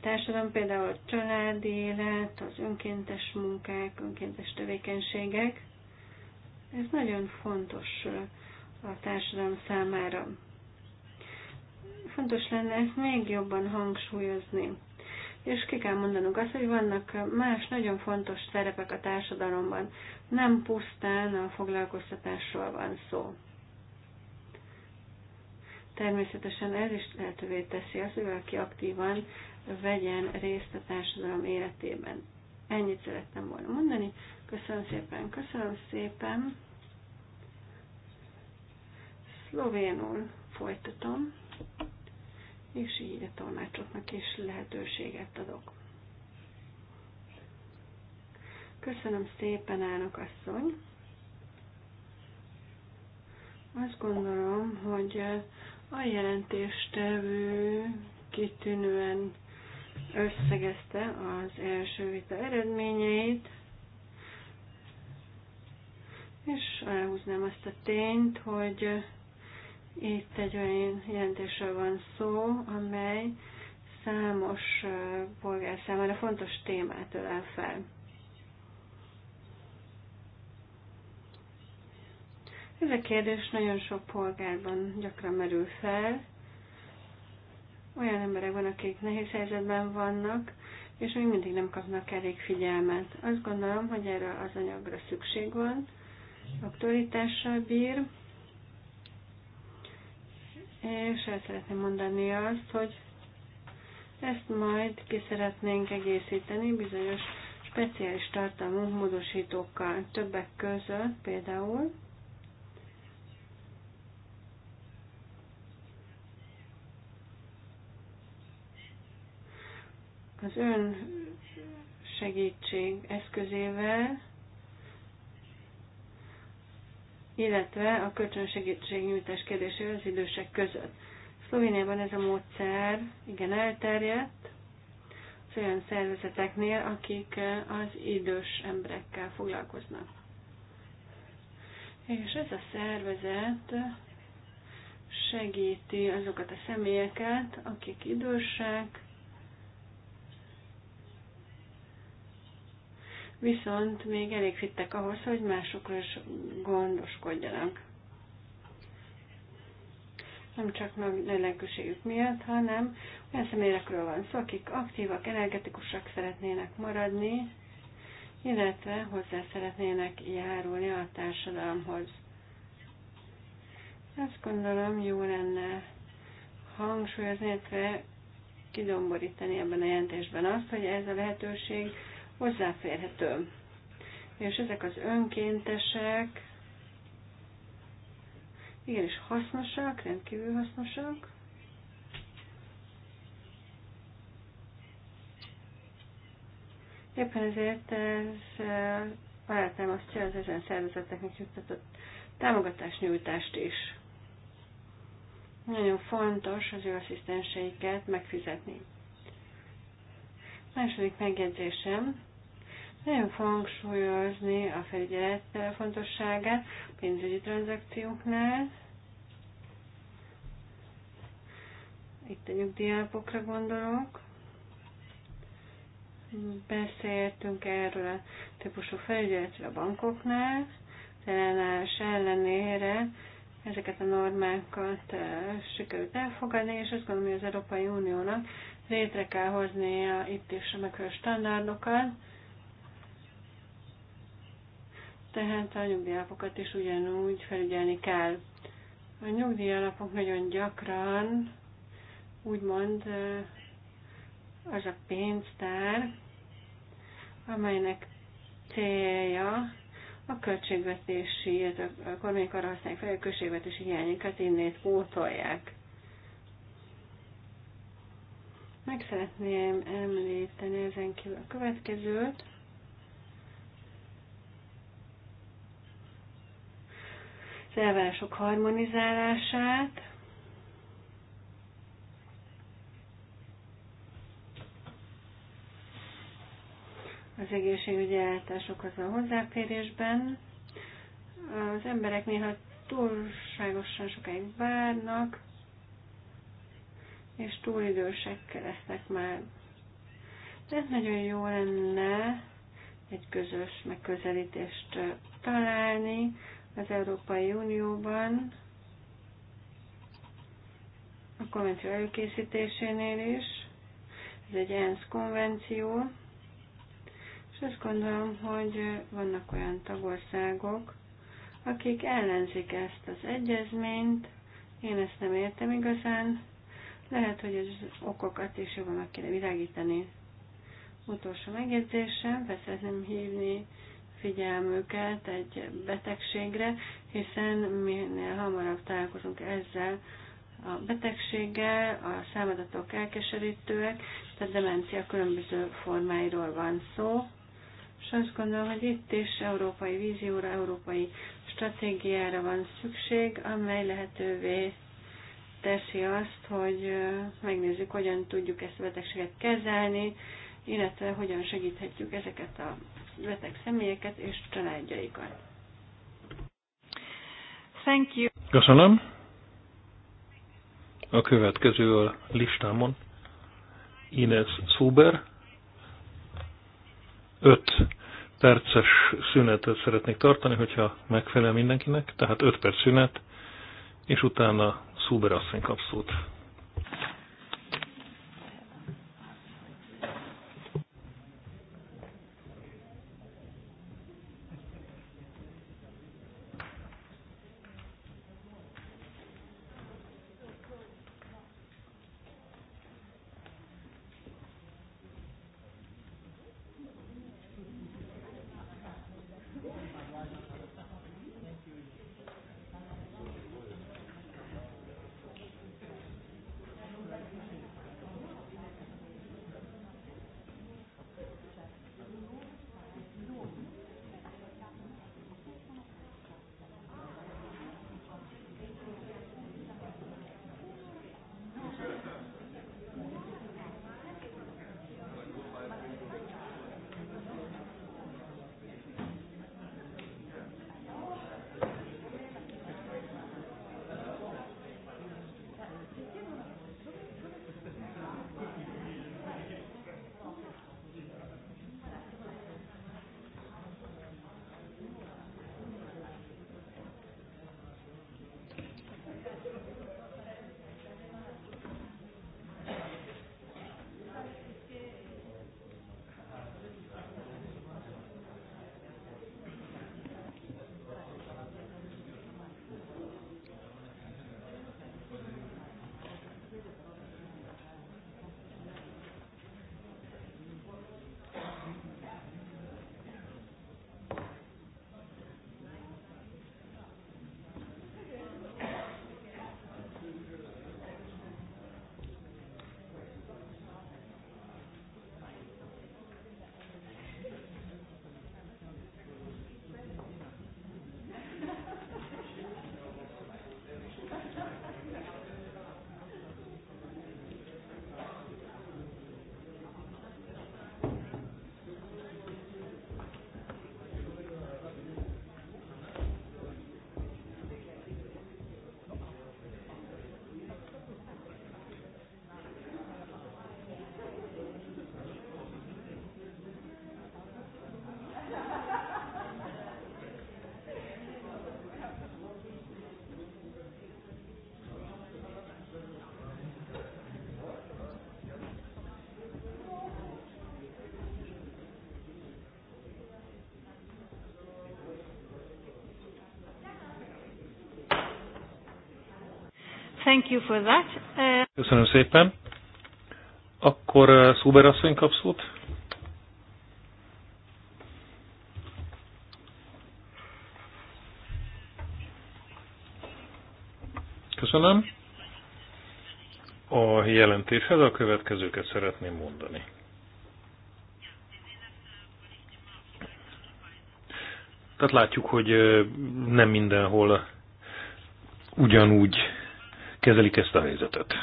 társadalom, például a családi élet, az önkéntes munkák, önkéntes tevékenységek. Ez nagyon fontos a társadalom számára. Fontos lenne ezt még jobban hangsúlyozni és ki kell mondanunk azt, hogy vannak más nagyon fontos szerepek a társadalomban. Nem pusztán a foglalkoztatásról van szó. Természetesen ez is lehetővé teszi az hogy valaki aktívan vegyen részt a társadalom életében. Ennyit szerettem volna mondani. Köszönöm szépen, köszönöm szépen. Szlovénul folytatom és így a tolmácsoknak is lehetőséget adok. Köszönöm szépen, elnök asszony! Azt gondolom, hogy a jelentéstevő kitűnően összegezte az első vita eredményeit, és aláhúznám azt a tényt, hogy itt egy olyan jelentésről van szó, amely számos polgár számára fontos témát ölel fel. Ez a kérdés nagyon sok polgárban gyakran merül fel. Olyan emberek van, akik nehéz helyzetben vannak, és még mindig nem kapnak elég figyelmet. Azt gondolom, hogy erre az anyagra szükség van, aktualitással bír, és el szeretném mondani azt, hogy ezt majd ki szeretnénk egészíteni bizonyos speciális tartalmú módosítókkal, többek között például az ön segítség eszközével illetve a kölcsönsegítségnyújtás kérdésével az idősek között. Szlovéniában ez a módszer igen elterjedt, az olyan szervezeteknél, akik az idős emberekkel foglalkoznak. És ez a szervezet segíti azokat a személyeket, akik idősek, viszont még elég fittek ahhoz, hogy másokról is gondoskodjanak. Nem csak nagy lelkűségük miatt, hanem olyan személyekről van szó, akik aktívak, energetikusak szeretnének maradni, illetve hozzá szeretnének járulni a társadalomhoz. Azt gondolom, jó lenne hangsúlyozni, illetve kidomborítani ebben a jelentésben azt, hogy ez a lehetőség hozzáférhető. És ezek az önkéntesek igenis hasznosak, rendkívül hasznosak. Éppen ezért ez alátámasztja az ezen szervezeteknek juttatott nyújtást is. Nagyon fontos az ő asszisztenseiket megfizetni. Második megjegyzésem, nagyon súlyozni a felügyelet fontosságát pénzügyi tranzakcióknál. Itt a nyugdíjalapokra gondolok. Beszéltünk erről a típusú felügyeletről a bankoknál, az ellenállás ellenére ezeket a normákat sikerült elfogadni, és azt gondolom, hogy az Európai Uniónak létre kell hoznia itt is a megfelelő standardokat, tehát a nyugdíjalapokat is ugyanúgy felügyelni kell. A nyugdíjalapok nagyon gyakran úgymond az a pénztár, amelynek célja a költségvetési, ez a kormányok arra használják fel, a költségvetési hiányokat innét pótolják. Meg szeretném említeni ezen kívül a következőt. az elvárások harmonizálását, az egészségügyi ellátásokhoz a hozzáférésben. Az emberek néha túlságosan sokáig várnak, és túlidősek lesznek már. De nagyon jó lenne egy közös megközelítést találni, az Európai Unióban, a konvenció előkészítésénél is. Ez egy ENSZ konvenció, és azt gondolom, hogy vannak olyan tagországok, akik ellenzik ezt az egyezményt, én ezt nem értem igazán, lehet, hogy az okokat is jobban meg kéne világítani. Utolsó megjegyzésem, persze nem hívni figyelmüket egy betegségre, hiszen minél hamarabb találkozunk ezzel a betegséggel, a számadatok elkeserítőek, tehát demencia különböző formáiról van szó, és azt gondolom, hogy itt is európai vízióra, európai stratégiára van szükség, amely lehetővé teszi azt, hogy megnézzük, hogyan tudjuk ezt a betegséget kezelni, illetve hogyan segíthetjük ezeket a beteg személyeket és családjaikat. Thank you. Köszönöm. A következő a listámon Ines Szuber. Öt perces szünetet szeretnék tartani, hogyha megfelel mindenkinek, tehát öt perc szünet, és utána Szuber asszony kap szót. Thank you for that. Uh... Köszönöm szépen. Akkor uh, Szuber asszony kap szót. Köszönöm. A jelentéshez a következőket szeretném mondani. Tehát látjuk, hogy uh, nem mindenhol ugyanúgy kezelik ezt a helyzetet.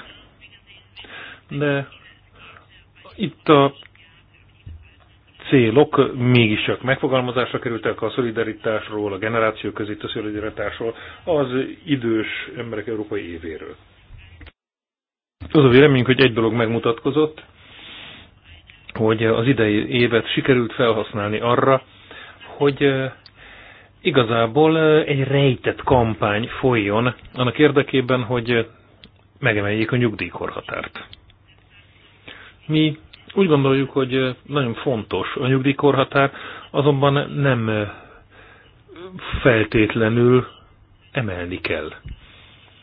De itt a célok mégiscsak megfogalmazásra kerültek a szolidaritásról, a generáció között a szolidaritásról, az idős emberek európai évéről. Az a véleményünk, hogy egy dolog megmutatkozott, hogy az idei évet sikerült felhasználni arra, hogy igazából egy rejtett kampány folyjon annak érdekében, hogy megemeljék a nyugdíjkorhatárt. Mi úgy gondoljuk, hogy nagyon fontos a nyugdíjkorhatár, azonban nem feltétlenül emelni kell.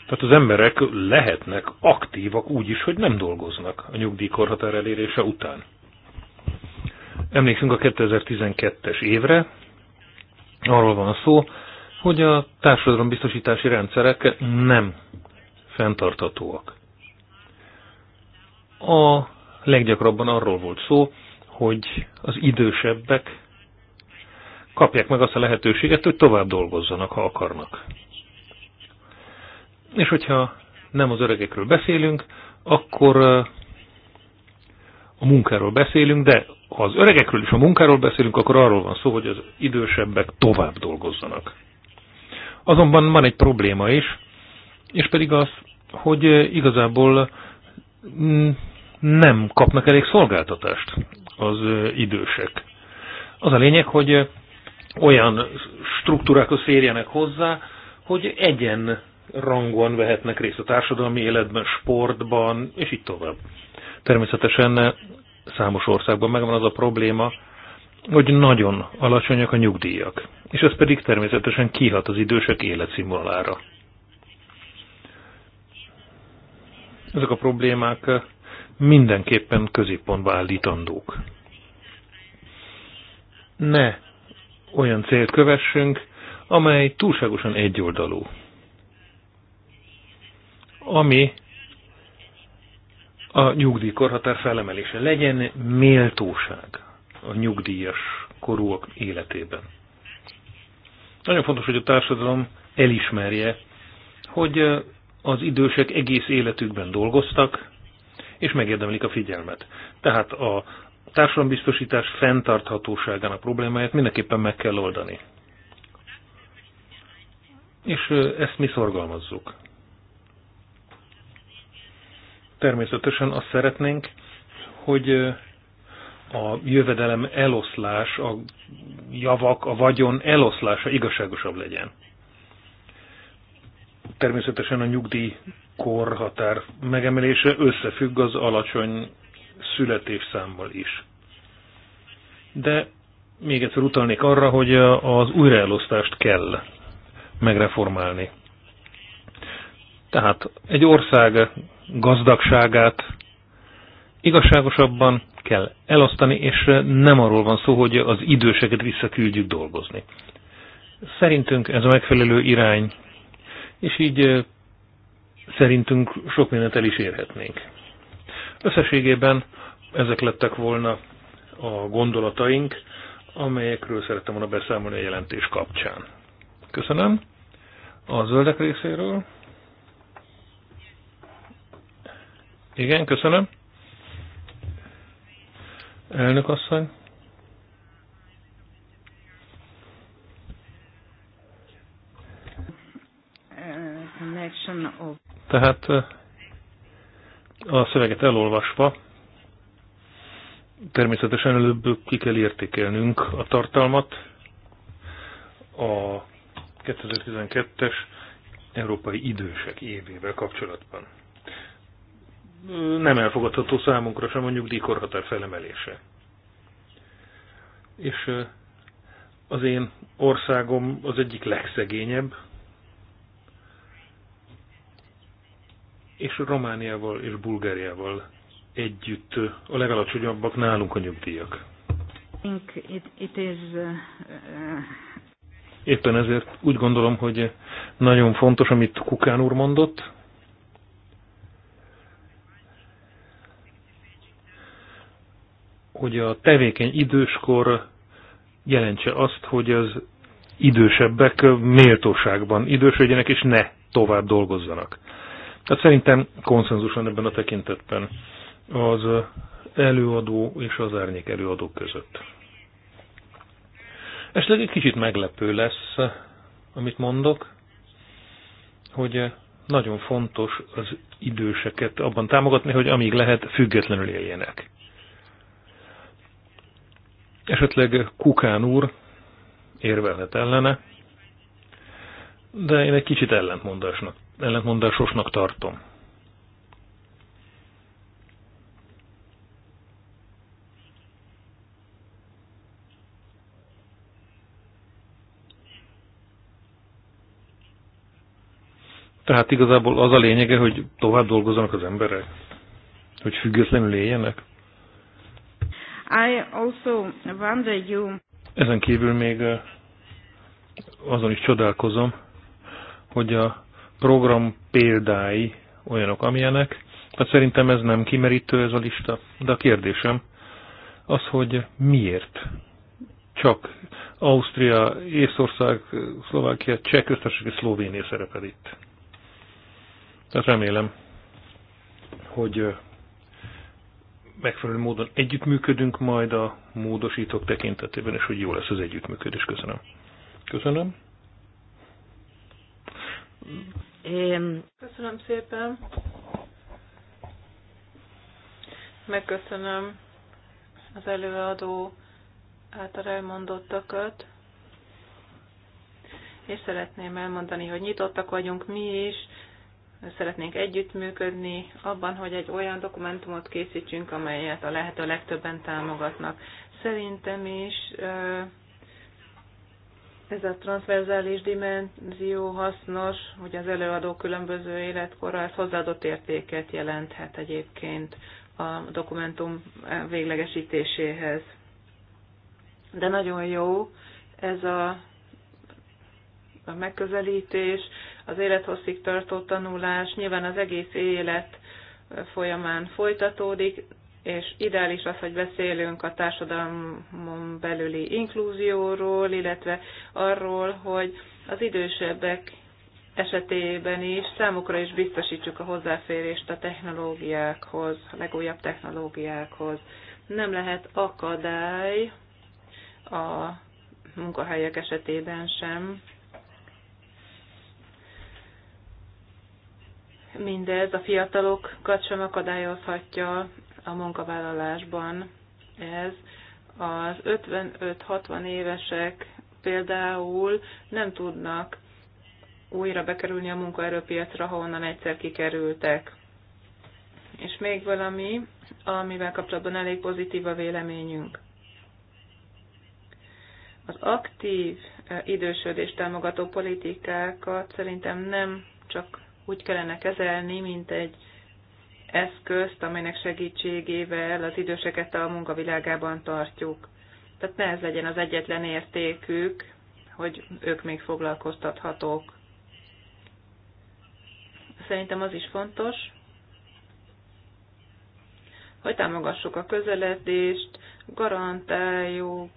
Tehát az emberek lehetnek aktívak úgy is, hogy nem dolgoznak a nyugdíjkorhatár elérése után. Emlékszünk a 2012-es évre, Arról van szó, hogy a társadalombiztosítási rendszerek nem fenntarthatóak. A leggyakrabban arról volt szó, hogy az idősebbek kapják meg azt a lehetőséget, hogy tovább dolgozzanak, ha akarnak. És hogyha nem az öregekről beszélünk, akkor a munkáról beszélünk, de az öregekről és a munkáról beszélünk, akkor arról van szó, hogy az idősebbek tovább dolgozzanak. Azonban van egy probléma is, és pedig az, hogy eh, igazából mm, nem kapnak elég szolgáltatást az eh, idősek. Az a lényeg, hogy eh, olyan struktúrákhoz férjenek hozzá, hogy egyen rangon vehetnek részt a társadalmi életben, sportban, és így tovább. Természetesen számos országban megvan az a probléma, hogy nagyon alacsonyak a nyugdíjak, és ez pedig természetesen kihat az idősek életszínvonalára. Ezek a problémák mindenképpen középpontba állítandók. Ne olyan célt kövessünk, amely túlságosan egyoldalú, ami a nyugdíjkorhatár felemelése. Legyen méltóság a nyugdíjas korúak életében. Nagyon fontos, hogy a társadalom elismerje, hogy az idősek egész életükben dolgoztak, és megérdemlik a figyelmet. Tehát a társadalombiztosítás fenntarthatóságának problémáját mindenképpen meg kell oldani. És ezt mi szorgalmazzuk természetesen azt szeretnénk, hogy a jövedelem eloszlás, a javak, a vagyon eloszlása igazságosabb legyen. Természetesen a nyugdíj korhatár megemelése összefügg az alacsony születésszámmal is. De még egyszer utalnék arra, hogy az újraelosztást kell megreformálni. Tehát egy ország gazdagságát igazságosabban kell elosztani, és nem arról van szó, hogy az időseket visszaküldjük dolgozni. Szerintünk ez a megfelelő irány, és így szerintünk sok mindent el is érhetnénk. Összességében ezek lettek volna a gondolataink, amelyekről szerettem volna beszámolni a jelentés kapcsán. Köszönöm. A zöldek részéről. Igen, köszönöm. Elnök asszony. Tehát eh, a szöveget elolvasva természetesen előbb ki kell értékelnünk a tartalmat a 2012-es Európai Idősek évével kapcsolatban nem elfogadható számunkra sem mondjuk díjkorhatár felemelése. És az én országom az egyik legszegényebb, és Romániával és Bulgáriával együtt a legalacsonyabbak nálunk a nyugdíjak. Uh, uh, Éppen ezért úgy gondolom, hogy nagyon fontos, amit Kukán úr mondott, hogy a tevékeny időskor jelentse azt, hogy az idősebbek méltóságban idősödjenek, és ne tovább dolgozzanak. Tehát szerintem konszenzus van ebben a tekintetben az előadó és az árnyék előadó között. Esetleg egy kicsit meglepő lesz, amit mondok, hogy nagyon fontos az időseket abban támogatni, hogy amíg lehet, függetlenül éljenek. Esetleg Kukán úr érvelhet ellene, de én egy kicsit ellentmondásnak, ellentmondásosnak tartom. Tehát igazából az a lényege, hogy tovább dolgozzanak az emberek? Hogy függetlenül éljenek? I also wonder you... Ezen kívül még azon is csodálkozom, hogy a program példái olyanok, amilyenek. Hát szerintem ez nem kimerítő ez a lista, de a kérdésem az, hogy miért csak Ausztria, Észország, Szlovákia, Cseh köztársaság és Szlovénia szerepel itt. Tehát remélem, hogy megfelelő módon együttműködünk majd a módosítók tekintetében, és hogy jó lesz az együttműködés. Köszönöm. Köszönöm. Én... Köszönöm szépen. Megköszönöm az előadó által elmondottakat, és szeretném elmondani, hogy nyitottak vagyunk mi is, szeretnénk együttműködni abban, hogy egy olyan dokumentumot készítsünk, amelyet a lehető legtöbben támogatnak. Szerintem is ez a transverzális dimenzió hasznos, hogy az előadó különböző életkorra, ez hozzáadott értéket jelenthet egyébként a dokumentum véglegesítéséhez. De nagyon jó ez a, a megközelítés, az élethosszig tartó tanulás nyilván az egész élet folyamán folytatódik, és ideális az, hogy beszélünk a társadalmon belüli inklúzióról, illetve arról, hogy az idősebbek esetében is számukra is biztosítsuk a hozzáférést a technológiákhoz, a legújabb technológiákhoz. Nem lehet akadály a munkahelyek esetében sem mindez a fiatalokat sem akadályozhatja a munkavállalásban. Ez az 55-60 évesek például nem tudnak újra bekerülni a munkaerőpiacra, ha onnan egyszer kikerültek. És még valami, amivel kapcsolatban elég pozitív a véleményünk. Az aktív eh, idősödést támogató politikákat szerintem nem csak úgy kellene kezelni, mint egy eszközt, amelynek segítségével az időseket a munkavilágában tartjuk. Tehát ne ez legyen az egyetlen értékük, hogy ők még foglalkoztathatók. Szerintem az is fontos, hogy támogassuk a közeledést, garantáljunk,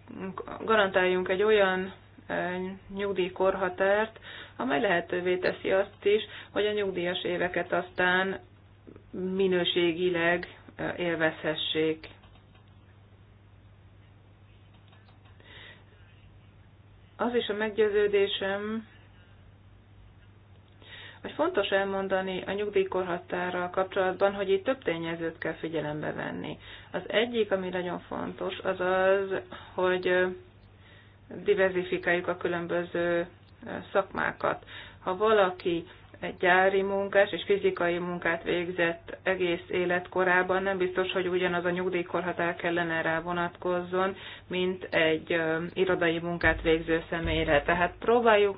garantáljunk egy olyan eh, nyugdíjkorhatárt, amely lehetővé teszi azt is, hogy a nyugdíjas éveket aztán minőségileg élvezhessék. Az is a meggyőződésem, hogy fontos elmondani a nyugdíjkorhatárral kapcsolatban, hogy itt több tényezőt kell figyelembe venni. Az egyik, ami nagyon fontos, az az, hogy diversifikáljuk a különböző szakmákat. Ha valaki egy gyári munkás és fizikai munkát végzett egész életkorában, nem biztos, hogy ugyanaz a nyugdíjkorhatár kellene rá vonatkozzon, mint egy irodai munkát végző személyre. Tehát próbáljuk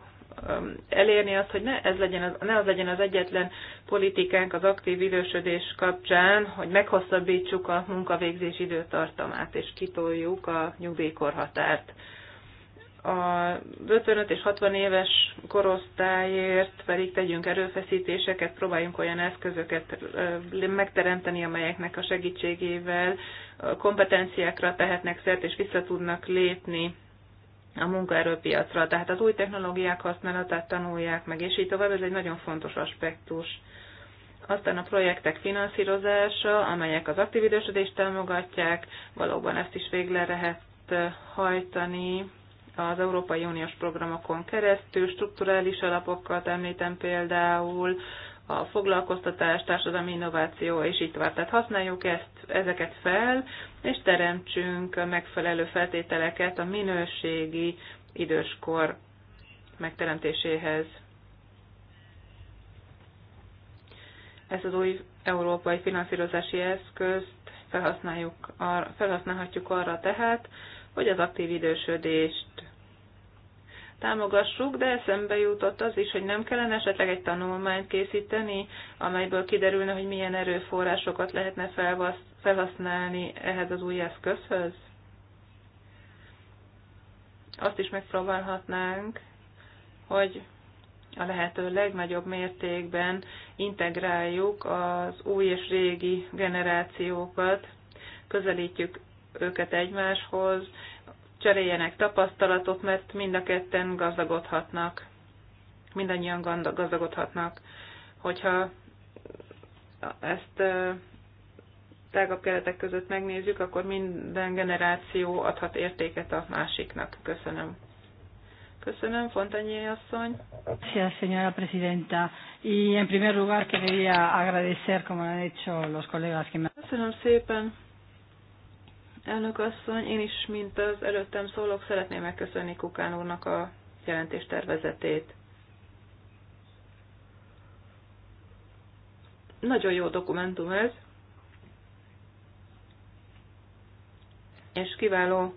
elérni azt, hogy ne, ez legyen az, ne az legyen az egyetlen politikánk az aktív idősödés kapcsán, hogy meghosszabbítsuk a munkavégzés időtartamát és kitoljuk a nyugdíjkorhatárt a 55 és 60 éves korosztályért pedig tegyünk erőfeszítéseket, próbáljunk olyan eszközöket megteremteni, amelyeknek a segítségével kompetenciákra tehetnek szert, és vissza tudnak lépni a munkaerőpiacra. Tehát az új technológiák használatát tanulják meg, és így tovább, ez egy nagyon fontos aspektus. Aztán a projektek finanszírozása, amelyek az aktív idősödést támogatják, valóban ezt is végre lehet hajtani az Európai Uniós programokon keresztül, strukturális alapokat említem például, a foglalkoztatás, társadalmi innováció, és így tovább. Tehát használjuk ezt, ezeket fel, és teremtsünk megfelelő feltételeket a minőségi időskor megteremtéséhez. Ez az új európai finanszírozási eszközt felhasználjuk, felhasználhatjuk arra tehát, hogy az aktív idősödést támogassuk, de eszembe jutott az is, hogy nem kellene esetleg egy tanulmányt készíteni, amelyből kiderülne, hogy milyen erőforrásokat lehetne felhasználni ehhez az új eszközhöz. Azt is megpróbálhatnánk, hogy a lehető legnagyobb mértékben integráljuk az új és régi generációkat, közelítjük őket egymáshoz, cseréljenek tapasztalatot, mert mind a ketten gazdagodhatnak, mindannyian gazdagodhatnak, hogyha ezt tágabb keretek között megnézzük, akkor minden generáció adhat értéket a másiknak. Köszönöm. Köszönöm, Fontanyi asszony. Szia, señora presidenta. Y en primer lugar quería agradecer, como han hecho los colegas que me... Köszönöm szépen. Elnök asszony, én is, mint az előttem szólok, szeretném megköszönni Kukán úrnak a jelentés tervezetét. Nagyon jó dokumentum ez, és kiváló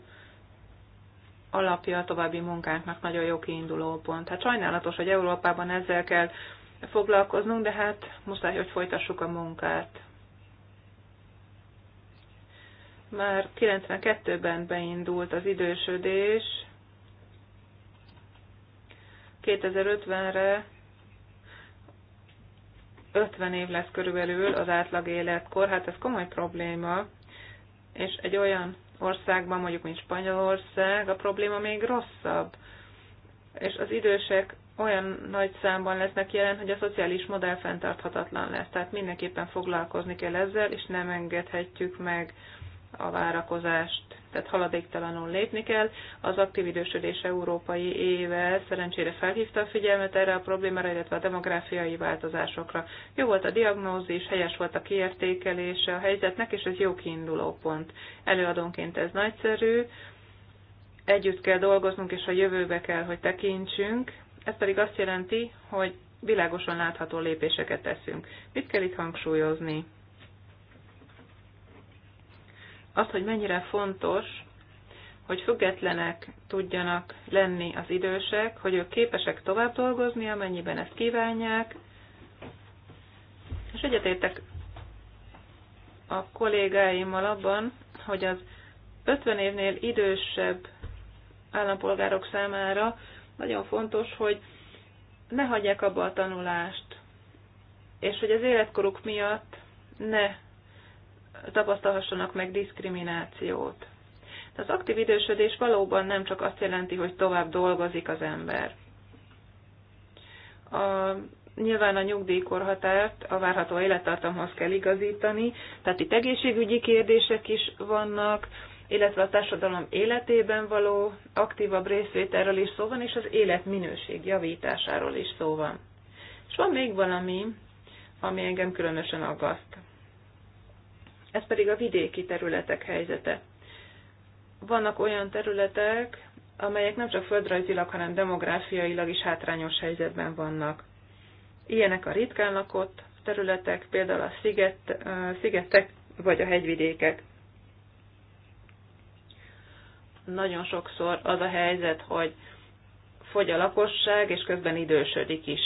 alapja a további munkánknak, nagyon jó kiinduló pont. Hát sajnálatos, hogy Európában ezzel kell foglalkoznunk, de hát muszáj, hogy folytassuk a munkát. Már 92-ben beindult az idősödés, 2050-re 50 év lesz körülbelül az átlag életkor, hát ez komoly probléma, és egy olyan országban, mondjuk mint Spanyolország, a probléma még rosszabb, és az idősek olyan nagy számban lesznek jelen, hogy a szociális modell fenntarthatatlan lesz. Tehát mindenképpen foglalkozni kell ezzel, és nem engedhetjük meg a várakozást, tehát haladéktalanul lépni kell. Az aktív idősödés európai éve szerencsére felhívta a figyelmet erre a problémára, illetve a demográfiai változásokra. Jó volt a diagnózis, helyes volt a kiértékelése a helyzetnek, és ez jó kiinduló pont. Előadónként ez nagyszerű, együtt kell dolgoznunk, és a jövőbe kell, hogy tekintsünk. Ez pedig azt jelenti, hogy világosan látható lépéseket teszünk. Mit kell itt hangsúlyozni? az, hogy mennyire fontos, hogy függetlenek tudjanak lenni az idősek, hogy ők képesek tovább dolgozni, amennyiben ezt kívánják. És egyetétek a kollégáimmal abban, hogy az 50 évnél idősebb állampolgárok számára nagyon fontos, hogy ne hagyják abba a tanulást, és hogy az életkoruk miatt ne tapasztalhassanak meg diszkriminációt. De az aktív idősödés valóban nem csak azt jelenti, hogy tovább dolgozik az ember. A, nyilván a nyugdíjkorhatárt a várható élettartamhoz kell igazítani, tehát itt egészségügyi kérdések is vannak, illetve a társadalom életében való aktívabb részvételről is szó van, és az életminőség javításáról is szó van. És van még valami, ami engem különösen aggaszt ez pedig a vidéki területek helyzete. Vannak olyan területek, amelyek nem csak földrajzilag, hanem demográfiailag is hátrányos helyzetben vannak. Ilyenek a ritkán lakott területek, például a sziget, szigetek vagy a hegyvidékek. Nagyon sokszor az a helyzet, hogy fogy a lakosság, és közben idősödik is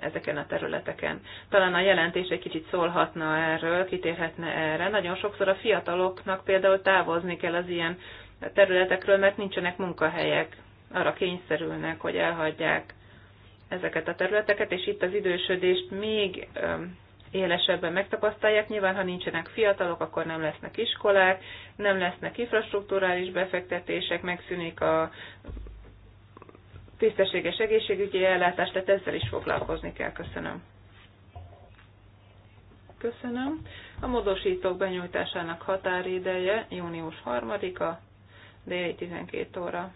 ezeken a területeken. Talán a jelentés egy kicsit szólhatna erről, kitérhetne erre. Nagyon sokszor a fiataloknak például távozni kell az ilyen területekről, mert nincsenek munkahelyek. Arra kényszerülnek, hogy elhagyják ezeket a területeket, és itt az idősödést még élesebben megtapasztalják. Nyilván, ha nincsenek fiatalok, akkor nem lesznek iskolák, nem lesznek infrastruktúrális befektetések, megszűnik a tisztességes egészségügyi ellátást, tehát ezzel is foglalkozni kell. Köszönöm. Köszönöm. A módosítók benyújtásának határideje június 3-a, déli 12 óra.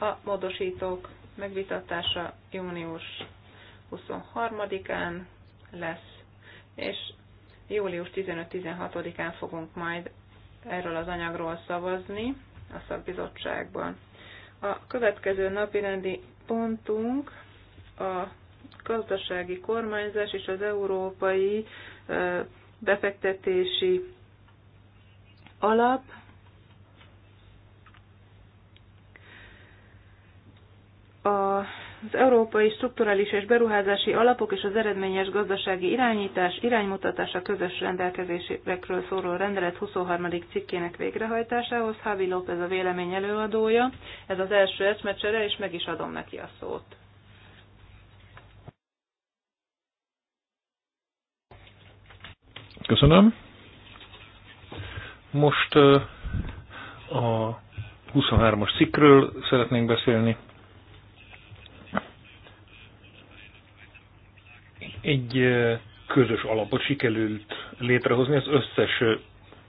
A módosítók megvitatása június 23-án lesz, és július 15-16-án fogunk majd erről az anyagról szavazni a szakbizottságban. A következő napi rendi pontunk a gazdasági kormányzás és az európai befektetési alap. A az európai strukturális és beruházási alapok és az eredményes gazdasági irányítás iránymutatása közös rendelkezésekről szóló rendelet 23. cikkének végrehajtásához. Havi López a vélemény előadója. Ez az első eszmecsere, és meg is adom neki a szót. Köszönöm. Most a 23-as cikkről szeretnénk beszélni Egy közös alapot sikerült létrehozni az összes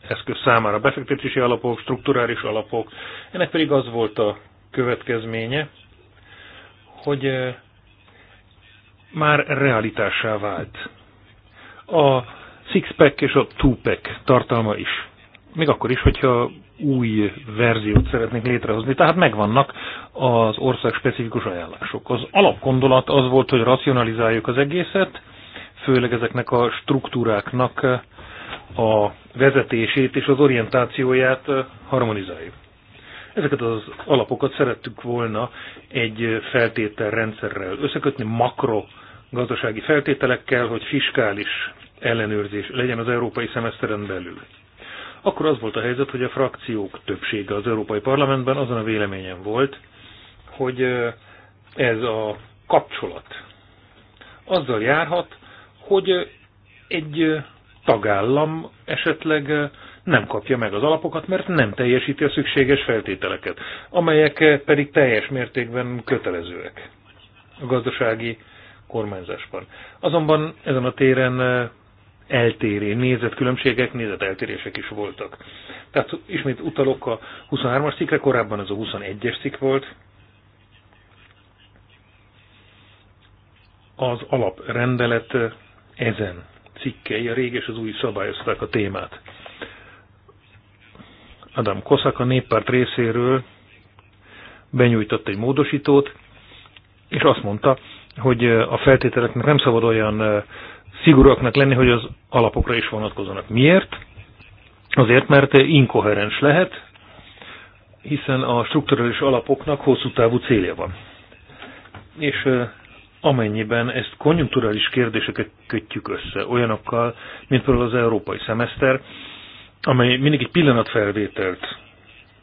eszköz számára. Befektetési alapok, strukturális alapok. Ennek pedig az volt a következménye, hogy már realitássá vált. A six-pack és a two-pack tartalma is még akkor is, hogyha új verziót szeretnénk létrehozni. Tehát megvannak az ország specifikus ajánlások. Az alapgondolat az volt, hogy racionalizáljuk az egészet, főleg ezeknek a struktúráknak a vezetését és az orientációját harmonizáljuk. Ezeket az alapokat szerettük volna egy feltételrendszerrel összekötni, makro gazdasági feltételekkel, hogy fiskális ellenőrzés legyen az európai szemeszteren belül akkor az volt a helyzet, hogy a frakciók többsége az Európai Parlamentben azon a véleményen volt, hogy ez a kapcsolat azzal járhat, hogy egy tagállam esetleg nem kapja meg az alapokat, mert nem teljesíti a szükséges feltételeket, amelyek pedig teljes mértékben kötelezőek a gazdasági kormányzásban. Azonban ezen a téren eltéré, nézetkülönbségek, nézeteltérések is voltak. Tehát ismét utalok a 23-as cikkre, korábban ez a 21-es cikk volt. Az alaprendelet ezen cikkei, a réges és az új szabályozták a témát. Adam Koszak a néppárt részéről benyújtott egy módosítót, és azt mondta, hogy a feltételeknek nem szabad olyan szigorúaknak lenni, hogy az alapokra is vonatkozanak. Miért? Azért, mert inkoherens lehet, hiszen a strukturális alapoknak hosszú távú célja van. És amennyiben ezt konjunkturális kérdéseket kötjük össze, olyanokkal, mint például az európai szemeszter, amely mindig egy pillanatfelvételt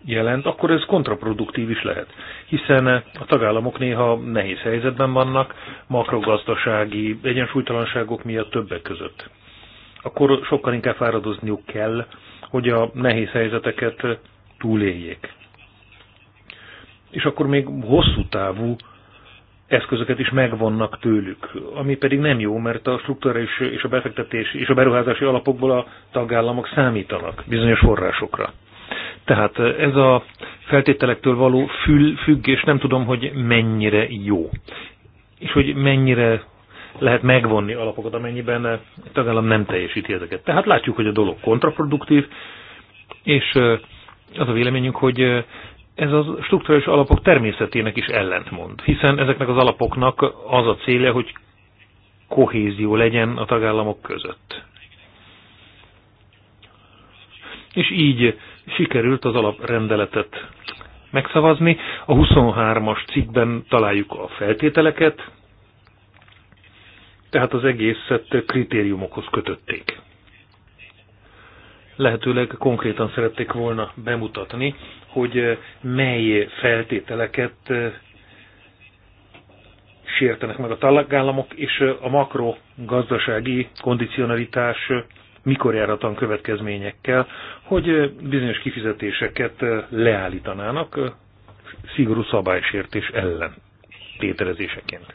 jelent, akkor ez kontraproduktív is lehet, hiszen a tagállamok néha nehéz helyzetben vannak, makrogazdasági egyensúlytalanságok miatt többek között. Akkor sokkal inkább fáradozniuk kell, hogy a nehéz helyzeteket túléljék. És akkor még hosszú távú eszközöket is megvannak tőlük, ami pedig nem jó, mert a struktúra és a befektetés és a beruházási alapokból a tagállamok számítanak bizonyos forrásokra. Tehát ez a feltételektől való fül, függés nem tudom, hogy mennyire jó, és hogy mennyire lehet megvonni alapokat, amennyiben a tagállam nem teljesíti ezeket. Tehát látjuk, hogy a dolog kontraproduktív, és az a véleményünk, hogy ez a struktúrális alapok természetének is ellentmond, hiszen ezeknek az alapoknak az a célja, hogy kohézió legyen a tagállamok között. És így sikerült az alaprendeletet megszavazni. A 23-as cikkben találjuk a feltételeket, tehát az egészet kritériumokhoz kötötték. Lehetőleg konkrétan szerették volna bemutatni, hogy mely feltételeket sértenek meg a tagállamok, és a makrogazdasági kondicionalitás mikor járhatan következményekkel, hogy bizonyos kifizetéseket leállítanának szigorú szabálysértés ellen tételezéseként.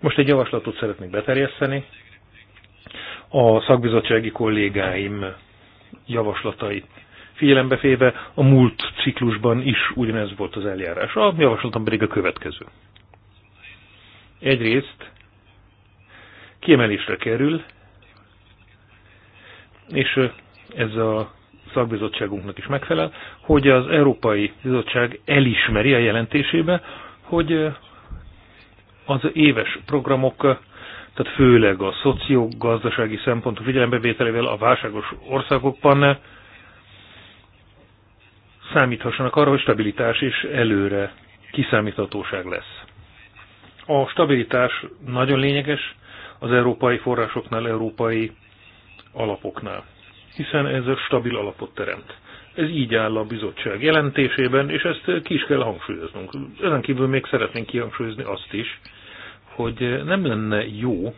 Most egy javaslatot szeretnék beterjeszteni. A szakbizottsági kollégáim javaslatait figyelembe féve a múlt ciklusban is ugyanez volt az eljárás. A javaslatom pedig a következő. Egyrészt kiemelésre kerül, és ez a szakbizottságunknak is megfelel, hogy az Európai Bizottság elismeri a jelentésébe, hogy az éves programok, tehát főleg a szociogazdasági szempontú figyelembevételével a válságos országokban számíthassanak arra, hogy stabilitás és előre kiszámíthatóság lesz. A stabilitás nagyon lényeges az európai forrásoknál, európai alapoknál, hiszen ez stabil alapot teremt. Ez így áll a bizottság jelentésében, és ezt ki is kell hangsúlyoznunk. Ezen kívül még szeretnénk kihangsúlyozni azt is, hogy nem lenne jó,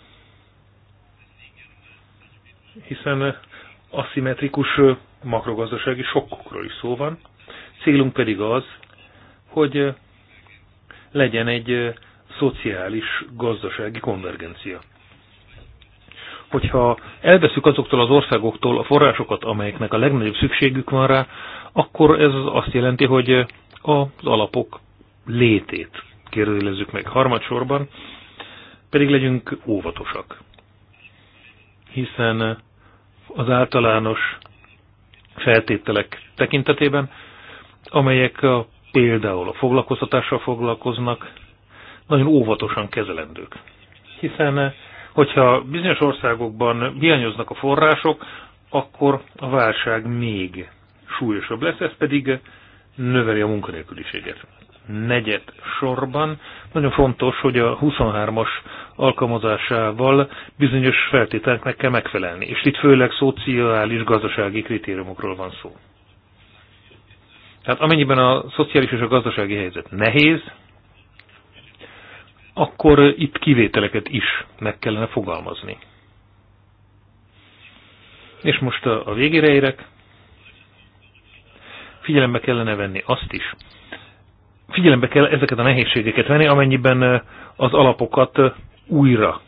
hiszen aszimmetrikus makrogazdasági sokkokról is szó van. Célunk pedig az, hogy legyen egy szociális gazdasági konvergencia hogyha elveszük azoktól az országoktól a forrásokat, amelyeknek a legnagyobb szükségük van rá, akkor ez azt jelenti, hogy az alapok létét kérdőjelezzük meg harmadsorban, pedig legyünk óvatosak. Hiszen az általános feltételek tekintetében, amelyek a például a foglalkoztatással foglalkoznak, nagyon óvatosan kezelendők. Hiszen Hogyha bizonyos országokban hiányoznak a források, akkor a válság még súlyosabb lesz, ez pedig növeli a munkanélküliséget. Negyed sorban nagyon fontos, hogy a 23-as alkalmazásával bizonyos feltételeknek kell megfelelni, és itt főleg szociális gazdasági kritériumokról van szó. Tehát amennyiben a szociális és a gazdasági helyzet nehéz, akkor itt kivételeket is meg kellene fogalmazni. És most a végére érek. Figyelembe kellene venni azt is. Figyelembe kell ezeket a nehézségeket venni, amennyiben az alapokat újra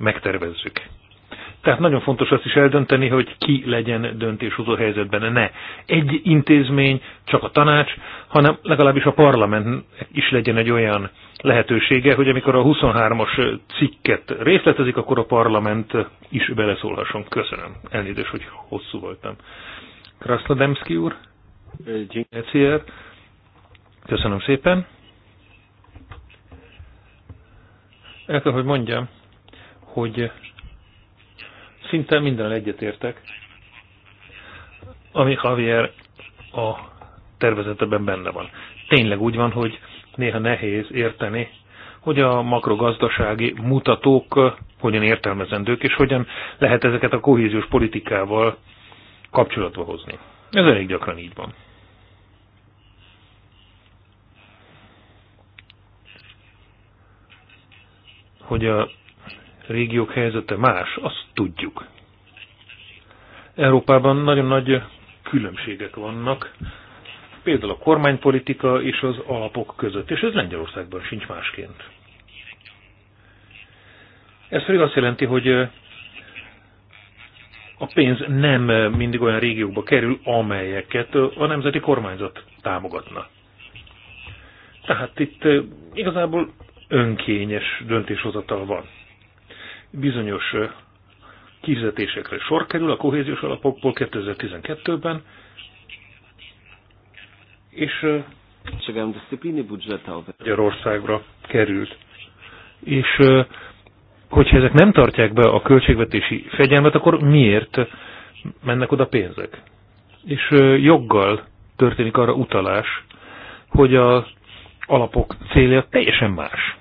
megtervezzük. Tehát nagyon fontos azt is eldönteni, hogy ki legyen döntéshozó helyzetben. Ne egy intézmény, csak a tanács, hanem legalábbis a parlament is legyen egy olyan lehetősége, hogy amikor a 23-as cikket részletezik, akkor a parlament is beleszólhasson. Köszönöm. Elnézést, hogy hosszú voltam. Krasznodemszki úr? ECR. Köszönöm szépen. El kell, hogy mondjam, hogy Szinte minden egyetértek, ami Javier a tervezetben benne van. Tényleg úgy van, hogy néha nehéz érteni, hogy a makrogazdasági mutatók hogyan értelmezendők, és hogyan lehet ezeket a kohéziós politikával kapcsolatba hozni. Ez elég gyakran így van. Hogy a régiók helyzete más, azt tudjuk. Európában nagyon nagy különbségek vannak, például a kormánypolitika és az alapok között, és ez Lengyelországban sincs másként. Ez pedig azt jelenti, hogy a pénz nem mindig olyan régiókba kerül, amelyeket a nemzeti kormányzat támogatna. Tehát itt igazából önkényes döntéshozatal van bizonyos kifizetésekre sor kerül a kohéziós alapokból 2012-ben, és Magyarországra került. És hogyha ezek nem tartják be a költségvetési fegyelmet, akkor miért mennek oda pénzek? És joggal történik arra utalás, hogy az alapok célja teljesen más.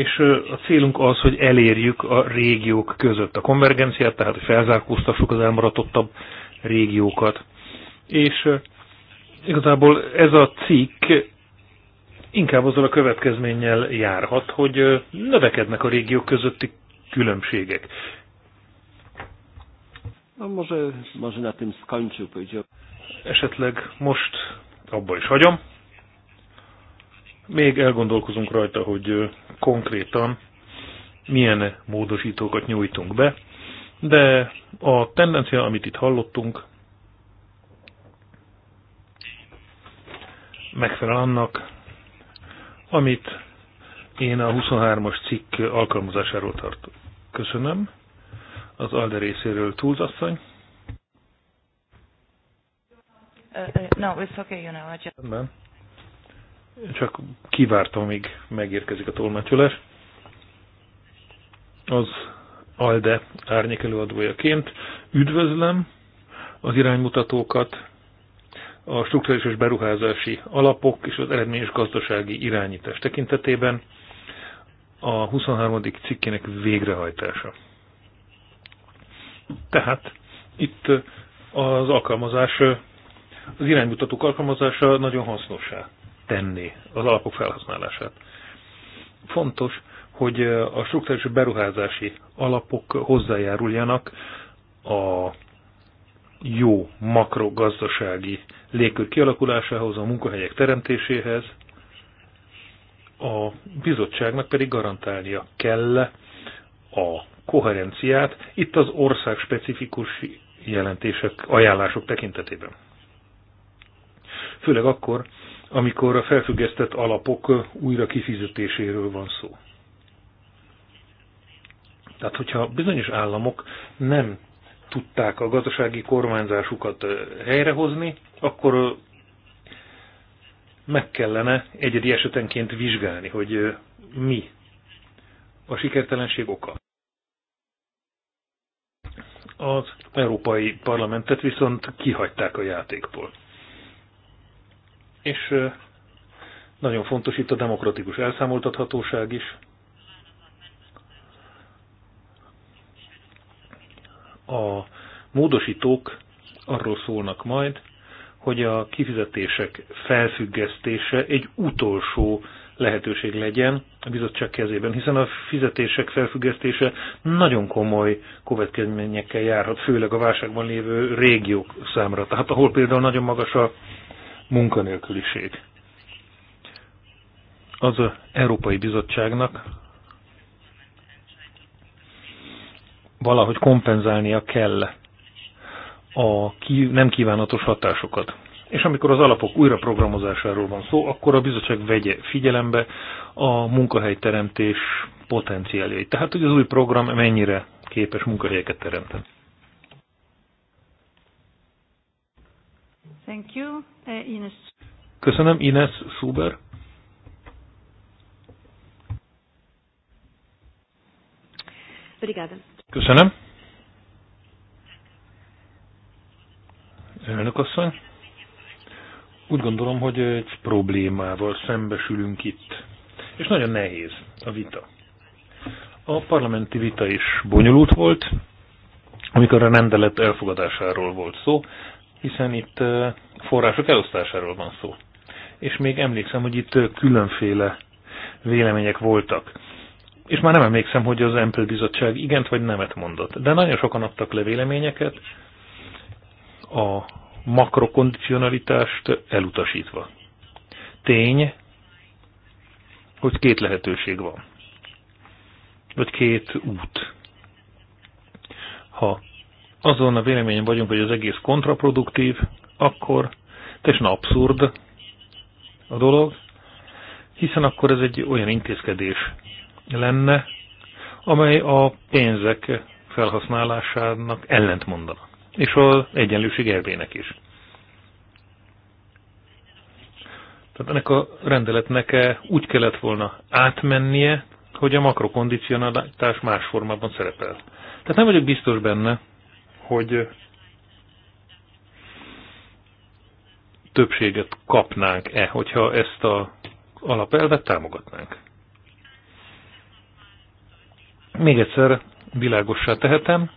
és a célunk az, hogy elérjük a régiók között a konvergenciát, tehát hogy felzárkóztassuk az elmaradottabb régiókat. És igazából ez a cikk inkább azzal a következménnyel járhat, hogy növekednek a régiók közötti különbségek. Na, może, może na tym skończył, powiedział. Esetleg most abba is hagyom. Még elgondolkozunk rajta, hogy konkrétan milyen módosítókat nyújtunk be, de a tendencia, amit itt hallottunk, megfelel annak, amit én a 23-as cikk alkalmazásáról tartok. Köszönöm. Az Alde részéről túlzasszony. Uh, uh, no, it's okay, you know, I just... Csak kivártam, amíg megérkezik a tolmácsolás. Az ALDE árnyék előadójaként üdvözlöm az iránymutatókat, a struktúrális és beruházási alapok és az eredményes gazdasági irányítás tekintetében a 23. cikkének végrehajtása. Tehát itt az alkalmazás, az iránymutatók alkalmazása nagyon hasznosá tenni az alapok felhasználását. Fontos, hogy a struktúrális beruházási alapok hozzájáruljanak a jó makrogazdasági légkör kialakulásához, a munkahelyek teremtéséhez, a bizottságnak pedig garantálnia kell a koherenciát itt az ország specifikus jelentések, ajánlások tekintetében. Főleg akkor, amikor a felfüggesztett alapok újra kifizetéséről van szó. Tehát, hogyha bizonyos államok nem tudták a gazdasági kormányzásukat helyrehozni, akkor meg kellene egyedi esetenként vizsgálni, hogy mi a sikertelenség oka. Az Európai Parlamentet viszont kihagyták a játékból és nagyon fontos itt a demokratikus elszámoltathatóság is. A módosítók arról szólnak majd, hogy a kifizetések felfüggesztése egy utolsó lehetőség legyen a bizottság kezében, hiszen a fizetések felfüggesztése nagyon komoly következményekkel járhat, főleg a válságban lévő régiók számra. Tehát ahol például nagyon magas a munkanélküliség. Az a Európai Bizottságnak valahogy kompenzálnia kell a nem kívánatos hatásokat. És amikor az alapok újraprogramozásáról van szó, akkor a bizottság vegye figyelembe a munkahelyteremtés potenciáljait. Tehát, hogy az új program mennyire képes munkahelyeket teremteni. Thank you. Eh, Ines. Köszönöm, Ines Szuber. Köszönöm. Elnök asszony. Úgy gondolom, hogy egy problémával szembesülünk itt. És nagyon nehéz a vita. A parlamenti vita is bonyolult volt, amikor a rendelet elfogadásáról volt szó, hiszen itt források elosztásáról van szó. És még emlékszem, hogy itt különféle vélemények voltak. És már nem emlékszem, hogy az Empel Bizottság igent vagy nemet mondott. De nagyon sokan adtak le véleményeket a makrokondicionalitást elutasítva. Tény, hogy két lehetőség van. Vagy két út. Ha azon a véleményen vagyunk, hogy az egész kontraproduktív, akkor teljesen abszurd a dolog, hiszen akkor ez egy olyan intézkedés lenne, amely a pénzek felhasználásának ellent mondana, és az egyenlőség elvének is. Tehát ennek a rendeletnek úgy kellett volna átmennie, hogy a makrokondicionalitás más formában szerepel. Tehát nem vagyok biztos benne, hogy többséget kapnánk-e, hogyha ezt a alapelvet támogatnánk. Még egyszer világossá tehetem,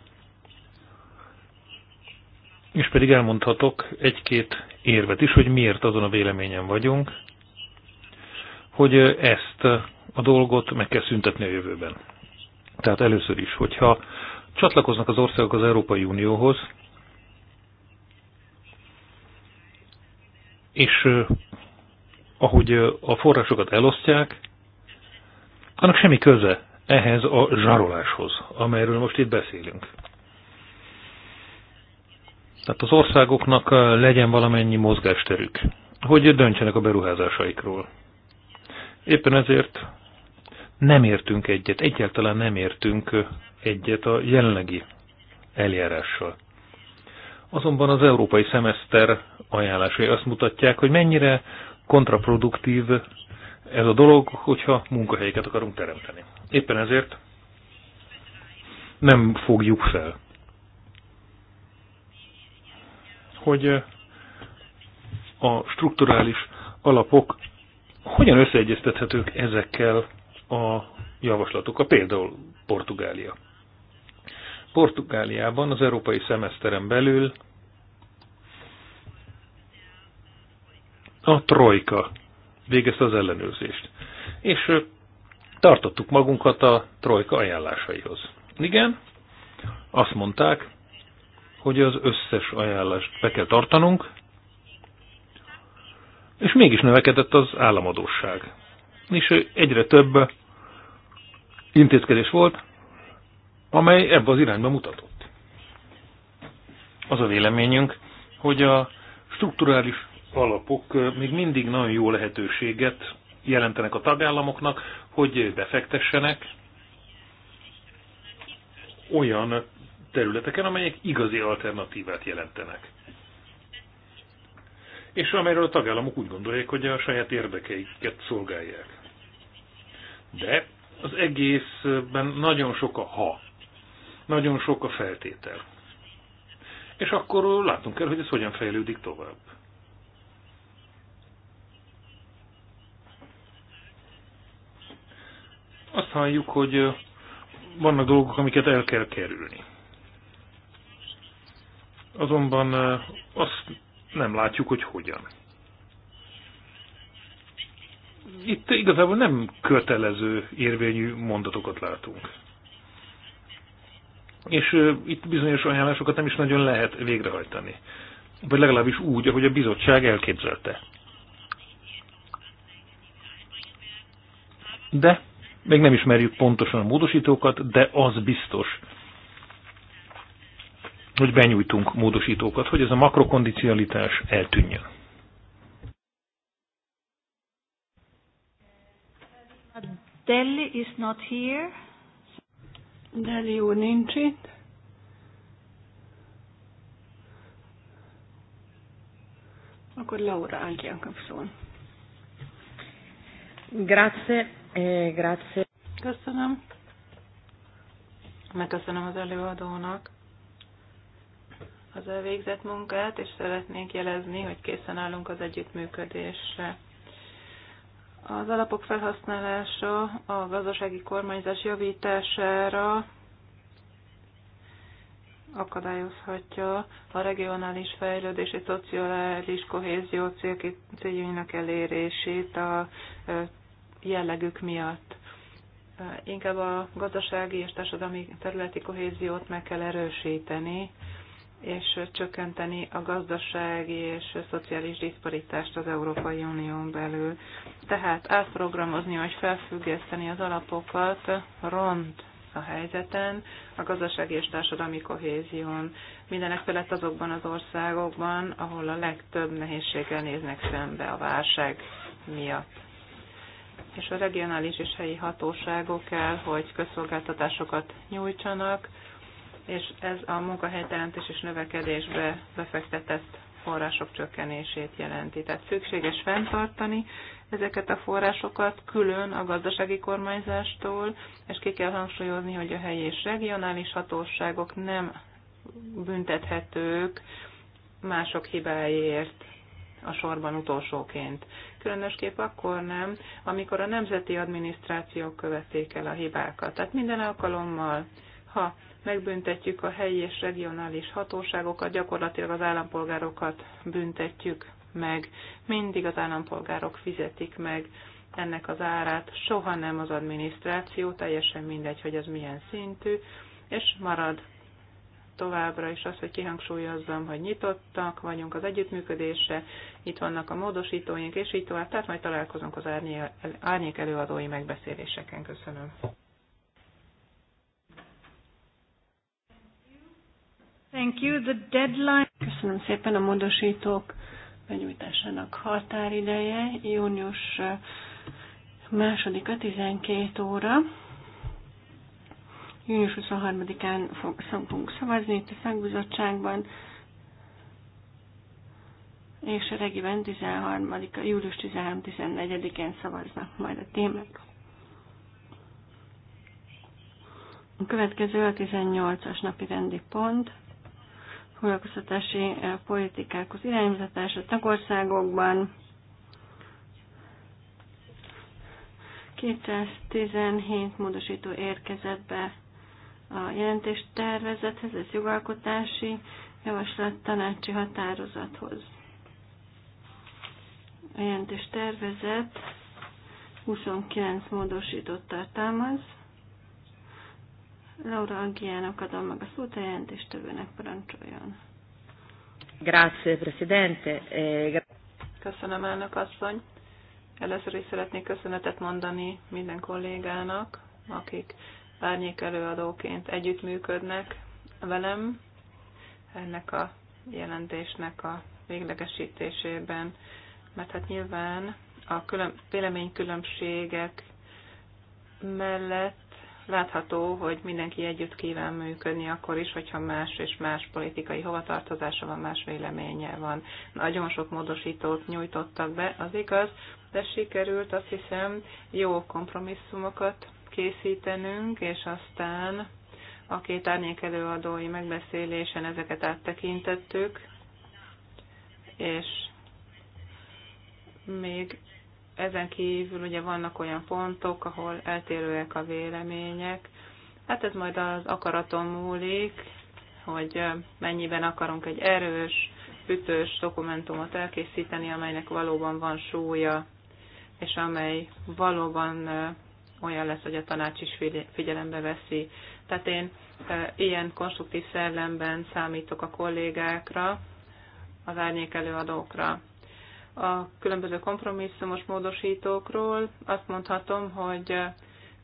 és pedig elmondhatok egy-két érvet is, hogy miért azon a véleményen vagyunk, hogy ezt a dolgot meg kell szüntetni a jövőben. Tehát először is, hogyha Csatlakoznak az országok az Európai Unióhoz, és ahogy a forrásokat elosztják, annak semmi köze ehhez a zsaroláshoz, amelyről most itt beszélünk. Tehát az országoknak legyen valamennyi mozgásterük, hogy döntsenek a beruházásaikról. Éppen ezért nem értünk egyet, egyáltalán nem értünk egyet a jelenlegi eljárással. Azonban az európai szemeszter ajánlásai azt mutatják, hogy mennyire kontraproduktív ez a dolog, hogyha munkahelyeket akarunk teremteni. Éppen ezért nem fogjuk fel, hogy a strukturális alapok hogyan összeegyeztethetők ezekkel a javaslatok a például Portugália. Portugáliában az európai szemeszteren belül a trojka végezte az ellenőrzést, és tartottuk magunkat a trojka ajánlásaihoz. Igen, azt mondták, hogy az összes ajánlást be kell tartanunk, és mégis növekedett az államadóság. És egyre több intézkedés volt, amely ebbe az irányba mutatott. Az a véleményünk, hogy a strukturális alapok még mindig nagyon jó lehetőséget jelentenek a tagállamoknak, hogy befektessenek olyan területeken, amelyek igazi alternatívát jelentenek. És amelyről a tagállamok úgy gondolják, hogy a saját érdekeiket szolgálják. De az egészben nagyon sok a ha, nagyon sok a feltétel. És akkor látunk el, hogy ez hogyan fejlődik tovább. Azt halljuk, hogy vannak dolgok, amiket el kell kerülni. Azonban eh, azt nem látjuk, hogy hogyan itt igazából nem kötelező érvényű mondatokat látunk. És itt bizonyos ajánlásokat nem is nagyon lehet végrehajtani. Vagy legalábbis úgy, ahogy a bizottság elképzelte. De még nem ismerjük pontosan a módosítókat, de az biztos, hogy benyújtunk módosítókat, hogy ez a makrokondicionalitás eltűnjön. Delhi is not here. Delhi úr nincs itt. Akkor Laura Ángyán kap szól. Grazie, eh, grazie. Köszönöm. Megköszönöm az előadónak az elvégzett munkát, és szeretnék jelezni, hogy készen állunk az együttműködésre. Az alapok felhasználása a gazdasági kormányzás javítására akadályozhatja a regionális fejlődési szociális kohézió céljainak elérését a jellegük miatt. Inkább a gazdasági és társadalmi területi kohéziót meg kell erősíteni, és csökkenteni a gazdasági és szociális diszparitást az Európai Unión belül. Tehát átprogramozni vagy felfüggeszteni az alapokat ront a helyzeten, a gazdasági és társadalmi kohézión, mindenek felett azokban az országokban, ahol a legtöbb nehézséggel néznek szembe a válság miatt. És a regionális és helyi hatóságok kell, hogy közszolgáltatásokat nyújtsanak, és ez a munkahelyteremtés és növekedésbe befektetett források csökkenését jelenti. Tehát szükséges fenntartani ezeket a forrásokat külön a gazdasági kormányzástól, és ki kell hangsúlyozni, hogy a helyi és regionális hatóságok nem büntethetők mások hibáért a sorban utolsóként. Különösképp akkor nem, amikor a nemzeti adminisztrációk követték el a hibákat. Tehát minden alkalommal, ha megbüntetjük a helyi és regionális hatóságokat, gyakorlatilag az állampolgárokat büntetjük meg. Mindig az állampolgárok fizetik meg ennek az árát, soha nem az adminisztráció, teljesen mindegy, hogy ez milyen szintű, és marad továbbra is az, hogy kihangsúlyozzam, hogy nyitottak vagyunk az együttműködésre, itt vannak a módosítóink, és így tovább, tehát majd találkozunk az árnyék előadói megbeszéléseken. Köszönöm. Thank you. The deadline... Köszönöm szépen a módosítók benyújtásának határideje, június másodika 12 óra. Június 23-án fogunk szavazni itt a szakbizottságban, és a regiben 13 július 13-14-én szavaznak majd a témák. A következő a 18-as napi rendi pont foglalkoztatási eh, politikákhoz irányzatás a tagországokban. 217 módosító érkezett be a jelentés tervezethez, ez jogalkotási javaslat tanácsi határozathoz. A jelentés tervezet 29 módosítót tartalmaz. Laura Agiának adom meg a szót, a tövőnek parancsoljon. Grazie, Presidente. Eh, Köszönöm, elnök asszony. Először is szeretnék köszönetet mondani minden kollégának, akik árnyék előadóként együttműködnek velem ennek a jelentésnek a véglegesítésében, mert hát nyilván a külön, véleménykülönbségek mellett látható, hogy mindenki együtt kíván működni akkor is, hogyha más és más politikai hovatartozása van, más véleménye van. Nagyon sok módosítót nyújtottak be, az igaz, de sikerült azt hiszem jó kompromisszumokat készítenünk, és aztán a két árnyék előadói megbeszélésen ezeket áttekintettük, és még ezen kívül ugye vannak olyan pontok, ahol eltérőek a vélemények. Hát ez majd az akaraton múlik, hogy mennyiben akarunk egy erős, ütős dokumentumot elkészíteni, amelynek valóban van súlya, és amely valóban olyan lesz, hogy a tanács is figyelembe veszi. Tehát én ilyen konstruktív szellemben számítok a kollégákra, az árnyék előadókra a különböző kompromisszumos módosítókról. Azt mondhatom, hogy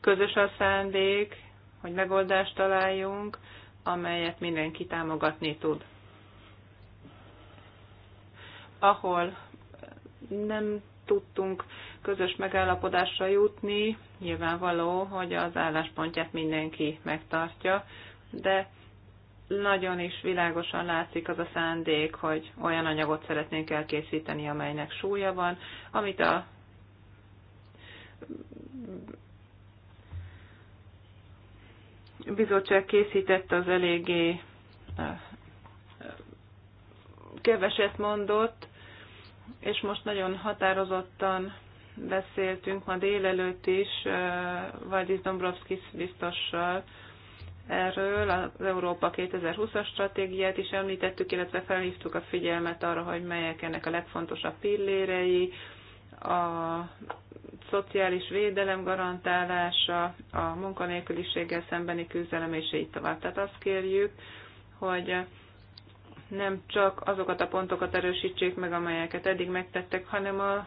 közös a szándék, hogy megoldást találjunk, amelyet mindenki támogatni tud. Ahol nem tudtunk közös megállapodásra jutni, nyilvánvaló, hogy az álláspontját mindenki megtartja, de nagyon is világosan látszik az a szándék, hogy olyan anyagot szeretnénk elkészíteni, amelynek súlya van, amit a bizottság készített, az eléggé keveset mondott, és most nagyon határozottan beszéltünk ma délelőtt is Vajdis Dombrovskis biztossal erről, az Európa 2020-as stratégiát is említettük, illetve felhívtuk a figyelmet arra, hogy melyek ennek a legfontosabb pillérei, a szociális védelem garantálása, a munkanélküliséggel szembeni küzdelem, és így tovább. Tehát azt kérjük, hogy nem csak azokat a pontokat erősítsék meg, amelyeket eddig megtettek, hanem a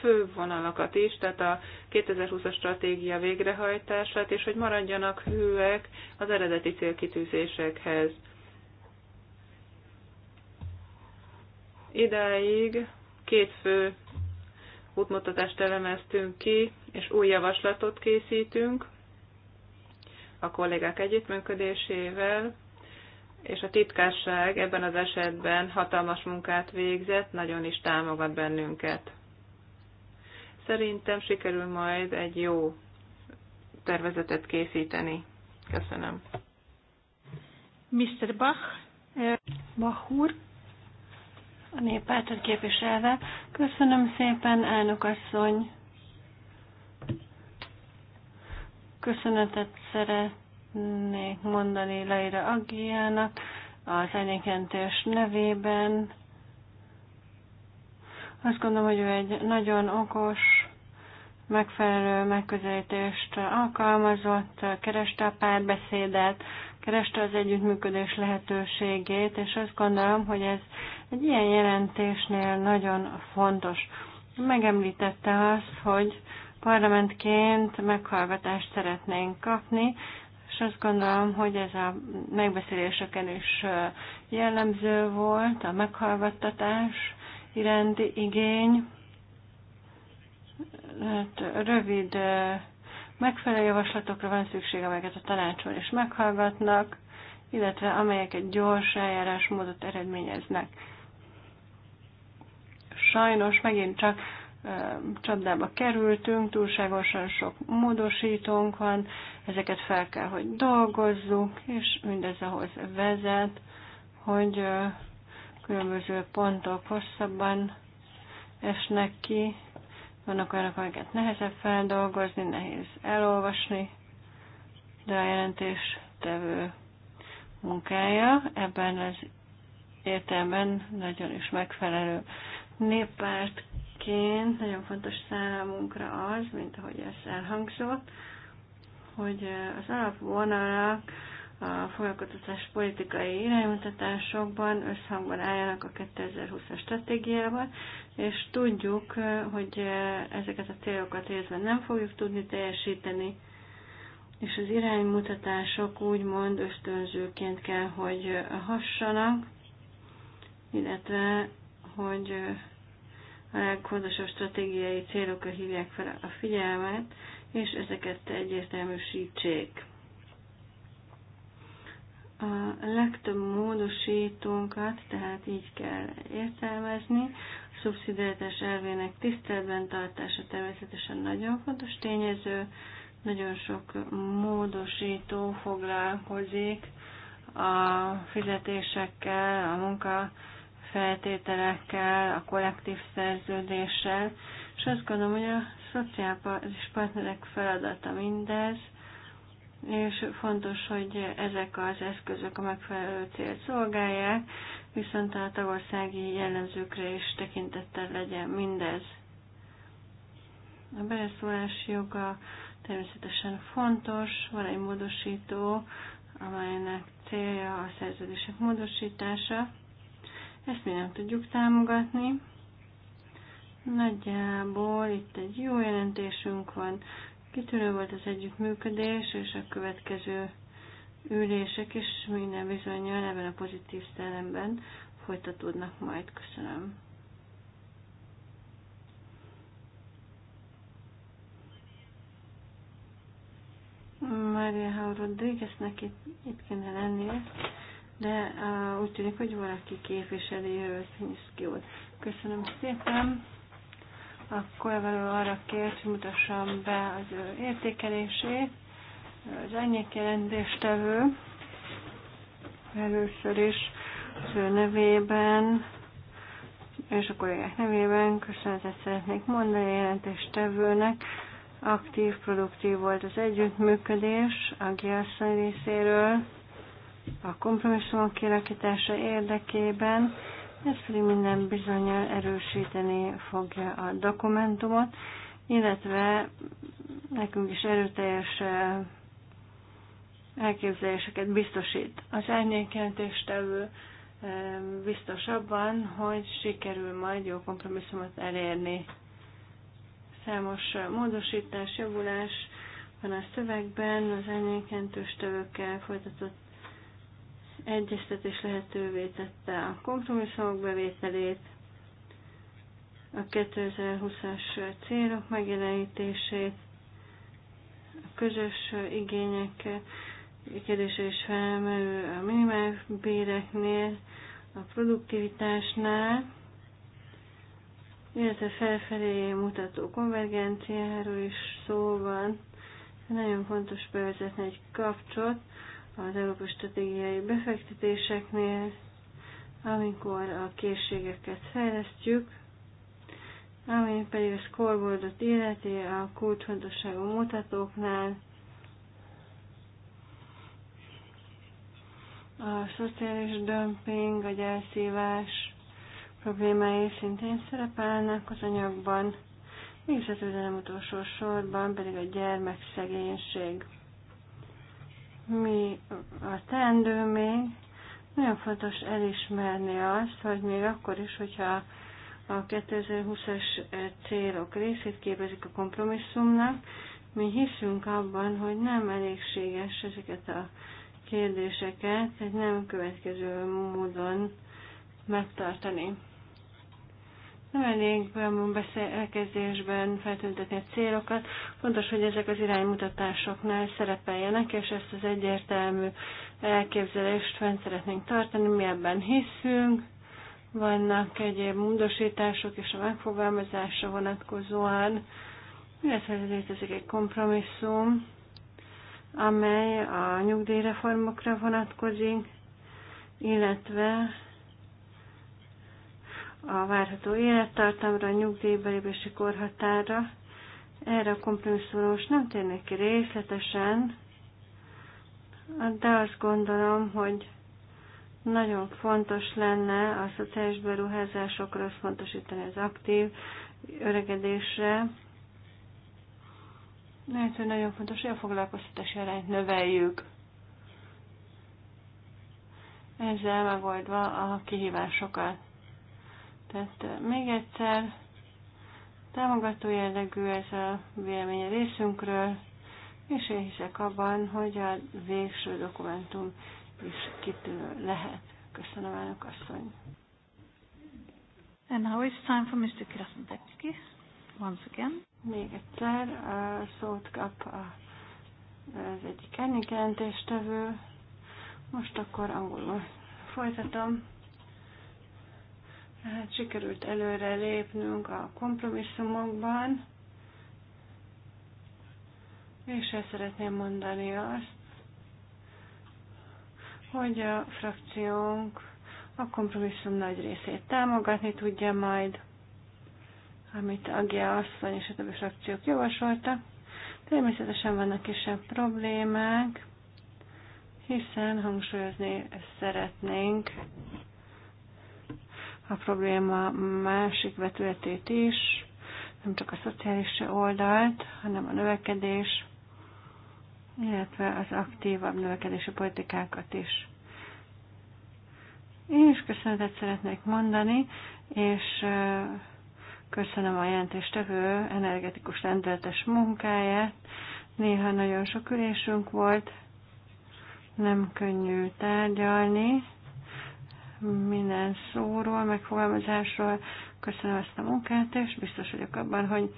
fő vonalakat is, tehát a 2020-as stratégia végrehajtását, és hogy maradjanak hűek az eredeti célkitűzésekhez. Idáig két fő útmutatást elemeztünk ki, és új javaslatot készítünk a kollégák együttműködésével, és a titkárság ebben az esetben hatalmas munkát végzett, nagyon is támogat bennünket. Szerintem sikerül majd egy jó tervezetet készíteni. Köszönöm. Mr. Bach, Bach úr, a néppártot képviselve. Köszönöm szépen, elnök asszony. Köszönetet szeretnék mondani Leira Agiának az elnyékentés nevében. Azt gondolom, hogy ő egy nagyon okos, megfelelő megközelítést alkalmazott, kereste a párbeszédet, kereste az együttműködés lehetőségét, és azt gondolom, hogy ez egy ilyen jelentésnél nagyon fontos. Megemlítette azt, hogy parlamentként meghallgatást szeretnénk kapni, és azt gondolom, hogy ez a megbeszéléseken is jellemző volt, a meghallgattatás, iránti igény. Hát rövid megfelelő javaslatokra van szükség, amelyeket a tanácson is meghallgatnak, illetve amelyek egy gyors eljárásmódot eredményeznek. Sajnos megint csak csapdába kerültünk, túlságosan sok módosítónk van, ezeket fel kell, hogy dolgozzuk, és mindez ahhoz vezet, hogy különböző pontok hosszabban esnek ki, vannak olyanok, amiket nehezebb feldolgozni, nehéz elolvasni, de a jelentés tevő munkája ebben az értelemben nagyon is megfelelő. Néppártként nagyon fontos számunkra az, mint ahogy ez elhangzott, hogy az alapvonalak a foglalkoztatás politikai iránymutatásokban összhangban álljanak a 2020-as stratégiával, és tudjuk, hogy ezeket a célokat részben nem fogjuk tudni teljesíteni, és az iránymutatások úgymond ösztönzőként kell, hogy hassanak, illetve, hogy a legfontosabb stratégiai célokra hívják fel a figyelmet, és ezeket egyértelműsítsék a legtöbb módosítónkat, tehát így kell értelmezni. A szubszidiaritás elvének tiszteletben tartása természetesen nagyon fontos tényező. Nagyon sok módosító foglalkozik a fizetésekkel, a munka feltételekkel, a kollektív szerződéssel, és azt gondolom, hogy a szociális partnerek feladata mindez, és fontos, hogy ezek az eszközök a megfelelő célt szolgálják, viszont a tagországi jellemzőkre is tekintettel legyen mindez. A beleszólási joga természetesen fontos, van egy módosító, amelynek célja a szerződések módosítása. Ezt mi nem tudjuk támogatni. Nagyjából itt egy jó jelentésünk van, Kitűnő volt az együttműködés, és a következő ülések is minden bizonyal ebben a pozitív szellemben folytatódnak majd. Köszönöm. Mária Hau Rodrigueznek itt, itt kéne lennie, de uh, úgy tűnik, hogy valaki képviseli őt, Nyiszki Köszönöm szépen! akkor kolléganő arra kért, hogy mutassam be az ő értékelését. Az anyék jelentéstevő először is az ő nevében és a kollégák nevében köszönetet szeretnék mondani a jelentéstevőnek. Aktív, produktív volt az együttműködés a Giasszony részéről a kompromisszumok kialakítása érdekében ez pedig minden bizonyal erősíteni fogja a dokumentumot, illetve nekünk is erőteljes elképzeléseket biztosít. Az árnyékjelentéstevő biztos abban, hogy sikerül majd jó kompromisszumot elérni. Számos módosítás, javulás van a szövegben, az tevőkkel folytatott egyeztetés lehetővé tette a kompromisszumok bevételét, a 2020-as célok megjelenítését, a közös igények kérdése is felmerül a minimál béreknél, a produktivitásnál, illetve felfelé mutató konvergenciáról is szó van. Nagyon fontos bevezetni egy kapcsot az Európa stratégiai befektetéseknél, amikor a készségeket fejlesztjük, ami pedig a scoreboardot illeti a kulcsfontosságú mutatóknál, a szociális dömping, a gyászívás problémái szintén szerepelnek az anyagban, még az utolsó sorban pedig a gyermekszegénység mi a teendő még. Nagyon fontos elismerni azt, hogy még akkor is, hogyha a 2020 es célok részét képezik a kompromisszumnak, mi hiszünk abban, hogy nem elégséges ezeket a kérdéseket egy nem következő módon megtartani nem elég beszélkezésben feltüntetni a célokat. Fontos, hogy ezek az iránymutatásoknál szerepeljenek, és ezt az egyértelmű elképzelést fent szeretnénk tartani, mi ebben hiszünk. Vannak egyéb módosítások és a megfogalmazásra vonatkozóan, illetve létezik egy kompromisszum, amely a nyugdíjreformokra vonatkozik, illetve a várható élettartamra, a nyugdíjbelépési korhatára. Erre a kompromisszumra most nem térnék ki részletesen, de azt gondolom, hogy nagyon fontos lenne a szociális beruházásokra összpontosítani az aktív öregedésre, lehet, hogy nagyon fontos, hogy a foglalkoztatási arányt növeljük. Ezzel megoldva a kihívásokat. Tehát még egyszer, támogató jellegű ez a vélemény részünkről, és én hiszek abban, hogy a végső dokumentum is kitűnő lehet. Köszönöm, elnök asszony. And now it's time for Mr. Krasnodebski, once again. Még egyszer a szót kap a, az egyik elnök jelentéstevő. Most akkor angolul folytatom. Hát sikerült előre lépnünk a kompromisszumokban, és el szeretném mondani azt, hogy a frakciónk a kompromisszum nagy részét támogatni tudja majd, amit Agia asszony és a többi frakciók javasoltak. Természetesen vannak kisebb problémák, hiszen hangsúlyozni szeretnénk a probléma másik vetületét is, nem csak a szociális oldalt, hanem a növekedés, illetve az aktívabb növekedési politikákat is. Én is köszönetet szeretnék mondani, és köszönöm a jelentéstevő energetikus rendeletes munkáját. Néha nagyon sok ülésünk volt, nem könnyű tárgyalni, minden szóról, megfogalmazásról. Köszönöm ezt a munkát, és biztos vagyok abban, hogy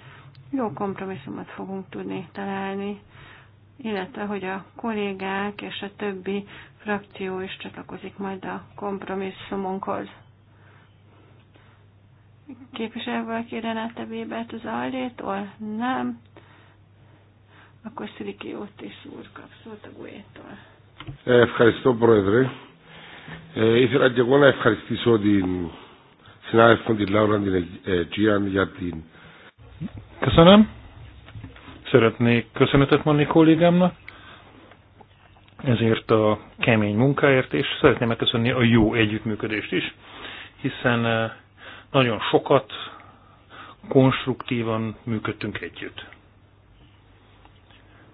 jó kompromisszumot fogunk tudni találni, illetve hogy a kollégák és a többi frakció is csatlakozik majd a kompromisszumunkhoz. Képvisel valaki Renáta Bébert az Allétól? Nem. Akkor Sziliki Ottis úr kap a Guétól. Ευχαριστώ Πρόεδρε. Ε, ήθελα και εγώ να ευχαριστήσω την συνάδελφο την Λάουρα την Αιτζίαν για την... Köszönöm. Szeretnék köszönetet mondani kollégámnak ezért a kemény munkáért, és szeretném megköszönni a jó együttműködést is, hiszen e, nagyon sokat konstruktívan működtünk együtt.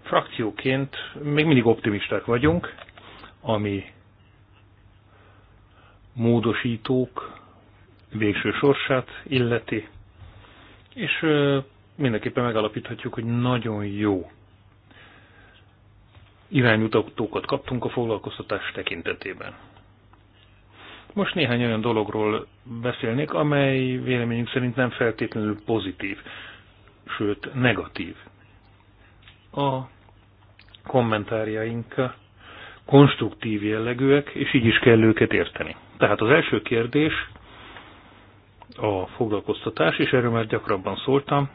Frakcióként még mindig optimisták vagyunk, ami módosítók végső sorsát illeti, és mindenképpen megalapíthatjuk, hogy nagyon jó iránymutatókat kaptunk a foglalkoztatás tekintetében. Most néhány olyan dologról beszélnék, amely véleményünk szerint nem feltétlenül pozitív, sőt negatív. A kommentárjaink konstruktív jellegűek, és így is kell őket érteni. Tehát az első kérdés a foglalkoztatás, és erről már gyakrabban szóltam,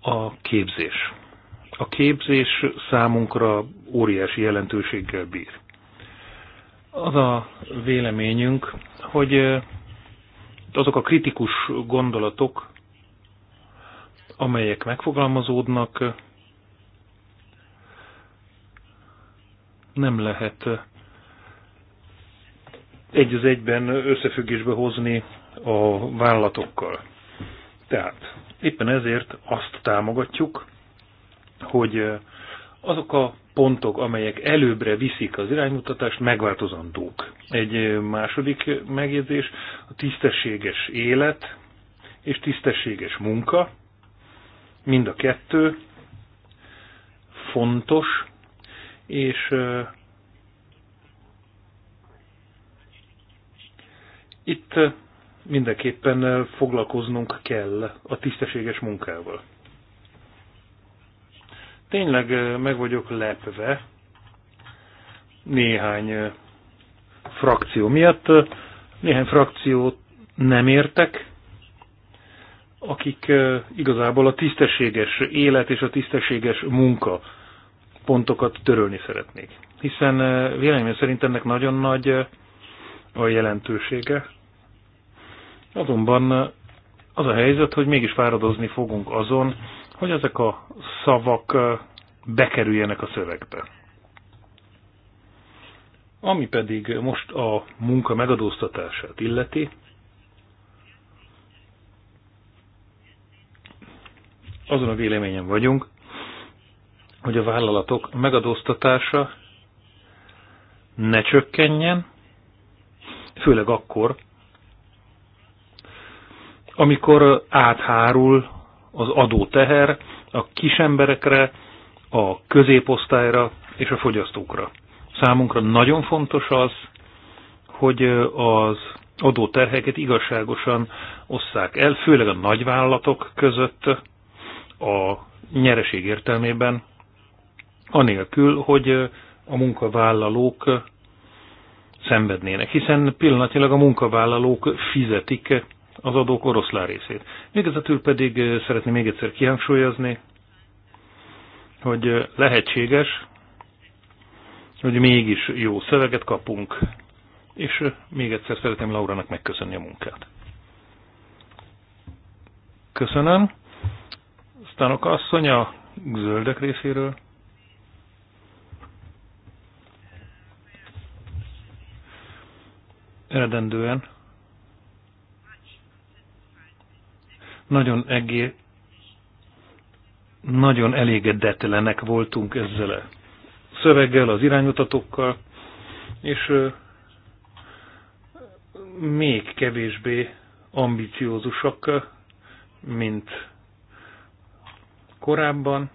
a képzés. A képzés számunkra óriási jelentőséggel bír. Az a véleményünk, hogy azok a kritikus gondolatok, amelyek megfogalmazódnak, nem lehet egy az egyben összefüggésbe hozni a vállalatokkal. Tehát éppen ezért azt támogatjuk, hogy eh, azok a pontok, amelyek előbbre viszik az iránymutatást, megváltozandók. Egy eh, második megjegyzés, a tisztességes élet és tisztességes munka, mind a kettő fontos, és eh, Itt mindenképpen foglalkoznunk kell a tisztességes munkával. Tényleg meg vagyok lepve néhány frakció miatt. Néhány frakciót nem értek, akik igazából a tisztességes élet és a tisztességes munka pontokat törölni szeretnék. Hiszen véleményem szerint ennek nagyon nagy a jelentősége, Azonban az a helyzet, hogy mégis fáradozni fogunk azon, hogy ezek a szavak bekerüljenek a szövegbe. Ami pedig most a munka megadóztatását illeti, azon a véleményen vagyunk, hogy a vállalatok megadóztatása ne csökkenjen, főleg akkor, amikor áthárul az adóteher a kis emberekre, a középosztályra és a fogyasztókra. Számunkra nagyon fontos az, hogy az adóterheket igazságosan osszák el, főleg a nagyvállalatok között a nyereség értelmében, anélkül, hogy a munkavállalók szenvednének, hiszen pillanatilag a munkavállalók fizetik az adók oroszlán részét. Végezetül pedig szeretném még egyszer kihangsúlyozni, hogy lehetséges, hogy mégis jó szöveget kapunk, és még egyszer szeretném nak megköszönni a munkát. Köszönöm. Stanok asszony a zöldek részéről. Eredendően Nagyon egé, nagyon elégedetlenek voltunk ezzel a szöveggel, az irányutatokkal, és még kevésbé ambiciózusak, mint korábban.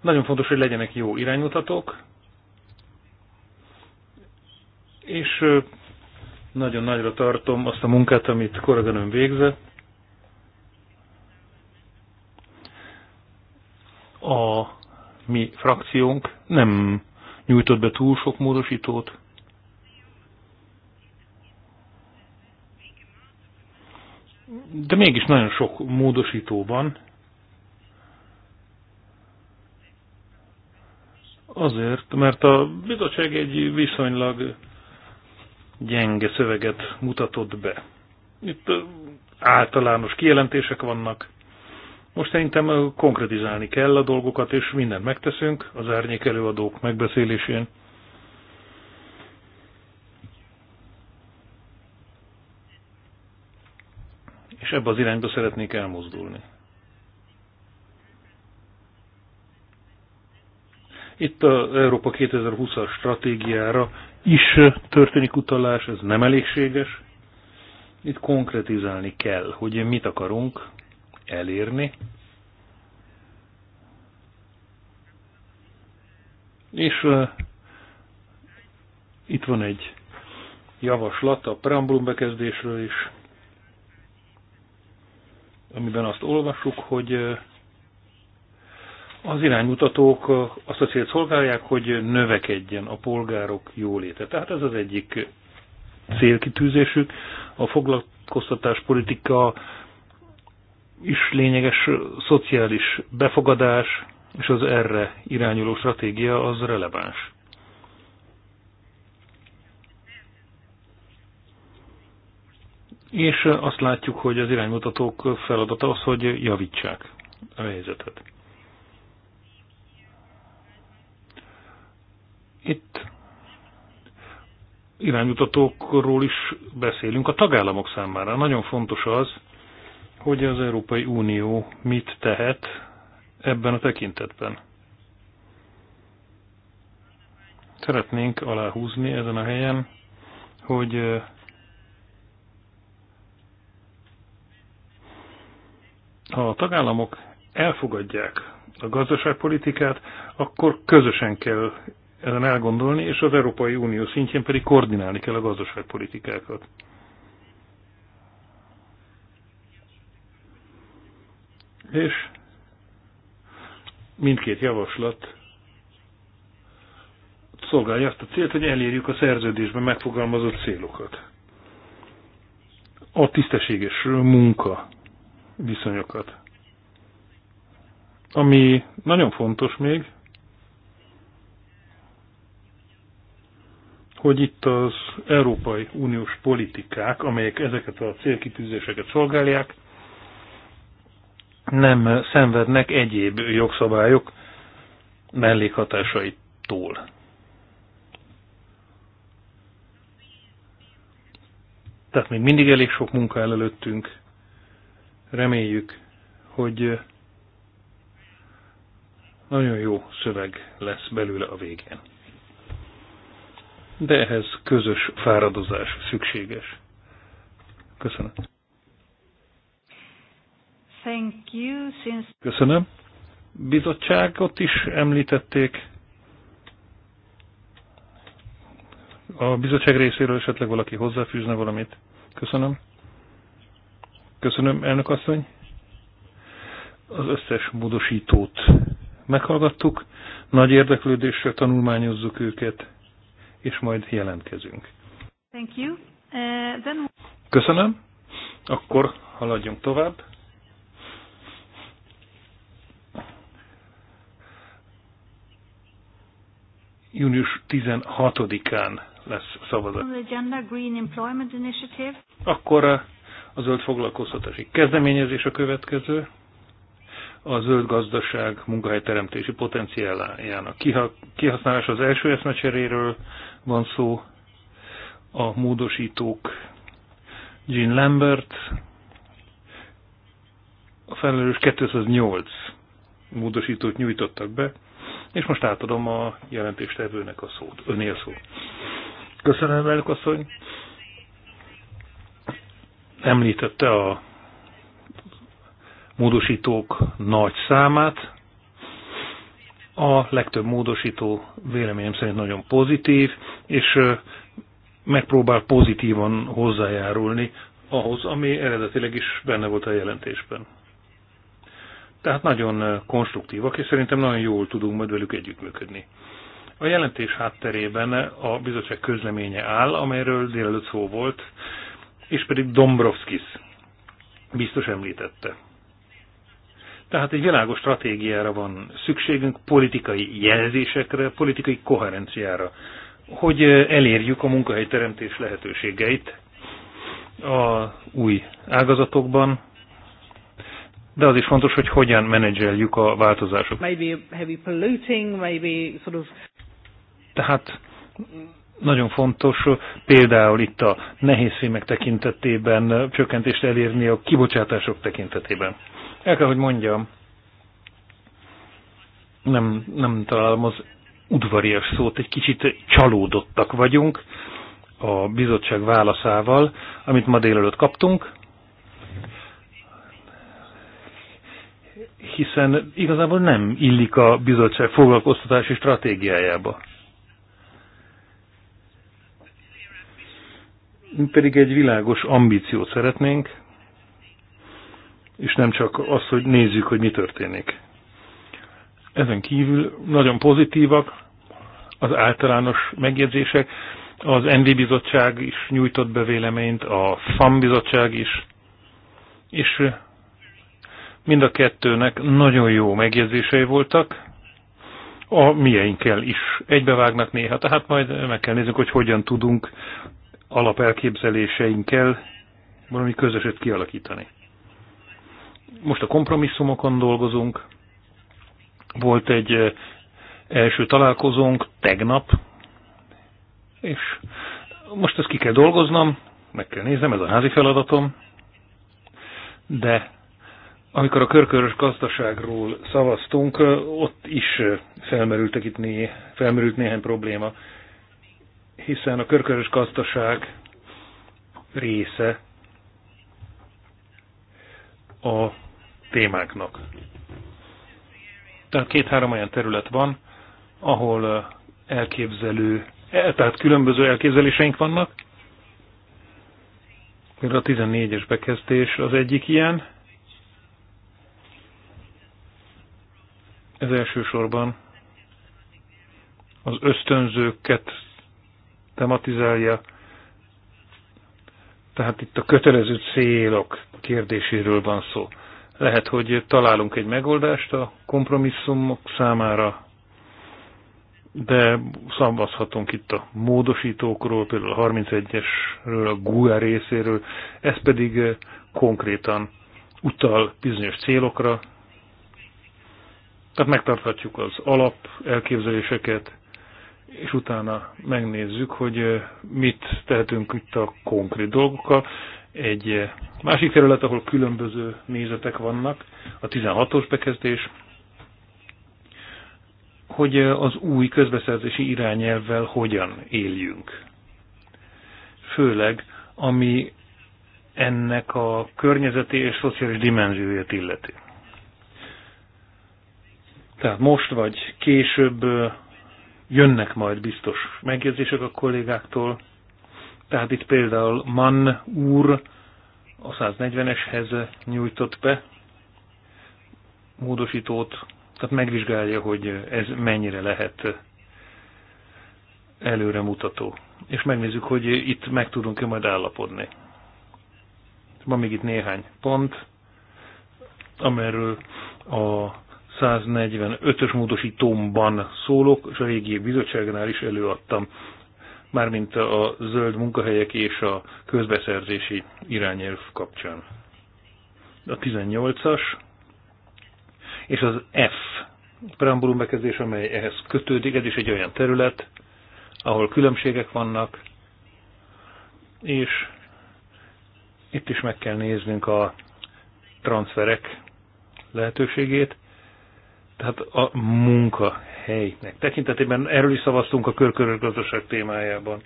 Nagyon fontos, hogy legyenek jó irányutatók, és nagyon nagyra tartom azt a munkát, amit ön végzett. A mi frakciónk nem nyújtott be túl sok módosítót. De mégis nagyon sok módosító van. Azért, mert a bizottság egy viszonylag gyenge szöveget mutatott be. Itt általános kijelentések vannak. Most szerintem konkretizálni kell a dolgokat, és mindent megteszünk az árnyék előadók megbeszélésén. És ebbe az irányba szeretnék elmozdulni. Itt az Európa 2020-as stratégiára is történik utalás, ez nem elégséges. Itt konkretizálni kell, hogy mit akarunk elérni. És uh, itt van egy javaslat a preambulum bekezdésről is, amiben azt olvasjuk, hogy az iránymutatók azt a célt szolgálják, hogy növekedjen a polgárok jóléte. Tehát ez az egyik célkitűzésük. A foglalkoztatáspolitika is lényeges szociális befogadás, és az erre irányuló stratégia az releváns. És azt látjuk, hogy az iránymutatók feladata az, hogy javítsák a helyzetet. Itt iránymutatókról is beszélünk a tagállamok számára. Nagyon fontos az, hogy az Európai Unió mit tehet ebben a tekintetben. Szeretnénk aláhúzni ezen a helyen, hogy ha a tagállamok elfogadják a gazdaságpolitikát, akkor közösen kell ezen elgondolni, és az Európai Unió szintjén pedig koordinálni kell a gazdaságpolitikákat. És mindkét javaslat szolgálja azt a célt, hogy elérjük a szerződésben megfogalmazott célokat. A tisztességes munka viszonyokat. Ami nagyon fontos még, hogy itt az Európai Uniós politikák, amelyek ezeket a célkitűzéseket szolgálják, nem szenvednek egyéb jogszabályok mellékhatásaitól. Tehát még mindig elég sok munka el előttünk. Reméljük, hogy nagyon jó szöveg lesz belőle a végén de ehhez közös fáradozás szükséges. Köszönöm. Thank you, since... Köszönöm. Bizottságot is említették. A bizottság részéről esetleg valaki hozzáfűzne valamit. Köszönöm. Köszönöm, elnök asszony. Az összes módosítót meghallgattuk. Nagy érdeklődésre tanulmányozzuk őket és majd jelentkezünk. Thank you. Uh, then... Köszönöm. Akkor haladjunk tovább. Június 16-án lesz szavazás. Akkor a zöld foglalkoztatási kezdeményezés a következő a zöld gazdaság munkahelyteremtési potenciáljának kihasználása az első eszmecseréről van szó, a módosítók Jean Lambert, a felelős 208 módosítót nyújtottak be, és most átadom a jelentéstevőnek a szót. Önél szó. Köszönöm, elnök asszony. Említette a módosítók nagy számát, a legtöbb módosító véleményem szerint nagyon pozitív, és megpróbál pozitívan hozzájárulni ahhoz, ami eredetileg is benne volt a jelentésben. Tehát nagyon konstruktívak, és szerintem nagyon jól tudunk majd velük együttműködni. A jelentés hátterében a bizottság közleménye áll, amelyről délelőtt szó volt, és pedig Dombrovskis biztos említette. Tehát egy világos stratégiára van szükségünk, politikai jelzésekre, politikai koherenciára, hogy elérjük a munkahelyteremtés lehetőségeit a új ágazatokban, de az is fontos, hogy hogyan menedzseljük a változásokat. Maybe heavy polluting, maybe sort of... Tehát nagyon fontos például itt a nehézfémek tekintetében csökkentést elérni a kibocsátások tekintetében. El kell, hogy mondjam, nem, nem találom az udvarias szót, egy kicsit csalódottak vagyunk a bizottság válaszával, amit ma délelőtt kaptunk, hiszen igazából nem illik a bizottság foglalkoztatási stratégiájába. Mi pedig egy világos ambíciót szeretnénk, és nem csak az, hogy nézzük, hogy mi történik. Ezen kívül nagyon pozitívak az általános megjegyzések. Az NV bizottság is nyújtott be véleményt, a FAM bizottság is, és mind a kettőnek nagyon jó megjegyzései voltak, a mieinkkel is egybevágnak néha, tehát majd meg kell néznünk, hogy hogyan tudunk alapelképzeléseinkkel valami közöset kialakítani. Most a kompromisszumokon dolgozunk. Volt egy eh, első találkozónk tegnap, és most ezt ki kell dolgoznom, meg kell néznem, ez a házi feladatom, de amikor a körkörös gazdaságról szavaztunk, eh, ott is eh, felmerültek itt né, felmerült néhány probléma, hiszen a körkörös gazdaság része a témáknak. Tehát két-három olyan terület van, ahol elképzelő, e, tehát különböző elképzeléseink vannak. Például a 14-es bekezdés az egyik ilyen. Ez elsősorban az ösztönzőket tematizálja, tehát itt a kötelező célok kérdéséről van szó. Lehet, hogy találunk egy megoldást a kompromisszumok számára, de szavazhatunk itt a módosítókról, például a 31-esről, a GUA e részéről, ez pedig konkrétan utal bizonyos célokra, tehát megtarthatjuk az alap elképzeléseket, és utána megnézzük, hogy mit tehetünk itt a konkrét dolgokkal. Egy másik terület, ahol különböző nézetek vannak, a 16-os bekezdés, hogy az új közbeszerzési irányelvvel hogyan éljünk. Főleg, ami ennek a környezeti és szociális dimenzióját illeti. Tehát most vagy később jönnek majd biztos megjegyzések a kollégáktól. Tehát itt például Mann úr a 140-eshez nyújtott be módosítót, tehát megvizsgálja, hogy ez mennyire lehet előremutató. És megnézzük, hogy itt meg tudunk-e majd állapodni. Van még itt néhány pont, amelyről a 145-ös módosítómban szólok, és a régi bizottságnál is előadtam, mármint a zöld munkahelyek és a közbeszerzési irányelv kapcsán. A 18-as és az F preambulum bekezdés, amely ehhez kötődik, ez is egy olyan terület, ahol különbségek vannak, és itt is meg kell néznünk a transferek lehetőségét, tehát a munkahelynek tekintetében erről is szavaztunk a körkörös gazdaság témájában.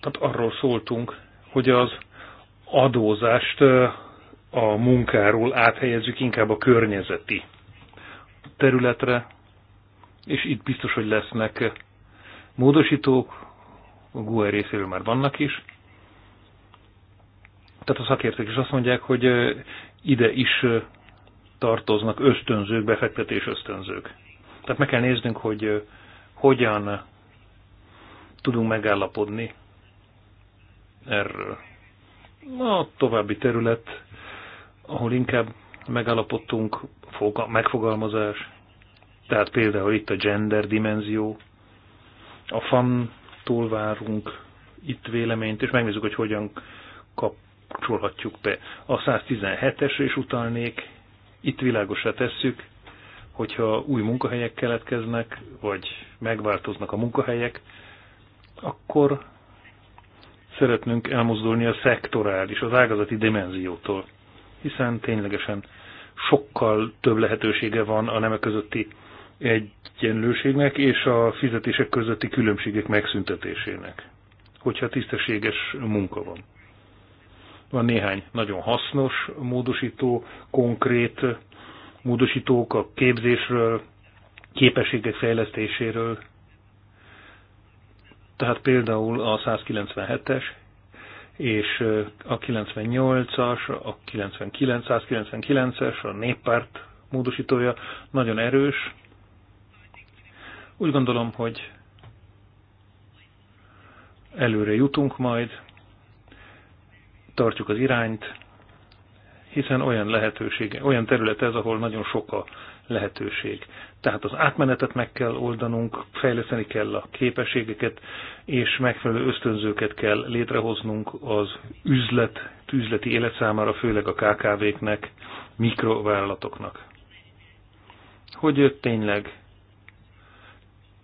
Tehát arról szóltunk, hogy az adózást a munkáról áthelyezzük inkább a környezeti területre, és itt biztos, hogy lesznek módosítók, a GUE részéről már vannak is, tehát a szakértők is azt mondják, hogy ide is tartoznak ösztönzők, befektetés ösztönzők. Tehát meg kell néznünk, hogy hogyan tudunk megállapodni erről. A további terület, ahol inkább megállapodtunk, megfogalmazás, tehát például itt a gender dimenzió, a fan-tól várunk itt véleményt, és megnézzük, hogy hogyan kap kapcsolhatjuk be. A 117-esre is utalnék, itt világosra tesszük, hogyha új munkahelyek keletkeznek, vagy megváltoznak a munkahelyek, akkor szeretnünk elmozdulni a szektorális, az ágazati dimenziótól, hiszen ténylegesen sokkal több lehetősége van a nemek közötti egyenlőségnek és a fizetések közötti különbségek megszüntetésének, hogyha tisztességes munka van. Van néhány nagyon hasznos módosító, konkrét módosítók a képzésről, képességek fejlesztéséről. Tehát például a 197-es, és a 98-as, a 99, 199-es, a néppárt módosítója nagyon erős. Úgy gondolom, hogy előre jutunk majd, tartjuk az irányt, hiszen olyan lehetőség, olyan terület ez, ahol nagyon sok a lehetőség. Tehát az átmenetet meg kell oldanunk, fejleszteni kell a képességeket, és megfelelő ösztönzőket kell létrehoznunk az üzlet, üzleti élet számára, főleg a KKV-knek, mikrovállalatoknak. Hogy tényleg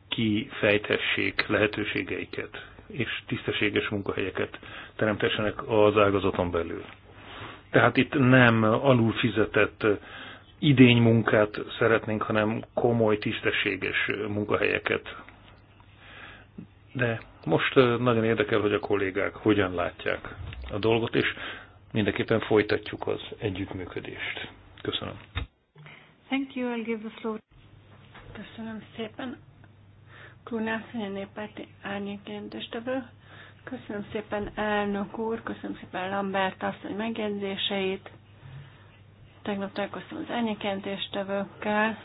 kifejthessék lehetőségeiket és tisztességes munkahelyeket teremtessenek az ágazaton belül. Tehát itt nem alulfizetett idény munkát szeretnénk, hanem komoly, tisztességes munkahelyeket. De most nagyon érdekel, hogy a kollégák hogyan látják a dolgot, és mindenképpen folytatjuk az együttműködést. Köszönöm. Thank you, I'll give the floor. Köszönöm szépen. Kunászai Néppárti árnyékjelentéstevő. Köszönöm szépen elnök úr, köszönöm szépen Lambert asszony megjegyzéseit. Tegnap találkoztam az árnyékjelentéstevőkkel.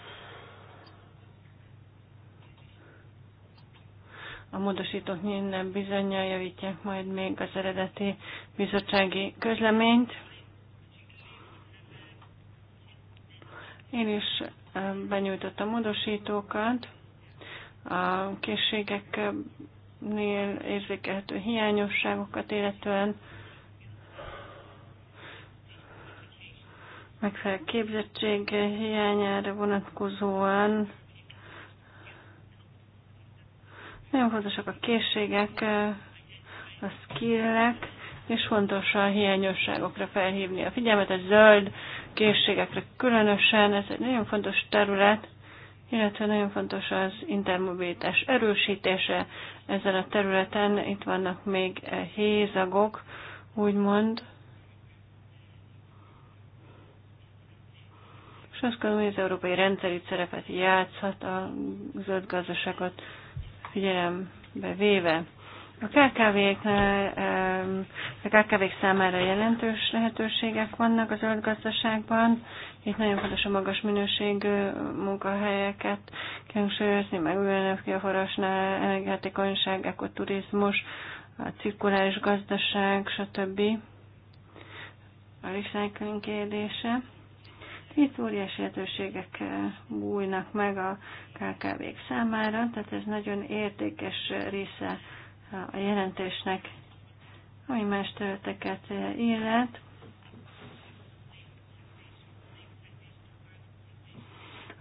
A módosítók minden bizonyal javítják majd még az eredeti bizottsági közleményt. Én is eh, benyújtottam módosítókat a készségeknél érzékelhető hiányosságokat illetően, megfelelő képzettség hiányára vonatkozóan. Nagyon fontosak a készségek, a skillek, és fontos a hiányosságokra felhívni a figyelmet, a zöld készségekre különösen, ez egy nagyon fontos terület, illetve nagyon fontos az intermobilitás erősítése ezen a területen. Itt vannak még hézagok, úgymond. És azt gondolom, hogy az európai itt szerepet játszhat a zöld gazdaságot figyelembe véve. A KKV-k, a kkv számára jelentős lehetőségek vannak az zöld gazdaságban. Itt nagyon fontos a magas minőségű munkahelyeket kihangsúlyozni, megújulnak ki a forrásnál, energiahatékonyság, ekoturizmus, a cirkuláris gazdaság, stb. A recycling kérdése. Itt óriási lehetőségek bújnak meg a KKV-k számára, tehát ez nagyon értékes része a jelentésnek, ami más területeket illet.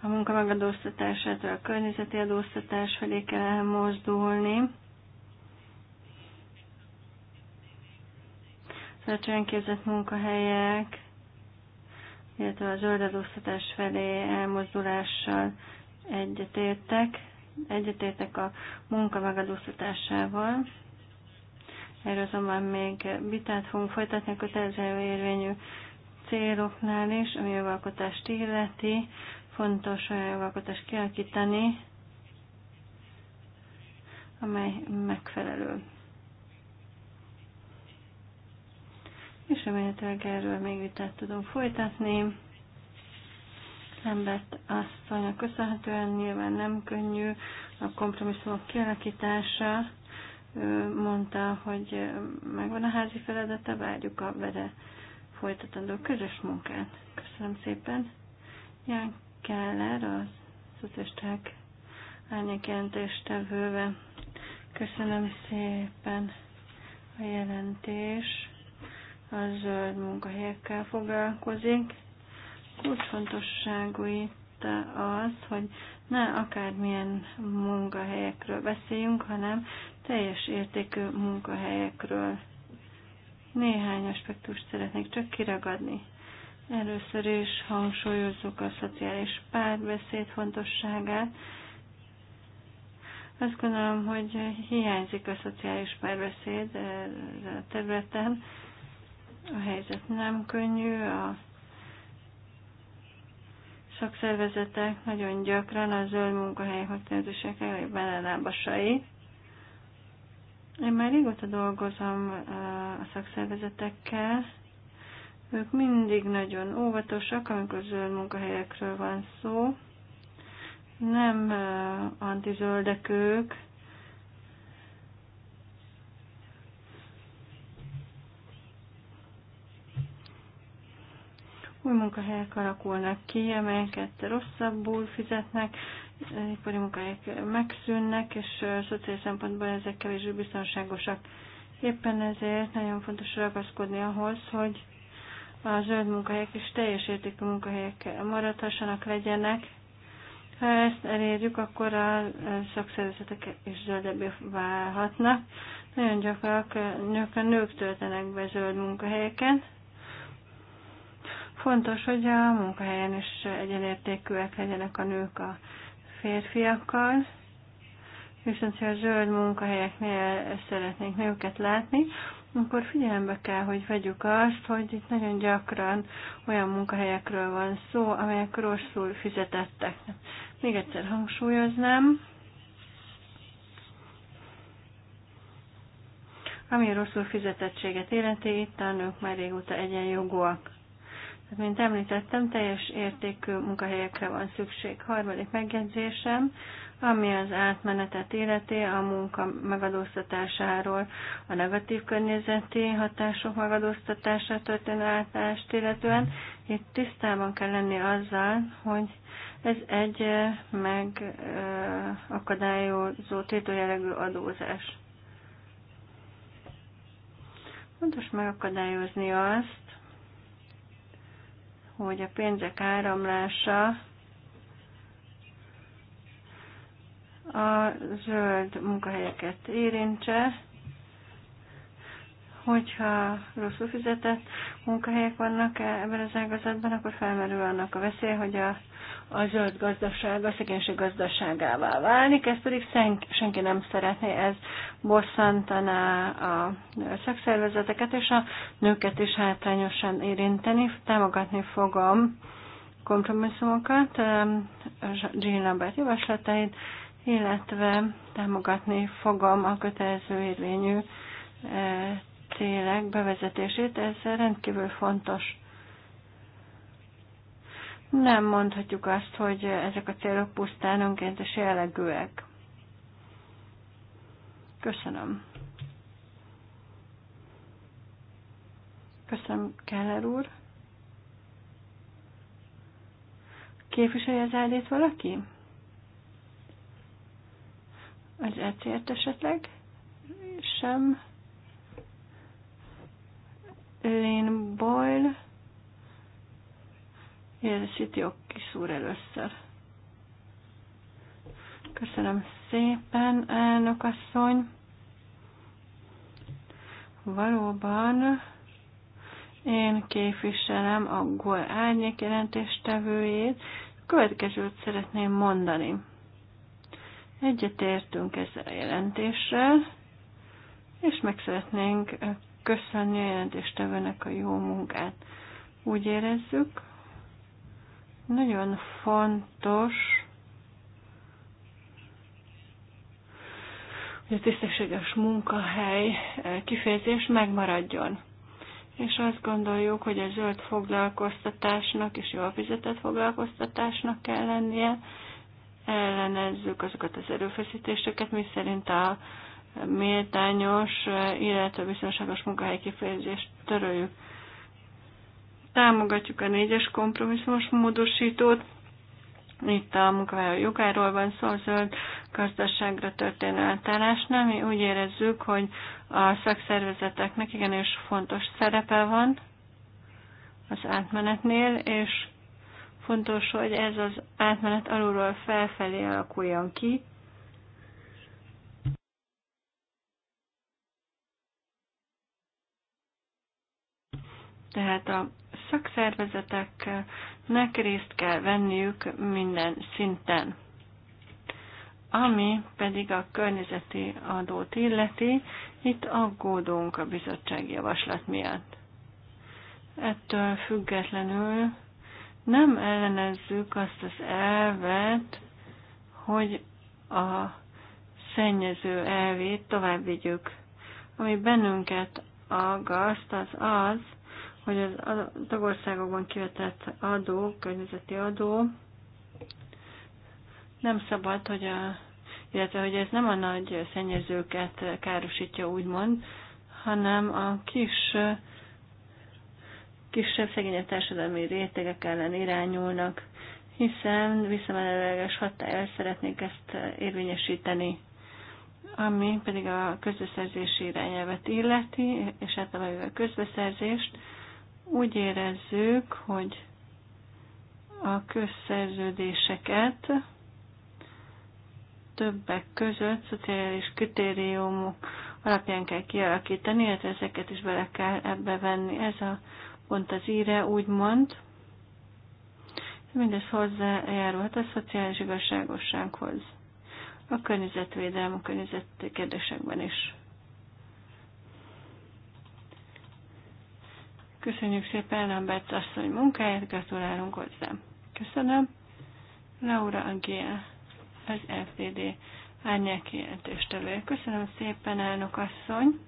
A munka megadóztatásától a környezeti adóztatás felé kell elmozdulni. Szerencsén képzett munkahelyek, illetve a zöld adóztatás felé elmozdulással egyetértek. Egyetértek a munka megadóztatásával. Erről azonban még vitát fogunk folytatni a kötelező érvényű céloknál is, ami a jogalkotást illeti. Fontos olyan jogalkotást kialakítani, amely megfelelő. És remélhetőleg erről még vitát tudunk folytatni szenvedt asszonynak köszönhetően nyilván nem könnyű a kompromisszumok kialakítása. Ő mondta, hogy megvan a házi feladata, várjuk a vele folytatandó közös munkát. Köszönöm szépen. Ján Keller, a szociálisták árnyékjelentéstevőve. Köszönöm szépen a jelentés. A zöld munkahelyekkel foglalkozik kulcsfontosságú itt az, hogy ne akármilyen munkahelyekről beszéljünk, hanem teljes értékű munkahelyekről. Néhány aspektust szeretnék csak kiragadni. Először is hangsúlyozzuk a szociális párbeszéd fontosságát. Azt gondolom, hogy hiányzik a szociális párbeszéd a területen. A helyzet nem könnyű, a szakszervezetek nagyon gyakran a zöld munkahely megtervezések elében ellábasai. Én már régóta dolgozom a szakszervezetekkel, ők mindig nagyon óvatosak, amikor zöld munkahelyekről van szó. Nem antizöldek ők, új munkahelyek alakulnak ki, amelyeket rosszabbul fizetnek, ipari munkahelyek megszűnnek, és szociális szempontból ezek kevésbé biztonságosak. Éppen ezért nagyon fontos ragaszkodni ahhoz, hogy a zöld munkahelyek és teljes értékű munkahelyek maradhassanak, legyenek. Ha ezt elérjük, akkor a szakszervezetek is zöldebbé válhatnak. Nagyon gyakran, nők töltenek be zöld munkahelyeket, Fontos, hogy a munkahelyen is egyenértékűek legyenek a nők a férfiakkal, viszont ha a zöld munkahelyeknél szeretnénk nőket látni, akkor figyelembe kell, hogy vegyük azt, hogy itt nagyon gyakran olyan munkahelyekről van szó, amelyek rosszul fizetettek. Még egyszer hangsúlyoznám, ami rosszul fizetettséget életi, itt a nők már régóta egyenjogúak. Tehát, mint említettem, teljes értékű munkahelyekre van szükség. Harmadik megjegyzésem, ami az átmenetet életé, a munka megadóztatásáról, a negatív környezeti hatások megadóztatását történő átállást illetően. Itt tisztában kell lenni azzal, hogy ez egy megakadályozó tétőjelegű adózás. Fontos megakadályozni azt, hogy a pénzek áramlása a zöld munkahelyeket érintse, hogyha rosszul fizetett munkahelyek vannak ebben az ágazatban, akkor felmerül annak a veszély, hogy a a zöld gazdaság a szegénység gazdaságává válni, ezt pedig senki nem szeretné, ez bosszantaná a szakszervezeteket és a nőket is hátrányosan érinteni. Támogatni fogom kompromisszumokat, Gina um, Bert javaslatait, illetve támogatni fogom a kötelező érvényű eh, célek bevezetését. Ez rendkívül fontos nem mondhatjuk azt, hogy ezek a célok pusztán önkéntes jellegűek. Köszönöm. Köszönöm, Keller úr. Képviselje az áldét valaki? Az ecért esetleg? Sem. Lynn Boyle. Jelesíti ok kis úr először. Köszönöm szépen, elnök asszony. Valóban én képviselem a GOL árnyék jelentéstevőjét. Következőt szeretném mondani. Egyetértünk ezzel a jelentéssel, és meg szeretnénk köszönni a jelentéstevőnek a jó munkát. Úgy érezzük, nagyon fontos, hogy a tisztességes munkahely eh, kifejezés megmaradjon. És azt gondoljuk, hogy a zöld foglalkoztatásnak és jól fizetett foglalkoztatásnak kell lennie. Ellenezzük azokat az erőfeszítéseket, mi szerint a méltányos, eh, illetve biztonságos munkahely kifejezést töröljük. Támogatjuk a négyes kompromisszumos módosítót. Itt a munkavállaló jogáról van szó, zöld gazdaságra történő átállásnál. Mi úgy érezzük, hogy a szakszervezeteknek igenis fontos szerepe van az átmenetnél, és fontos, hogy ez az átmenet alulról felfelé alakuljon ki. Tehát a szakszervezeteknek részt kell venniük minden szinten. Ami pedig a környezeti adót illeti, itt aggódunk a bizottsági javaslat miatt. Ettől függetlenül nem ellenezzük azt az elvet, hogy a szennyező elvét tovább vigyük. Ami bennünket aggaszt, az az, hogy az tagországokban kivetett adó, környezeti adó nem szabad, hogy a, illetve hogy ez nem a nagy szennyezőket károsítja úgymond, hanem a kis kisebb szegényebb társadalmi rétegek ellen irányulnak, hiszen visszamenőleges hatályal szeretnék ezt érvényesíteni ami pedig a közbeszerzési irányelvet illeti, és hát a közbeszerzést, úgy érezzük, hogy a közszerződéseket többek között szociális kritériumok alapján kell kialakítani, illetve ezeket is bele kell ebbe venni. Ez a pont az íre, úgymond. Mindez hozzájárulhat a szociális igazságossághoz. A környezetvédelem, a környezet kérdésekben is. Köszönjük szépen Lambert asszony munkáját, gratulálunk hozzá. Köszönöm. Laura Agia, az FDD árnyák jelentéstevő. Köszönöm szépen, elnök asszony.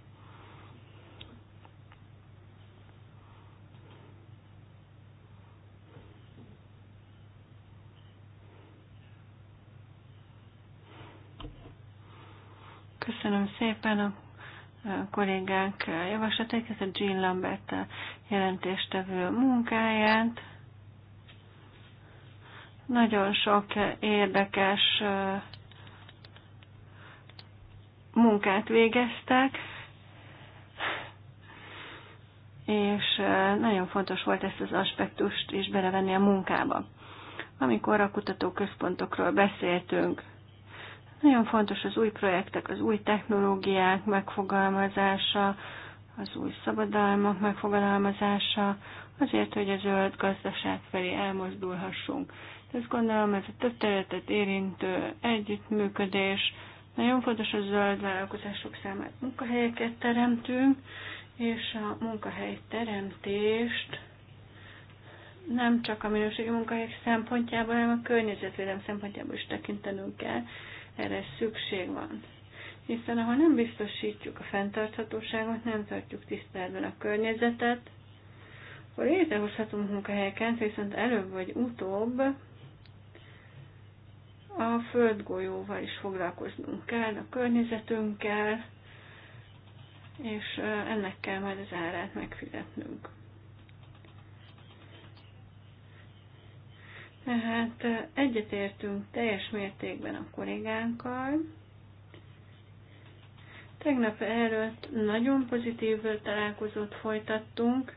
Köszönöm szépen a Kollégánk javaslatait, ez a Jean Lambert jelentéstevő munkáját. Nagyon sok érdekes munkát végeztek, és nagyon fontos volt ezt az aspektust is belevenni a munkába. Amikor a kutatóközpontokról beszéltünk, nagyon fontos az új projektek, az új technológiák megfogalmazása, az új szabadalmak megfogalmazása, azért, hogy a zöld gazdaság felé elmozdulhassunk. Ezt gondolom, ez a több területet érintő együttműködés, nagyon fontos a zöld vállalkozások számára munkahelyeket teremtünk, és a munkahely teremtést nem csak a minőségi munkahelyek szempontjából, hanem a környezetvédelem szempontjából is tekintenünk kell, erre szükség van. Hiszen ha nem biztosítjuk a fenntarthatóságot, nem tartjuk tisztelben a környezetet, akkor létrehozhatunk munkahelyeket, viszont előbb vagy utóbb a földgolyóval is foglalkoznunk kell, a környezetünkkel, és ennek kell majd az árát megfizetnünk. Tehát egyetértünk teljes mértékben a kollégánkkal. Tegnap előtt nagyon pozitív találkozót folytattunk.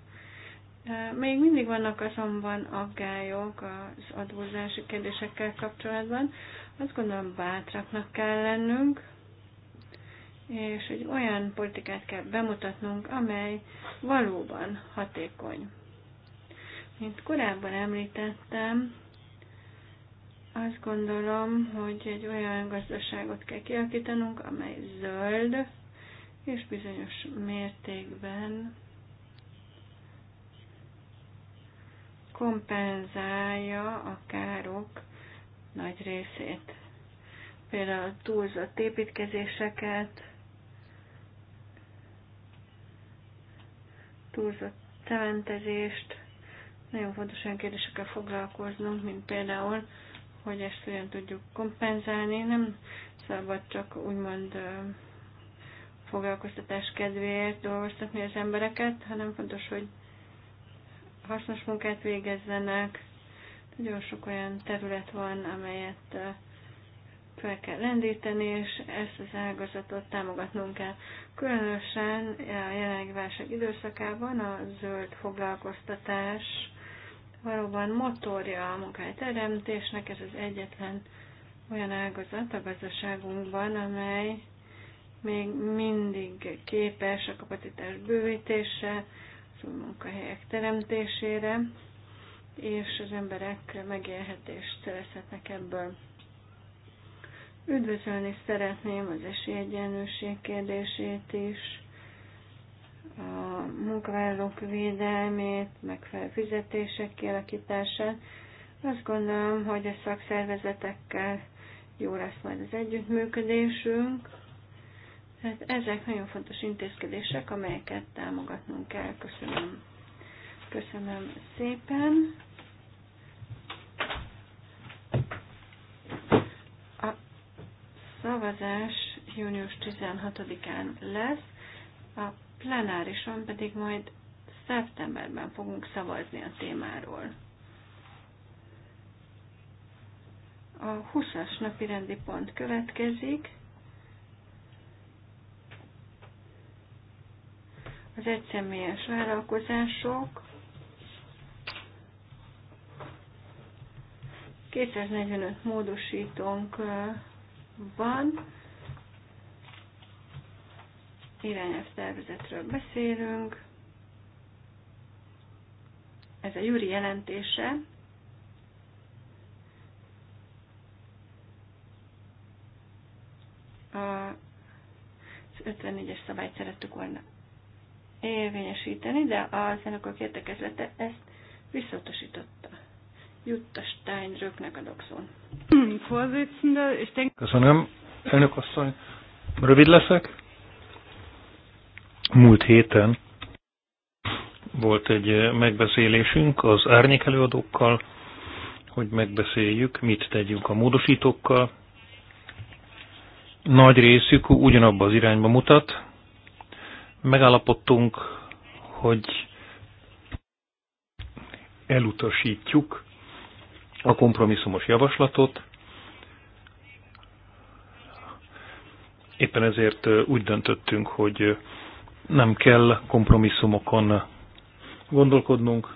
Még mindig vannak azonban aggályok az adózási kérdésekkel kapcsolatban. Azt gondolom bátraknak kell lennünk, és egy olyan politikát kell bemutatnunk, amely valóban hatékony. Mint korábban említettem, azt gondolom, hogy egy olyan gazdaságot kell kialakítanunk, amely zöld, és bizonyos mértékben kompenzálja a károk nagy részét. Például a túlzott építkezéseket, túlzott cementezést, nagyon fontos olyan kérdésekkel foglalkoznunk, mint például hogy ezt olyan tudjuk kompenzálni. Nem szabad csak úgymond foglalkoztatás kedvéért dolgoztatni az embereket, hanem fontos, hogy hasznos munkát végezzenek. Nagyon sok olyan terület van, amelyet fel kell rendíteni és ezt az ágazatot támogatnunk kell. Különösen a jelenlegi válság időszakában a zöld foglalkoztatás valóban motorja a munkahelyteremtésnek, ez az egyetlen olyan ágazat a gazdaságunkban, amely még mindig képes a kapacitás bővítése, az új munkahelyek teremtésére, és az emberek megélhetést szerezhetnek ebből. Üdvözölni szeretném az esélyegyenlőség kérdését is, a munkavállalók védelmét, meg felfizetések kialakítását. Azt gondolom, hogy a szakszervezetekkel jó lesz majd az együttműködésünk. Tehát ezek nagyon fontos intézkedések, amelyeket támogatnunk kell. Köszönöm. Köszönöm szépen. A szavazás június 16-án lesz. A plenárison pedig majd szeptemberben fogunk szavazni a témáról. A 20-as napi rendi pont következik. Az egyszemélyes vállalkozások 245 módosítónk van irányelv szervezetről beszélünk. Ez a Júri jelentése. A 54-es szabályt szerettük volna érvényesíteni, de az elnökök értekezlete ezt visszautasította. Jutta Steinröknek a dokszón. Hm, Köszönöm, elnök asszony. Rövid leszek. Múlt héten volt egy eh, megbeszélésünk az árnyék előadókkal, hogy megbeszéljük, mit tegyünk a módosítókkal. Nagy részük ugyanabba az irányba mutat. Megállapodtunk, hogy elutasítjuk a kompromisszumos javaslatot. Éppen ezért eh, úgy döntöttünk, hogy eh, nem kell kompromisszumokon gondolkodnunk,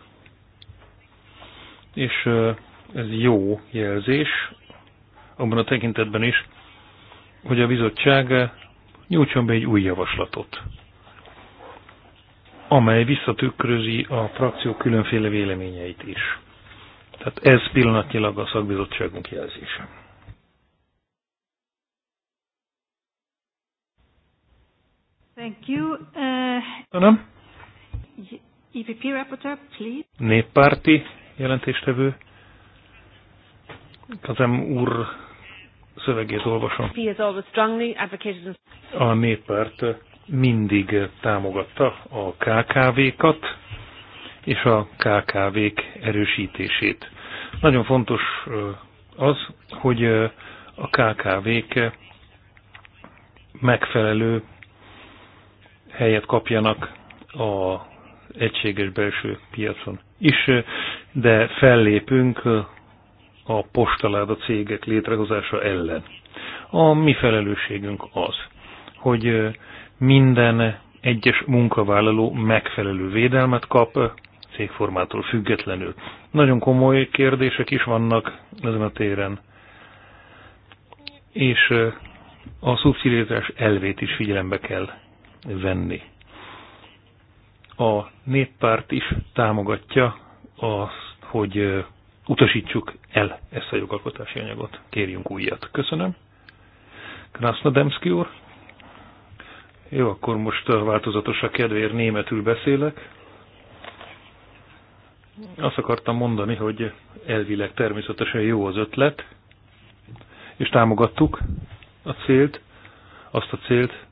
és ez jó jelzés, abban a tekintetben is, hogy a bizottság nyújtson be egy új javaslatot, amely visszatükrözi a frakció különféle véleményeit is. Tehát ez pillanatnyilag a szakbizottságunk jelzése. Thank you. Uh, Köszönöm. EPP Rapporteur, please. Néppárti jelentéstevő. Kazem úr szövegét olvasom. A néppárt mindig támogatta a KKV-kat és a KKV-k erősítését. Nagyon fontos uh, az, hogy uh, a KKV-k megfelelő helyet kapjanak a egységes belső piacon is, de fellépünk a postaláda cégek létrehozása ellen. A mi felelősségünk az, hogy minden egyes munkavállaló megfelelő védelmet kap, cégformától függetlenül. Nagyon komoly kérdések is vannak ezen a téren, és a szubszidiaritás elvét is figyelembe kell venni. A néppárt is támogatja azt, hogy utasítsuk el ezt a jogalkotási anyagot. Kérjünk újat. Köszönöm. Demszki úr. Jó, akkor most változatos a kedvéért németül beszélek. Azt akartam mondani, hogy elvileg természetesen jó az ötlet, és támogattuk a célt, azt a célt,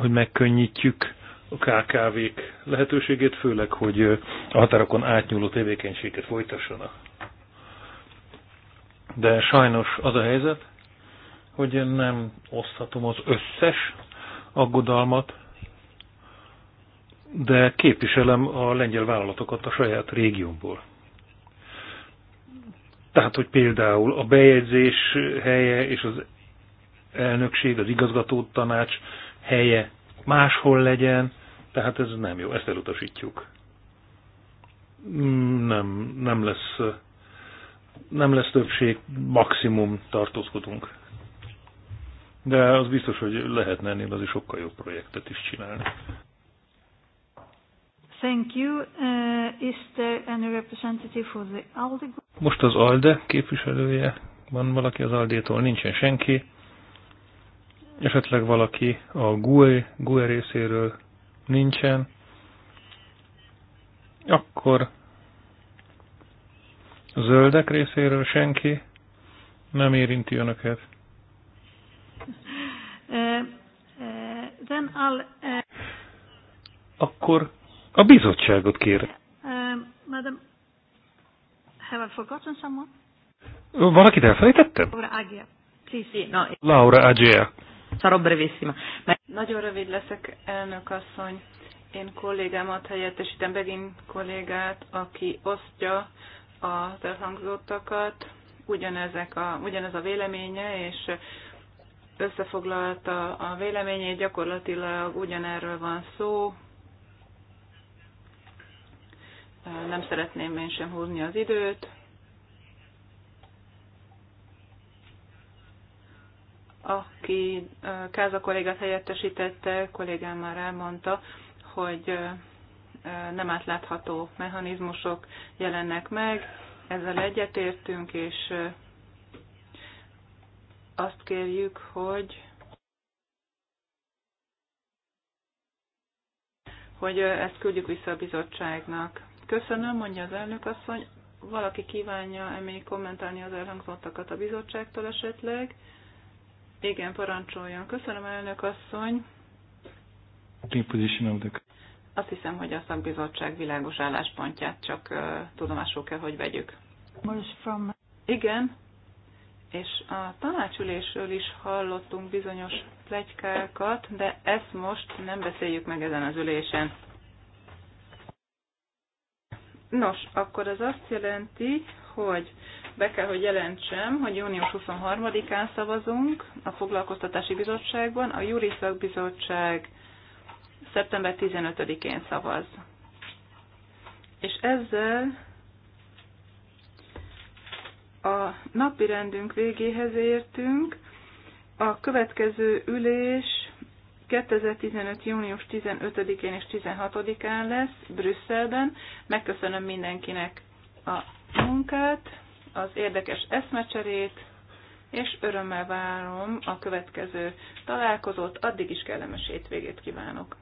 hogy megkönnyítjük a KKV-k lehetőségét, főleg, hogy a határokon átnyúló tevékenységet folytassanak. De sajnos az a helyzet, hogy én nem oszthatom az összes aggodalmat, de képviselem a lengyel vállalatokat a saját régiómból. Tehát, hogy például a bejegyzés helye és az elnökség, az igazgató tanács helye máshol legyen, tehát ez nem jó, ezt elutasítjuk. Nem, nem lesz, nem lesz többség, maximum tartózkodunk. De az biztos, hogy lehetne ennél az is sokkal jobb projektet is csinálni. Thank you. Uh, is there any representative for the ALDE? Most az ALDE képviselője, van valaki az ALDE-tól, nincsen senki. Esetleg valaki a GUE, GUE részéről nincsen, akkor a zöldek részéről senki nem érinti önöket. Akkor a bizottságot kér. Madam, have I forgotten someone? Valakit elfelejtettem? Laura Agia. Laura Agia sarò brevissima. Nagyon rövid leszek, elnök asszony. Én kollégámat helyettesítem, Begin kollégát, aki osztja az elhangzottakat, ugyanezek a, ugyanez a véleménye, és összefoglalta a véleményét, gyakorlatilag ugyanerről van szó. Nem szeretném én sem húzni az időt. aki Káza kollégát helyettesítette, kollégám már elmondta, hogy nem átlátható mechanizmusok jelennek meg, ezzel egyetértünk, és azt kérjük, hogy hogy ezt küldjük vissza a bizottságnak. Köszönöm, mondja az elnök asszony. Valaki kívánja-e még kommentálni az elhangzottakat a bizottságtól esetleg? Igen, parancsoljon. Köszönöm, elnök asszony. Azt hiszem, hogy a szakbizottság világos álláspontját csak uh, tudomásul kell, hogy vegyük. Igen, és a tanácsülésről is hallottunk bizonyos plegykákat, de ezt most nem beszéljük meg ezen az ülésen. Nos, akkor ez azt jelenti, hogy be kell, hogy jelentsem, hogy június 23-án szavazunk a Foglalkoztatási Bizottságban, a Júri Szakbizottság szeptember 15-én szavaz. És ezzel a napi rendünk végéhez értünk. A következő ülés 2015. június 15-én és 16-án lesz Brüsszelben. Megköszönöm mindenkinek a munkát az érdekes eszmecserét, és örömmel várom a következő találkozót. Addig is kellemes hétvégét kívánok!